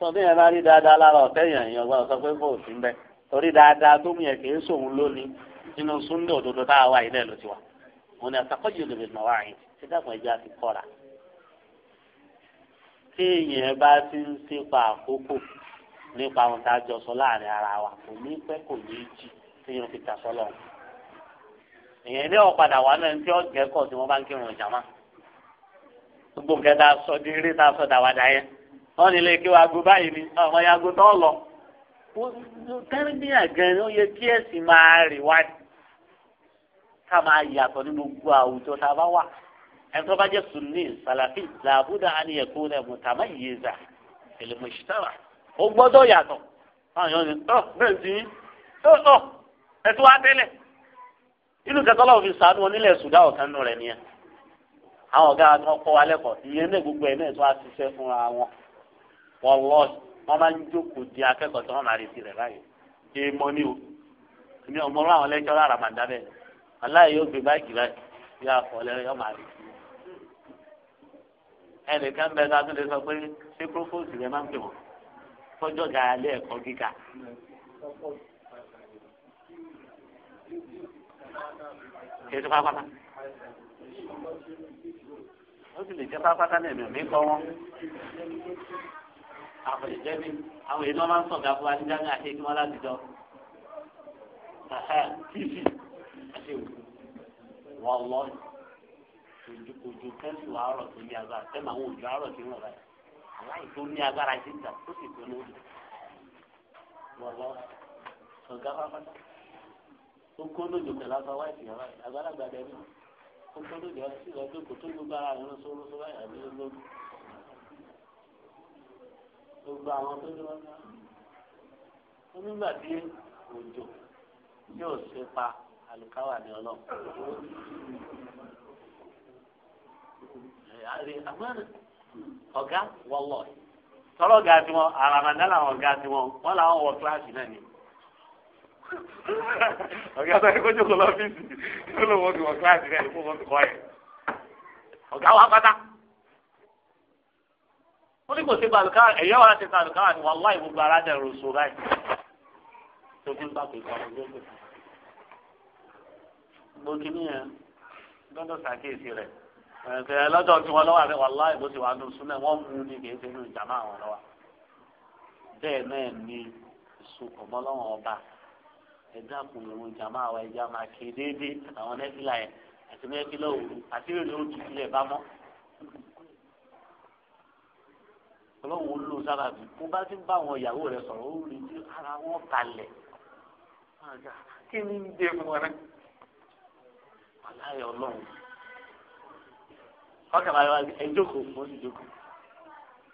sọ bí yẹn bá rí dáadáa lára ọ̀tẹ́ yẹn èèyàn gbọ́dọ̀ sọ pé bò sí ń bẹ́ torí dáadáa tó mú yẹn kì í sòun lónìí nínú súnlẹ̀ òdodo tá a wà yìí lẹ́ẹ̀ló ti wà òun ni àtàkọ́jì lè bẹ̀rẹ̀ wá yìí ṣé dàpọ̀ ẹja ti kọ́ra. tí èèyàn bá ti ń sípa àkókò nípa ohun tá a jọ sọ láàrin ara wa kò ní pẹ́ kò ní jì tí yẹn fi tàṣọ lọ. èèyàn ilé ọ̀padà wà náà tí ọ̀gẹ́kọ̀ tí wọ́n bá ń kírun ìjàmá gbogbo nǹkan wọn nílé kí wọn aago báyìí ni ọmọ yẹn aago tó lọ tẹ́lifíà gan-an ó yẹ kí ẹ̀sìn máa rè wá ká máa yàtọ̀ nínú gbogbo àwùjọ tá a bá wà ẹni tó bá jẹ́ sunni salafi làbúdà á ní ẹ̀kọ́ rẹ̀ mùtàmá yéza èlùmọ̀ṣítàrà ó gbọ́dọ̀ yàtọ̀ àwọn yóò ní ọ bẹ́ẹ̀ sí i ọ ọ ẹ̀tọ́ wa tẹ́lẹ̀ inú kẹtọ́ lọ́wọ́ fi sànú wọn nílẹ̀ sùdá ọ̀kan nù rẹ̀ nìyẹn àwọn ọ̀gá wọn kọ́ wa lẹ́kọ̀ọ́ ìyẹn náà gbogbo ẹ̀ náà tó a ṣiṣẹ́ fúnra wọn. wọ́n lọ wọ́n máa ń jókòó di akẹ́kọ̀ọ́ tí wọ́n máa retí rẹ̀ báyìí èèmọ̀ ni o èmi ò mọ̀rọ̀ àwọn lẹ́jọ́ lára màdá bẹ́ẹ̀ aláì yóò gbé báyìí rẹ̀ yóò àfọ̀lẹ́ yóò máa retí ẹnìkan bẹ́ẹ̀ ká tó lè sọ pé ṣé prófóòsì máa ń pè wọ́n ga alẹ́ ẹ̀kọ́ gíga. àwọn ìjẹ́bí àwọn èyí lọ́wọ́ ń sọ̀gá fún adíjá ní àṣẹ kí wọ́n láti jọ. tíìfì àti òkú wọn lọ ojú ojú kẹ́sì wà àárọ̀ tó ní agbára tẹ́lẹ̀ àwọn òjò àárọ̀ tó ń rọ̀ báyìí aláì tó ní agbára jíjà tó sì tó lórí wọn lọ sọ̀gá pápátá ó kó lójó pẹ̀lú aṣọ wáìtì yàrá àgbàlagbà dẹ́nu ó kó lójó sí ìrọ̀jò kò tó gbogbo ara rẹ̀ lọ́sọ̀rọ̀sọ̀ báyìí àbí lọ́sọ̀rọ̀ gbogbo àwọn tó dúró náà ó nígbà tí òjò yóò ṣe pa àlùkáwà ní ọlọ́run. ọ̀gá wọlọ̀ tọ́lọ́ ọ̀gá tiwọn àràmàdá làwọn ọ̀gá tiwọn wọ́n làwọn wọ kíláàsì náà ni. ọ̀gá tó yẹ kó jókòó lọ́fíìsì ló lọ́ wọ́n ti wọ kíláàsì náà ni kó wọ́n ti kọ́ ẹ̀. ọ̀gá wa pátá ó ní kò sí balùkà ẹ̀yọ́ wa ti balùkà ni wàhálà ìgbogbo ara dẹ̀ rò so báyìí tó fi ń bá pè kàn lóko. gbogbo kìíní yẹn lọ́dọ̀ sàkíyèsí rẹ̀ ẹ̀fẹ̀ lọ́dọ̀ tí wọ́n lọ́wọ́ àbẹ̀ wàhálà ìbò sì wà nù súnlẹ̀ wọ́n mú ní kì í ṣe nù ìjàmá àwọn lọ́wọ́. bẹ́ẹ̀ náà ni ìsopọ̀ mọ́lọ́wọ́n ọba ẹ̀dá kùn ìrùn ìjàmá àwọn ẹja máa kéde déédéé àwọn nẹ́fìlà yẹn àti nẹ́fìlà òru àti ìrìn òtútù lẹ̀ bá mọ́. ọlọ́run ó lò sára mi mo bá ti ń bá àwọn ìyàwó rẹ sọ̀rọ̀ ó rí i ara wọn balẹ̀ kí ni ń dé fún rẹ aláyọ̀ ọlọ́run ọkàn máa wá ẹ jókòó mo sì jókòó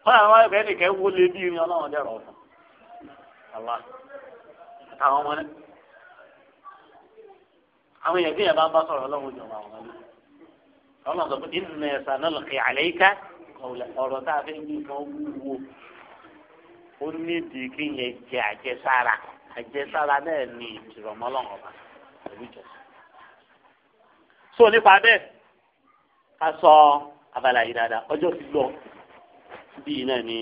wọn àwọn ẹgbẹ́ nìkan wo lé bí irin ọlọ́run dẹ̀rọ̀ ọ̀fun àwa àtàwọn ọmọ náà àwọn èèyàn bí yẹn bá ń bá sọ̀rọ̀ ọlọ́run jọ̀ọ́ àwọn ọmọ náà ọlọ́run sọ pé ìnìyàn sàn náà lọ́kẹ́ àlẹ́ yìí ká ọ̀rọ̀ tá a fẹ́ yí kan wúwo ó nídìí kí yẹn jẹ àjẹsára àjẹsára náà ní ìrọ̀mọ́lọ́hàn ọba pẹ̀lú ìjọsìn. so nípa bẹ́ẹ̀ ká sọ abala yìí dáadáa ọjọ́ ti lọ bíi náà ni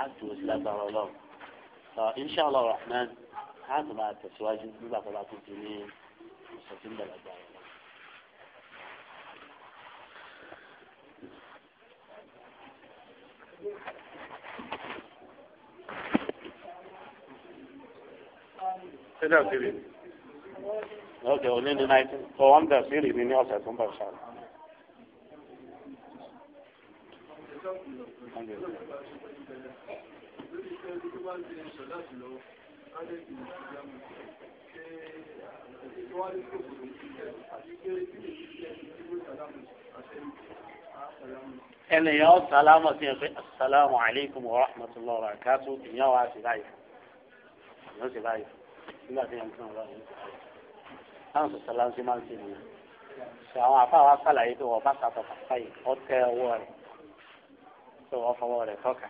àdùn sí lágbára ọlọ́run inshàlá rahman àdùn máa tẹ̀síwájú nígbà tó bá tó di ní ọ̀sẹ̀ tí ń bẹ̀rẹ̀ gbà yẹn. ṣé dà sí rí lọ́kẹ́ òní ní náìtì kọ́ wọ́n dà sí rí Thank you ẹnìyàn sálámù sí ẹgbẹ́ asalaamu aleykum wa rahmatullahi wa barakatu ìyẹn wàá sí báyìí ìyẹn sì báyìí nígbà tí yẹn ń tún ọ̀rọ̀ yẹn sáwọn sọ sí máa ń ṣe nìyẹn sọ àwọn afáwa sàlàyé pé wọ́n bá sàtọ̀ pàpà yìí ọ tẹ ọwọ́ rẹ̀ tó wọ́n fọwọ́ rẹ̀ tọ́ka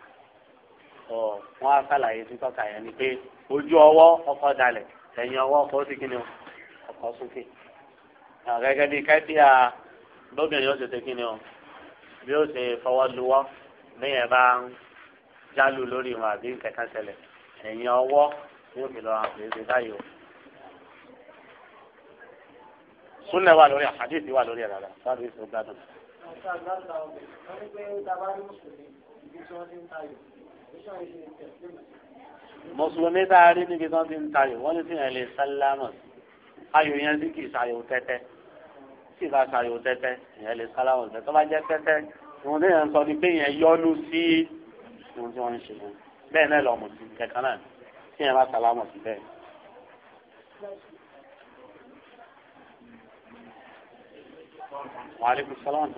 ọ wọ́n á sí tọ́ka yẹn ni pé ojú ọwọ́ ọkọ̀ dalẹ̀ ẹ̀yìn ọwọ́ ọkọ̀ sí kíni ọkọ̀ sókè gẹ́gẹ́ bí kẹ́tíà lóbìnrin ó bí ó ṣe fọwọ́ lọ́wọ́ bí yẹn bá ń jálù lórí wọn àbí kẹ̀kẹ́ ṣẹlẹ̀ ẹ̀yìn ọwọ́ yóò fi lọ́ra pé ṣe báyìí o. súnlẹ̀ wà lórí àdìsí wà lórí ẹ̀rọ sábà èso gbádùn. mùsùlùmí tá a rí níbi tí wọ́n ti ń tayò wọ́n ní sí ẹ̀ lè sálámù ayò yẹn sì kì í ṣayò tẹ́tẹ́ tí ìbá ṣàyò tẹ́tẹ́ ìyẹn lè sáláwọ̀ tẹ́tẹ́ tó bá jẹ́ tẹ́tẹ́ ìwọ̀n tí yẹn sọ ni pé yẹn yọ́nú sí ohun tí wọ́n ń ṣe yẹn bẹ́ẹ̀ náà lọ́mọ sí kẹ̀kẹ́ náà tí yẹn bá sálámọ̀ sí bẹ́ẹ̀. Wa alaikum salaam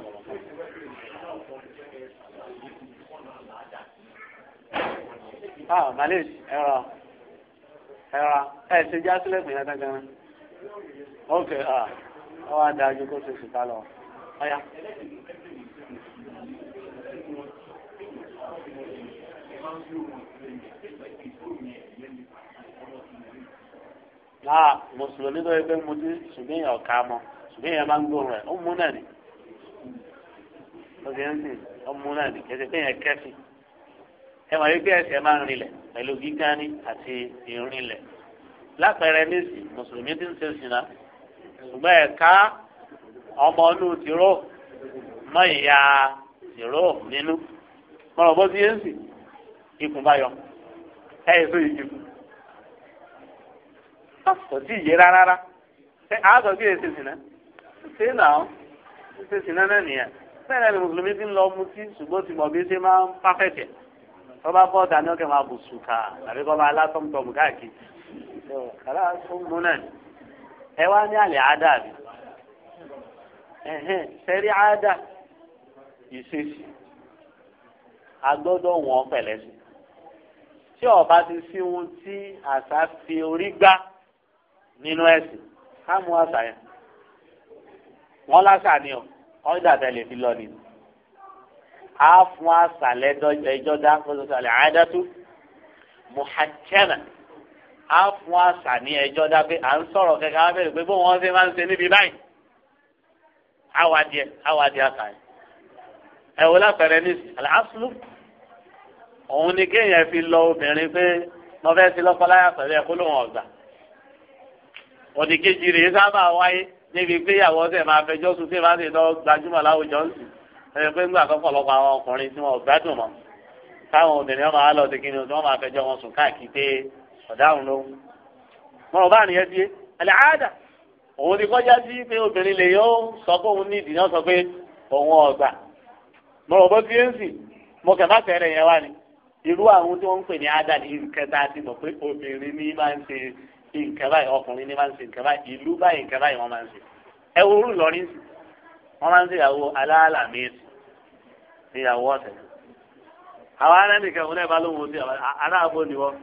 ah malej ẹrọ ẹrọ ẹ ṣe jásílẹ̀ pé yẹn gan-an ok ah wọ́n á dájú kó ṣe sùkà lọ. ọ̀yà. láà mùsùlùmí tó yẹ pé mo ti ṣùgbọ́n yẹn ọ̀ka mọ́ ṣùgbọ́n yẹn máa ń gbóhùn rẹ̀ ó mú náà ni ọ̀sẹ̀ ń sìn ó mú náà ni kẹsẹ̀ pé yẹn kẹ́sì ẹ wà wípé ẹsẹ̀ máa ń rinlẹ̀ pẹ̀lú gíga ní àti ìrìnlẹ̀ lápẹẹrẹ nísì mùsùlùmí ti ń ṣe sìnà ṣùgbọ́n ẹ̀ka ọmọ inú tìró mọ ìyá tìró nínú mọ̀rọ̀ bó ti yé ń sì ikùn bá yọ ẹ̀ ẹ̀ sóyè ikùn kò sí ìyé rárá ṣe àádọ́ kí èsì sìnà ṣe náà ṣe sìnà náà nìyẹn bẹ́ẹ̀ náà ni mùsùlùmí ti ń lọ mu sí ṣùgbọ́n ti mọ̀ bí ṣe máa ń pàfẹ́tẹ̀ tó bá bọ́ dání ọkẹ́ máa bù sùkà tàbí kọ́ máa lásán tọ̀mù káàkiri kàrà ó mú náà ni ẹ wá ní àlẹ́ àdá mi sẹ́rí àdá ìṣesí agbọ́dọ̀ wọ́n pẹ̀lẹ́ sí tí ọba ti sí ohun tí àṣà fi orí gbá nínú ẹ̀sìn ká mú àṣà yẹn wọ́n láṣà ni ọ ọ̀dà tẹ̀lé fi lọ nínú a fún àṣà lẹ́jọ́ dá kó tó sọ àlẹ́ àdá tó muhakẹ́mẹ́ á fún àṣà ní ẹjọ́ dábẹ́ à ń sọ̀rọ̀ kẹ́kẹ́ á bẹ̀rẹ̀ pé bó wọ́n ṣe máa ń ṣe níbi báyìí àwàdìẹ àwàdìẹ àṣà yẹn ẹ lápẹ̀rẹ̀ ní àṣùlù òun ni kéèyàn fi lọ obìnrin pé mo fẹ́ ti lọ́kọ láyà pẹ̀lú ẹ̀kú lòun ọ̀gbà òdì kejì rèé sábà wáyé níbi ìgbéyàwó ọ̀sẹ̀ máa fẹjọ́ sùn tí ìbá ti lọ gbajúmọ̀ láwùjọ ń sìn ni wọn máa fẹjọ́ wọn sùn káàkiri pé ọ̀dáhùn ló mọ̀ ọ̀bá nìyẹn bíi àlàáda òun ti kọjá sí pé obìnrin lè yọ sọ pé òun ní ìdìní ọ̀sọ̀ pé òun ọ̀gbà mọ̀ ọ̀bọ̀ tí ó ń sìn mọ̀ kẹ̀ má fẹ́rẹ̀ yẹn wá ni irú àwọn tí wọ́n ń pè ní ada ní nǹkan tá a ti mọ̀ pé obìnrin ní máa ń ṣe nǹkan báyìí ọkùnrin ní máa ń ṣe nǹkan báyìí ìlú báyìí nǹkan báyìí wọ́n máa ń ṣe ẹ wo orú lọ́rí sí wọ́n máa ń ṣe ìyàwó aláàlámì ìyàwó ọ̀sẹ̀ àwọn arábìnrin kan wọn náà bá lóun ó sí aráàbò ni wọ́n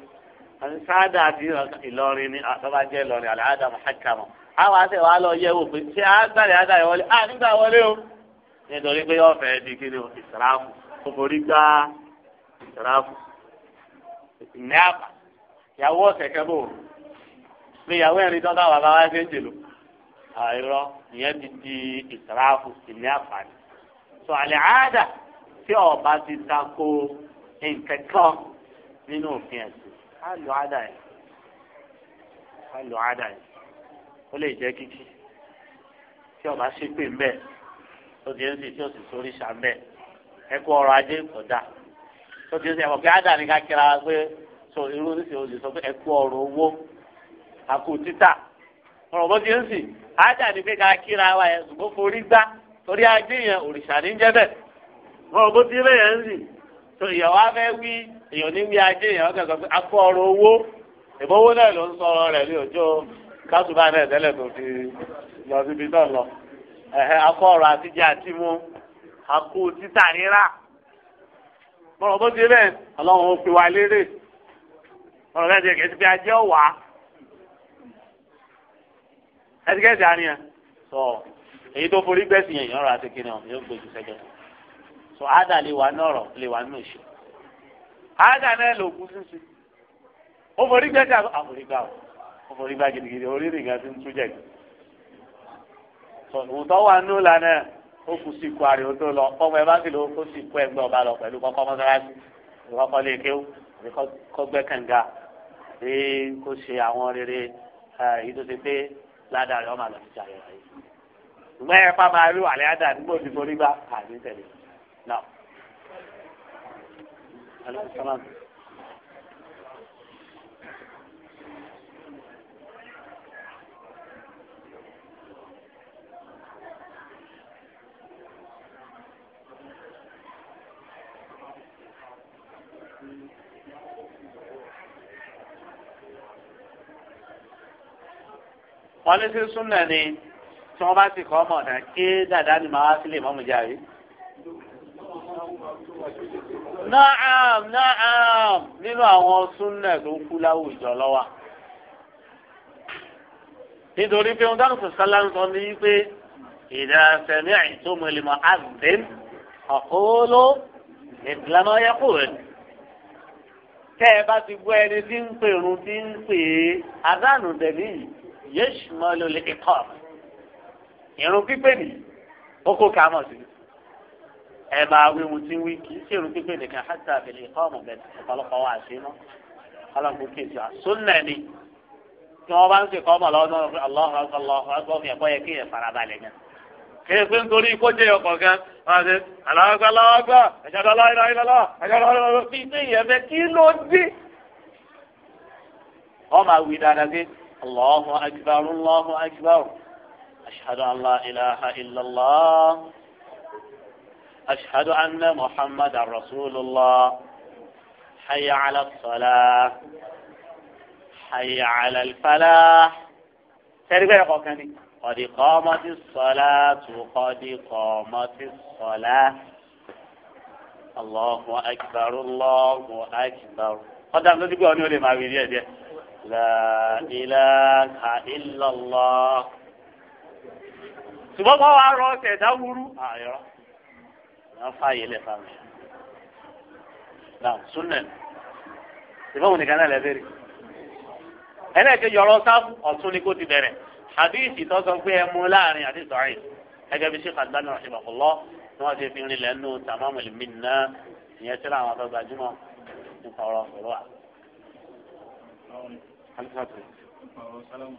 sáádà àti ìlọrin ni àtọ́bá jẹ́ ìlọrin àlàáda mọ̀hákàmọ̀ àwọn àti ìwà lọ yẹ wò pé ṣé àgbàdì àdá ìwọlé à nígbà wọlé o nítorí pé ọ̀fẹ́ di kí ni ìsìráàfù òbórí gbá ìsìráàfù ìní àbà ìyàwó ọ̀sẹ̀ kẹ́bò ní ìyàwó ẹ̀rin tó dáwà bá wá ṣe ń jèlò àìrọ ìyẹn ti di ìsìráàfù ìní àfààní sọ àlàáda tí ọba nínú òfin ẹ̀sìn. á lò ádà yẹn á lò ádà yẹn ó lè kíkí tí ọba ṣe pé mbẹ tó ti ń sè tí ó sì sórí ṣà mbẹ ẹ kó ọrọ̀ ajé kọjá tó ti ń sè ẹ̀kọ́ pé ni ká kíra o sọ pé ẹ kó owó àkó títà ti ń sè ni pé ká kíra wa ṣùgbọ́n forí gbá torí ajé yẹn òrìṣà ní jẹ́ bẹ́ẹ̀ bó ti ń yẹn tó èèyàn wá fẹ́ wí èèyàn ní wí ajé èèyàn kẹ́kọ̀ọ́ pé akọ owó ìbówó náà ló ń sọ rẹ̀ ní òjò kásùbà náà tẹ́lẹ̀ tó fi lọ síbi náà lọ akọ ọ̀rọ̀ àtijọ́ àti mú akó títà rírà bọ̀rọ̀ bó ti rẹ̀ ọlọ́run ó fi wá lérè bọ̀rọ̀ bẹ́ẹ̀ ti rẹ̀ ti pé ajé ọ̀wà ẹ̀sìkẹ́sì àníyàn sọ èyí tó forí gbẹ̀sì yẹn yọ̀ọ́ra àti so ada lè wà nọ̀rọ̀ lè wà nù ṣe ada náà lò kú sísè ó forí gbẹ ká ó forí gbà ó ó forí gidigidi orí rìngà ti ń tú jẹ so òótọ́ wà nù lánàá ó kù sí ikú àrè ó tó lọ ọmọ ẹ bá sì lọ ó sì kú ẹgbẹ́ ọba lọ pẹ̀lú kọ́kọ́ mọ́sálásí ìkọ́kọ́ lè kéwù ìkọ́gbẹ́ kànga pé kó ṣe àwọn rere èyí tó ṣe pé ládàá rẹ̀ ọmọ àlọ́ ti jà yẹn. ìgbẹ́ ẹ̀fà máa rí wàlẹ́ àdá nígbò tí mo rí gbà kà ní tẹ̀lé. نعم حالا سلام. سنده نیم، صحبتی که ما داریم که در دانی ما اصلی Naam naam nínú àwọn súnnà tó kú láwùjọ lọ́wọ́. Nítorí pé wọn dáhùn sọ̀sálà ń sọ ní pé ìdá sẹ̀mí àìsó mọ̀lẹ́mọ̀ àdín ọ̀kọ́ló ìdílámọ́ yẹ kù rẹ̀. Tẹ́ ẹ bá ti gbọ́ ẹni tí ń pè run tí ń pè é àdánù tẹ̀lé yéṣù mọ́ lólè ikọ̀. Ìrun pípé nìyí, ó sí i ẹ máa wí ohun tí ń wí kì í ṣèrú pípé nìkan hátà àbẹ̀lẹ̀ ikọ́ ọ̀mọ̀ bẹ̀rẹ̀ ọ̀pọ̀lọpọ̀ wà sí iná ọlọ́run kì í ṣe àsúnà ni tí wọ́n bá ń ṣe kọ́mọ̀ lọ́dún ọlọ́run ọgbọ́n ẹ̀kọ́ yẹ kí yẹn farabalẹ̀ gan kéèpé nítorí kó jẹ ọkọ̀ gan wọn ṣe aláwọ̀gbá aláwọ̀gbá ẹ̀jọ̀dọ̀ aláìláìlá ẹ̀jọ̀dọ̀ aláìláìlá fi ṣe ìyẹ̀fẹ́ kí ló dé. wọ́n máa wí dáadáa pé Allahu akbar Allahu akbar ashhadu an la أشهد أن محمد رسول الله حي على الصلاة حي على الفلاح تربية قوكاني قد قامت الصلاة قد قامت الصلاة الله أكبر الله أكبر قد أعلم تقول أنه لما بيدي لا إله إلا الله سبحان الله رأسي دورو wọn fààyè lẹ fáwọn yẹn náà súnà ìfọwọ́n nìkan náà lẹ́bẹ̀rẹ̀ ẹlẹ́ẹ̀kẹ́ yọ̀rọ̀ sáfù ọ̀tún ni kò ti bẹ̀rẹ̀ àdéhìsì tó sọ pé ẹ mú láàrin àti sọ̀rọ̀ ẹgẹ́ bí sèkà gbani rahimahullah ni wọ́n ti fi rin lẹ́nu tamamul minna ìyẹn tí làwọn afẹ́ gbajúmọ̀ nípa ọ̀rọ̀ ọ̀rọ̀ wa. Nípa ọ̀rọ̀ sálámù,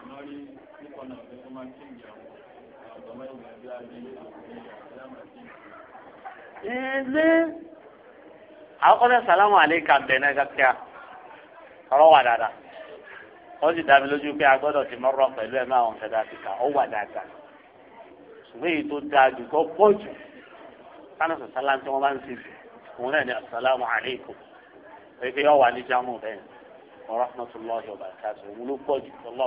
àmọ́ rí nípa ee àkọ́kọ́ sàlámù àlékà bẹ̀rẹ̀ gàkíá ọ̀rọ̀ wà dáadáa wọ́n ọ dị mi lójú pé a gbọ́dọ̀ ti mọ́rọ̀ pẹ̀lú ẹ̀ máa wọn fẹ́ dáa síta ó wà èyí tó jù tí bá ń jù òun náà pé yọ wà ní ló jù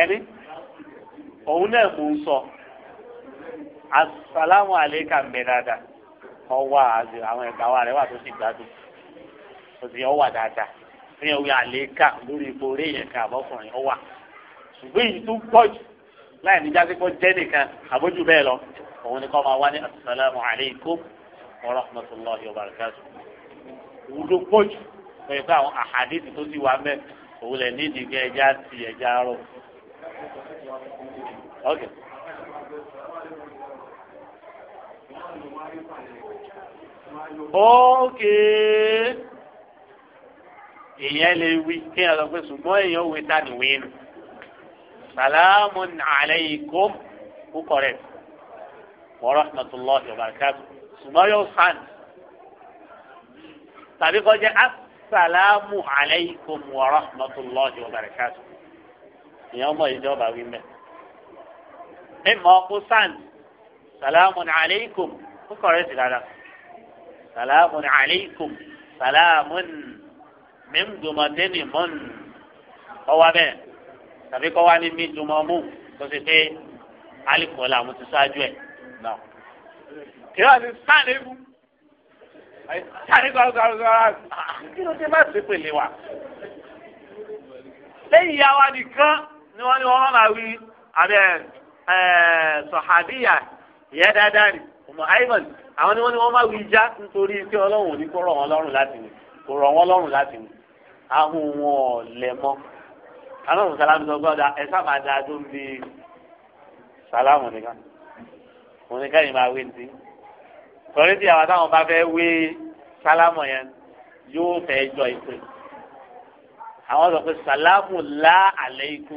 ẹni òun náà mò ń sọ asàlámù àlékà ń bẹ dáadáa ọwọ́ àti àwọn ẹ̀gbà wa rẹ̀ wà tó sì gbádùn òsì ọwà dáadáa fíyẹn wí àlékà lórí ipò orí yẹn kan àbọ̀kùnrin ọwà ṣùgbọ́n èyí tó pọ̀ jù láì ní jásí pọ̀ jẹ́ nìkan àbójú bẹ́ẹ̀ lọ òun ni kọ́ máa wá ní asàlámù àlékò wa rahmatullahi wa barakatuh òun ló pọ̀ jù pẹ̀lú àwọn àhàdìsì tó ti wà mẹ́ òun lẹ̀ ní ìdìgbẹ́ ẹja ti ẹja rọ̀. Okay. Okay. Ìyẹn lè wí kí ẹ lọ pé ṣùgbọ́n èèyàn wí ta ni wíìnù. Salamun alaykum kúkọ rẹ̀. Wa rahmatullahi wa barakatuh. Ṣùgbọ́n yóò sàn. Tàbí kọjá asàlámù alaykum wa rahmatullahi wa barakatuh ìyẹn mọ ìjọba wí mẹ. ẹ mọ ọkọ sand salamun aleikum ó kọrẹ sí dáadáa salamun aleikum salamun mímdùmọ̀tẹ́nì mọ́n ọwọ́ bẹ́ẹ̀ tàbí kọ́ wá ní mímdùmọ̀mù tó ṣe pé alikọ̀ làwọn ti ṣáájú ẹ̀ náà. kí ti sand ewu kí ló dé má ṣe pèlè wa lẹ́yìn yàwá nìkan ni wọ́n ní wọ́n máa wí abẹ́ sọ̀hàdíyà ìyá dáadáa ni ọmọ aivan àwọn ni wọ́n ní wọ́n máa wí já nítorí pé ọlọ́run ò ní kó rọ̀ wọ́n lọ́rùn láti ní kó rọ̀ wọ́n lọ́rùn láti ní ahun wọn ò lẹ̀ mọ́ alọ́run sálámù sọ gbọ́dọ̀ ẹ sábà dáa tó ń bi sálámù nìkan òun ni káyìn máa wí ti sọrí tí àwọn táwọn bá fẹ́ wí sálámù yẹn yóò fẹ́ jọ ìpè àwọn sọ pé sálámù lá àlẹ́ ikú.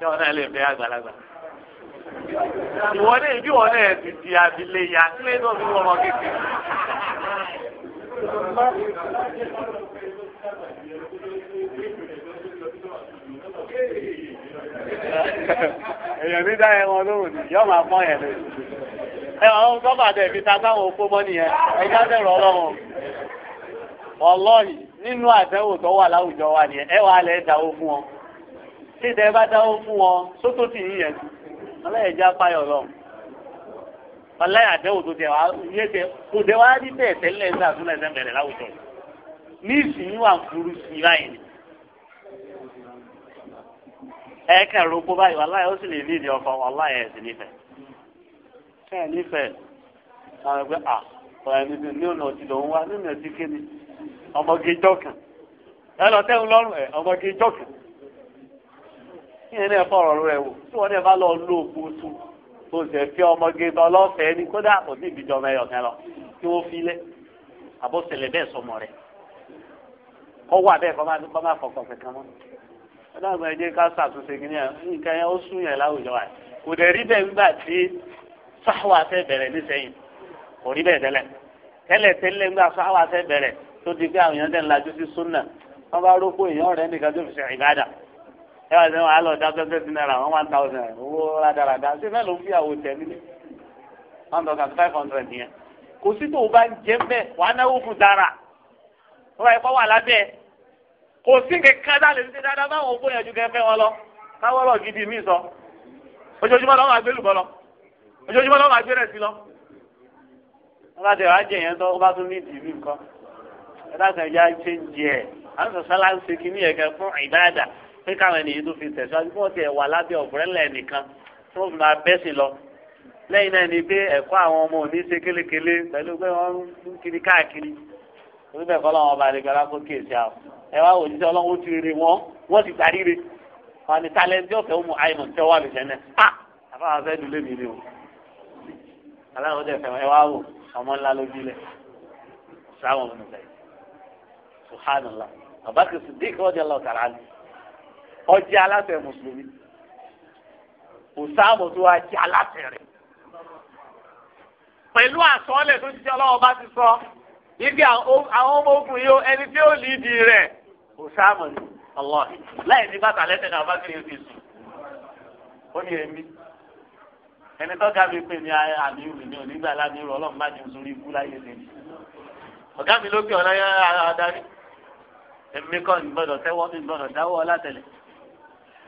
ní ọ̀nà ilé ìfẹ́ àgbàlagbà. ìwọlé ìbí ti di abilé ya kílé náà fi wọ́n kékeré. ní lóhùn máa tí ìdẹ bá dáwó fún wọn sótó tì yín yẹn ọlọ́yẹ̀ já lọ ọlọ́yẹ̀ àdéhùn tó tẹ̀ wá yé tẹ kò tẹ wá rí bẹ́ẹ̀ tẹ́lẹ̀ ń sàtún lẹ́sẹ̀ bẹ̀rẹ̀ láwùjọ ní ìsìn wà fúru sí báyìí ni ẹ kàn rògbò báyìí wàláyé ó sì lè ní ìdí ọkọ wàláyé ẹ̀ nífẹ̀ẹ́ kẹ́ nífẹ̀ẹ́ àwọn ẹgbẹ́ à ọ̀rọ̀ ẹni ní ọ̀nà ọ̀tí lòun wá nínú ẹ̀sìn kéde ọmọge jọ́kàn ẹ lọ tẹ́hun lọ́rùn ẹ ọmọge jọ́kàn ìyẹn náà fọ̀rọ̀ rẹ̀ wò tí wọ́n náà bá lọ lo ògùn tu tó ṣe fi ọmọge ọlọ́fẹ̀ẹ́ ni kódà kò sí ìbíjọ ọmọ ẹyọ kan lọ kí wọ́n fi lẹ̀ àbọ̀sẹ̀lẹ̀ bẹ́ẹ̀ sọmọ rẹ̀ kọ́ wà bẹ́ẹ̀ kọ́ máa fọkàn kankan mọ́ ọlọ́run ẹ̀jẹ̀ ká ṣàtúnṣe kí ni ẹ̀ nǹkan yẹn ó sún yẹn láwùjọ wa kò dẹ̀ rí bẹ́ẹ̀ nígbà tí sáwà fẹ́ bẹ̀rẹ̀ nísẹ̀yìn kò rí ẹ wá sẹ́wọ̀n á lọ dá twenty naira one one thousand owó rádaràda ṣé fẹ́ ló fi àwọn tẹ̀ nílé one thousand five hundred yẹn kò sí tó o bá ń jẹ bẹ́ẹ̀ wàá náwó fún dára wọ́n ẹ̀ kọ́ wà lábẹ́ ẹ̀ kò sí kankan dá lè ṣe dáadáa báwọn ògbó yẹn ju kẹfẹ́ wọn lọ káwọ́ lọ gidi mí sọ ojoojúmọ́ lọ́wọ́ àgbẹ̀ lọ ojoojúmọ́ lọ́wọ́ àgbẹ̀ sí lọ. wọ́n bá jẹ pé káwọn ènìyàn tó fi tẹ̀síwájú fún ọ̀sẹ̀ wà lábẹ́ ọ̀bùrẹ́lẹ̀ nìkan tó fi máa bẹ́ sí lọ lẹ́yìn náà ni pé ẹ̀kọ́ àwọn ọmọ òní ṣe kélékélé pẹ̀lú pé wọ́n ń kiri káàkiri oníbẹ̀ kọ́ lọ́wọ́ ọba àdìgbàlá kó kíyèsí àwọn ẹ wá òjíṣẹ́ ọlọ́run ti rere wọn wọ́n ti parí re wọn ni tálẹ́ntì ọ̀fẹ́ ọmọ àìmọ̀ tẹ́ wà lùsẹ̀ náà pa àfáwọn afẹ́ dùn lébi ni ọjẹ́ aláṣẹ mùsùlùmí Usama tó wá jẹ́ aláṣẹ rẹ̀ pẹ̀lú àsọ́ọ́lẹ̀ tó ti jẹ́ ọlọ́wọ́ bá ti sọ ibi àwọn ọmọ ogun yìí ẹni tí ó lì í di rẹ̀ Usama ni ọlọ́ọ̀ni láì ní bàtà lẹ́sẹ̀ náà bá ti rí sùn ó ní èmi ẹni tó ga mi pè ní àmì ìlú mi ò nígbà lámì ìrù ọlọ́run bá jẹun sórí ikú láyé lèmi ọ̀gá mi ló gbé ọ̀nà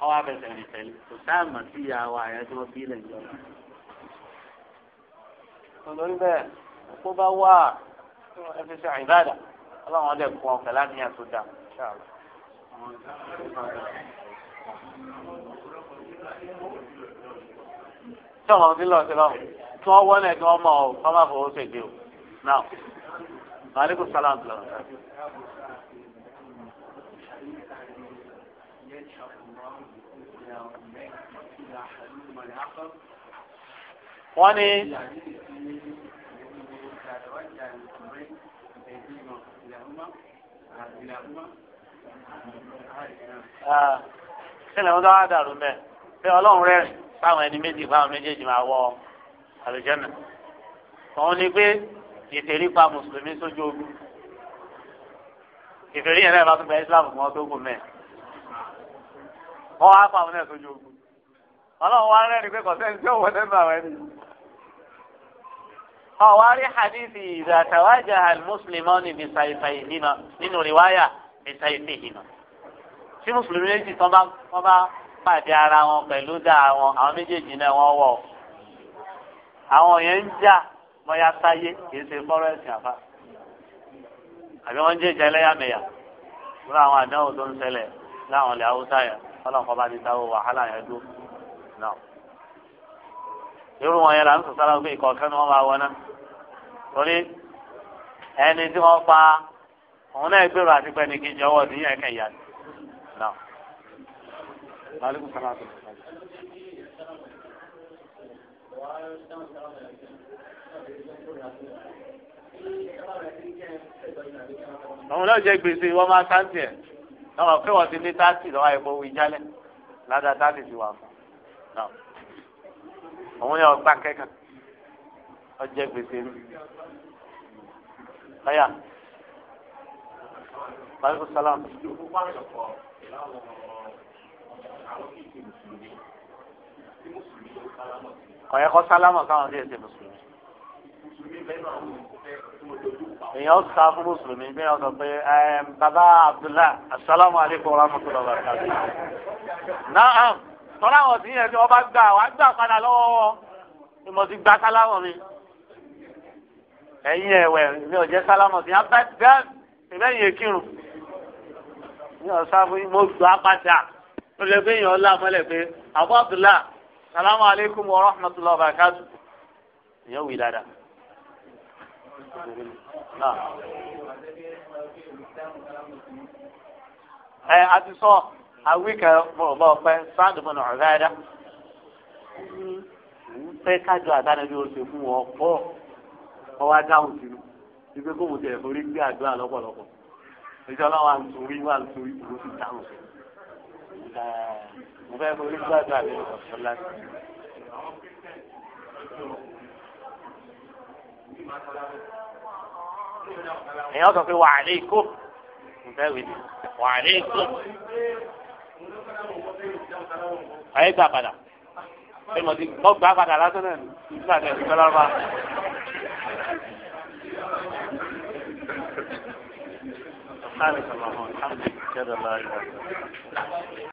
ọwọ́ abẹ́sẹ̀ rìn tẹ̀lé kò sáàmà sí ìyàwó àyà tí wọ́n bí ilẹ̀ ìjọ olórí bẹ́ẹ̀ kó bá wà ẹ fi ṣe àyíbáàdà ọlọ́run ọdẹ kún ọ̀fẹ́ láti yàn tó dà. tí ọmọ ti lọ sí lọ tí wọ́n wọ́n náà kí wọ́n mọ̀ ọ́ kọ́ máa fọwọ́ ṣèdí o. náà maaleykum salaam. wọ́n ní. sílẹ̀ wọn dáhà dàrú mẹ́ pé ọlọ́run rẹ̀ fáwọn ẹni méjì fáwọn méjèèjì máa wọ àlùjànnà òun ni pé ìtẹ̀rí pa mùsùlùmí sójú ogun ìfẹ̀rí yẹn náà bá tún gba Islam fún ọdún ogun mẹ́ẹ̀ wọn wá àwọn náà ogun ọlọ́run wá rẹ́rìn pé kọ̀sẹ́ ní òwò nínú àwọn ẹni. ọ̀wá rí hadithi ìdàtàwájà al-muslimọ́ ní bisayifai hìnà nínú rìwáyà bisayifai hìnà. tí mùsùlùmí méjì tán bá wọ́n bá pàdé ara wọn pẹ̀lú dá àwọn àwọn méjèèjì náà wọ́n wọ̀ àwọn yẹn ń jà mọ́yá sáyé kìí ṣe fọ́rọ̀ ẹ̀sìn àfa àbí wọ́n jẹ́ ìjà ẹlẹ́yàmẹ̀yà fúnra àwọn àdáwò tó ń ṣẹlẹ̀ láwọn ilẹ̀ haúsá yẹn ọlọ́nkọ́ bá ti dáwọ́ wàhálà yẹn dúró náà. irú wọn yẹn là ń sọ sára pé ìkọ̀ọ̀kẹ́ ni wọ́n máa wọ náà torí ẹni tí wọ́n pa òun náà gbèrò àti pẹ́ni kejì ọwọ́ ní ẹ̀kẹ́ ìyá náà. òun náà gbèsè wọn máa sáńtì ẹ lọ́wọ́ pé wọ́n ti lé táàsì lọ́wọ́ àìpọ̀ wí jálẹ̀ ládàá táàsì ti wà fún un òun yà ọgbà kẹ́kàn ọjẹ́ gbèsè mi ọ̀yà báyìí sálám. ọ̀yẹ́ kọ́ sálámọ̀ káwọn ọdún ẹ̀ ṣe mùsùlùmí èèyàn sá fún mùsùlùmí bí wọn sọ pé ẹ bàbá abdullahi asalaamu aleykum wa rahmatullahi wa barakatuh. náà tọ́lá àwọn tí yẹn tí wọ́n bá gbà wá gbà padà lọ́wọ́ wọn ni mo ti gba sálámù mi. ẹ̀yin ẹ̀wẹ̀ mi ò jẹ́ sálámù sí abẹ́tẹ́ ìbẹ́yìn ekirun. mi ò sá fún mo gbà padà ó lè pé èèyàn ọlá mọ́lẹ̀ pé àbọ̀ abdullahi asalaamu aleykum wa rahmatullahi wa barakatuh. èèyàn wì dáadáa ẹ a ti sọ àwí kan bọ̀rọ̀bọ̀ ọ̀pẹ sáàdù mọ̀nà ọ̀rẹ́ ẹ̀dá ń fẹ́ kájọ àtàlẹ́bí oṣù fún wọn pọ̀ kọ́ wá dáhùn sínú ibi kó mo tẹ̀ forí gbé àdúrà lọ́pọ̀lọpọ̀ ìjọ náà wà ń wà ń kò sì dáhùn sí mo fẹ́ forí gbé àdúrà lọ́pọ̀lọpọ̀ láti èèyàn sọ pé wa alaykum nfẹ́ wí ni wa alaykum ayé gbà padà ẹ mọ̀ sí mọ̀ gbà padà lásán náà nígbà tẹ̀ sí fẹ́lá bá. سبحانك اللهم وبحمدك اشهد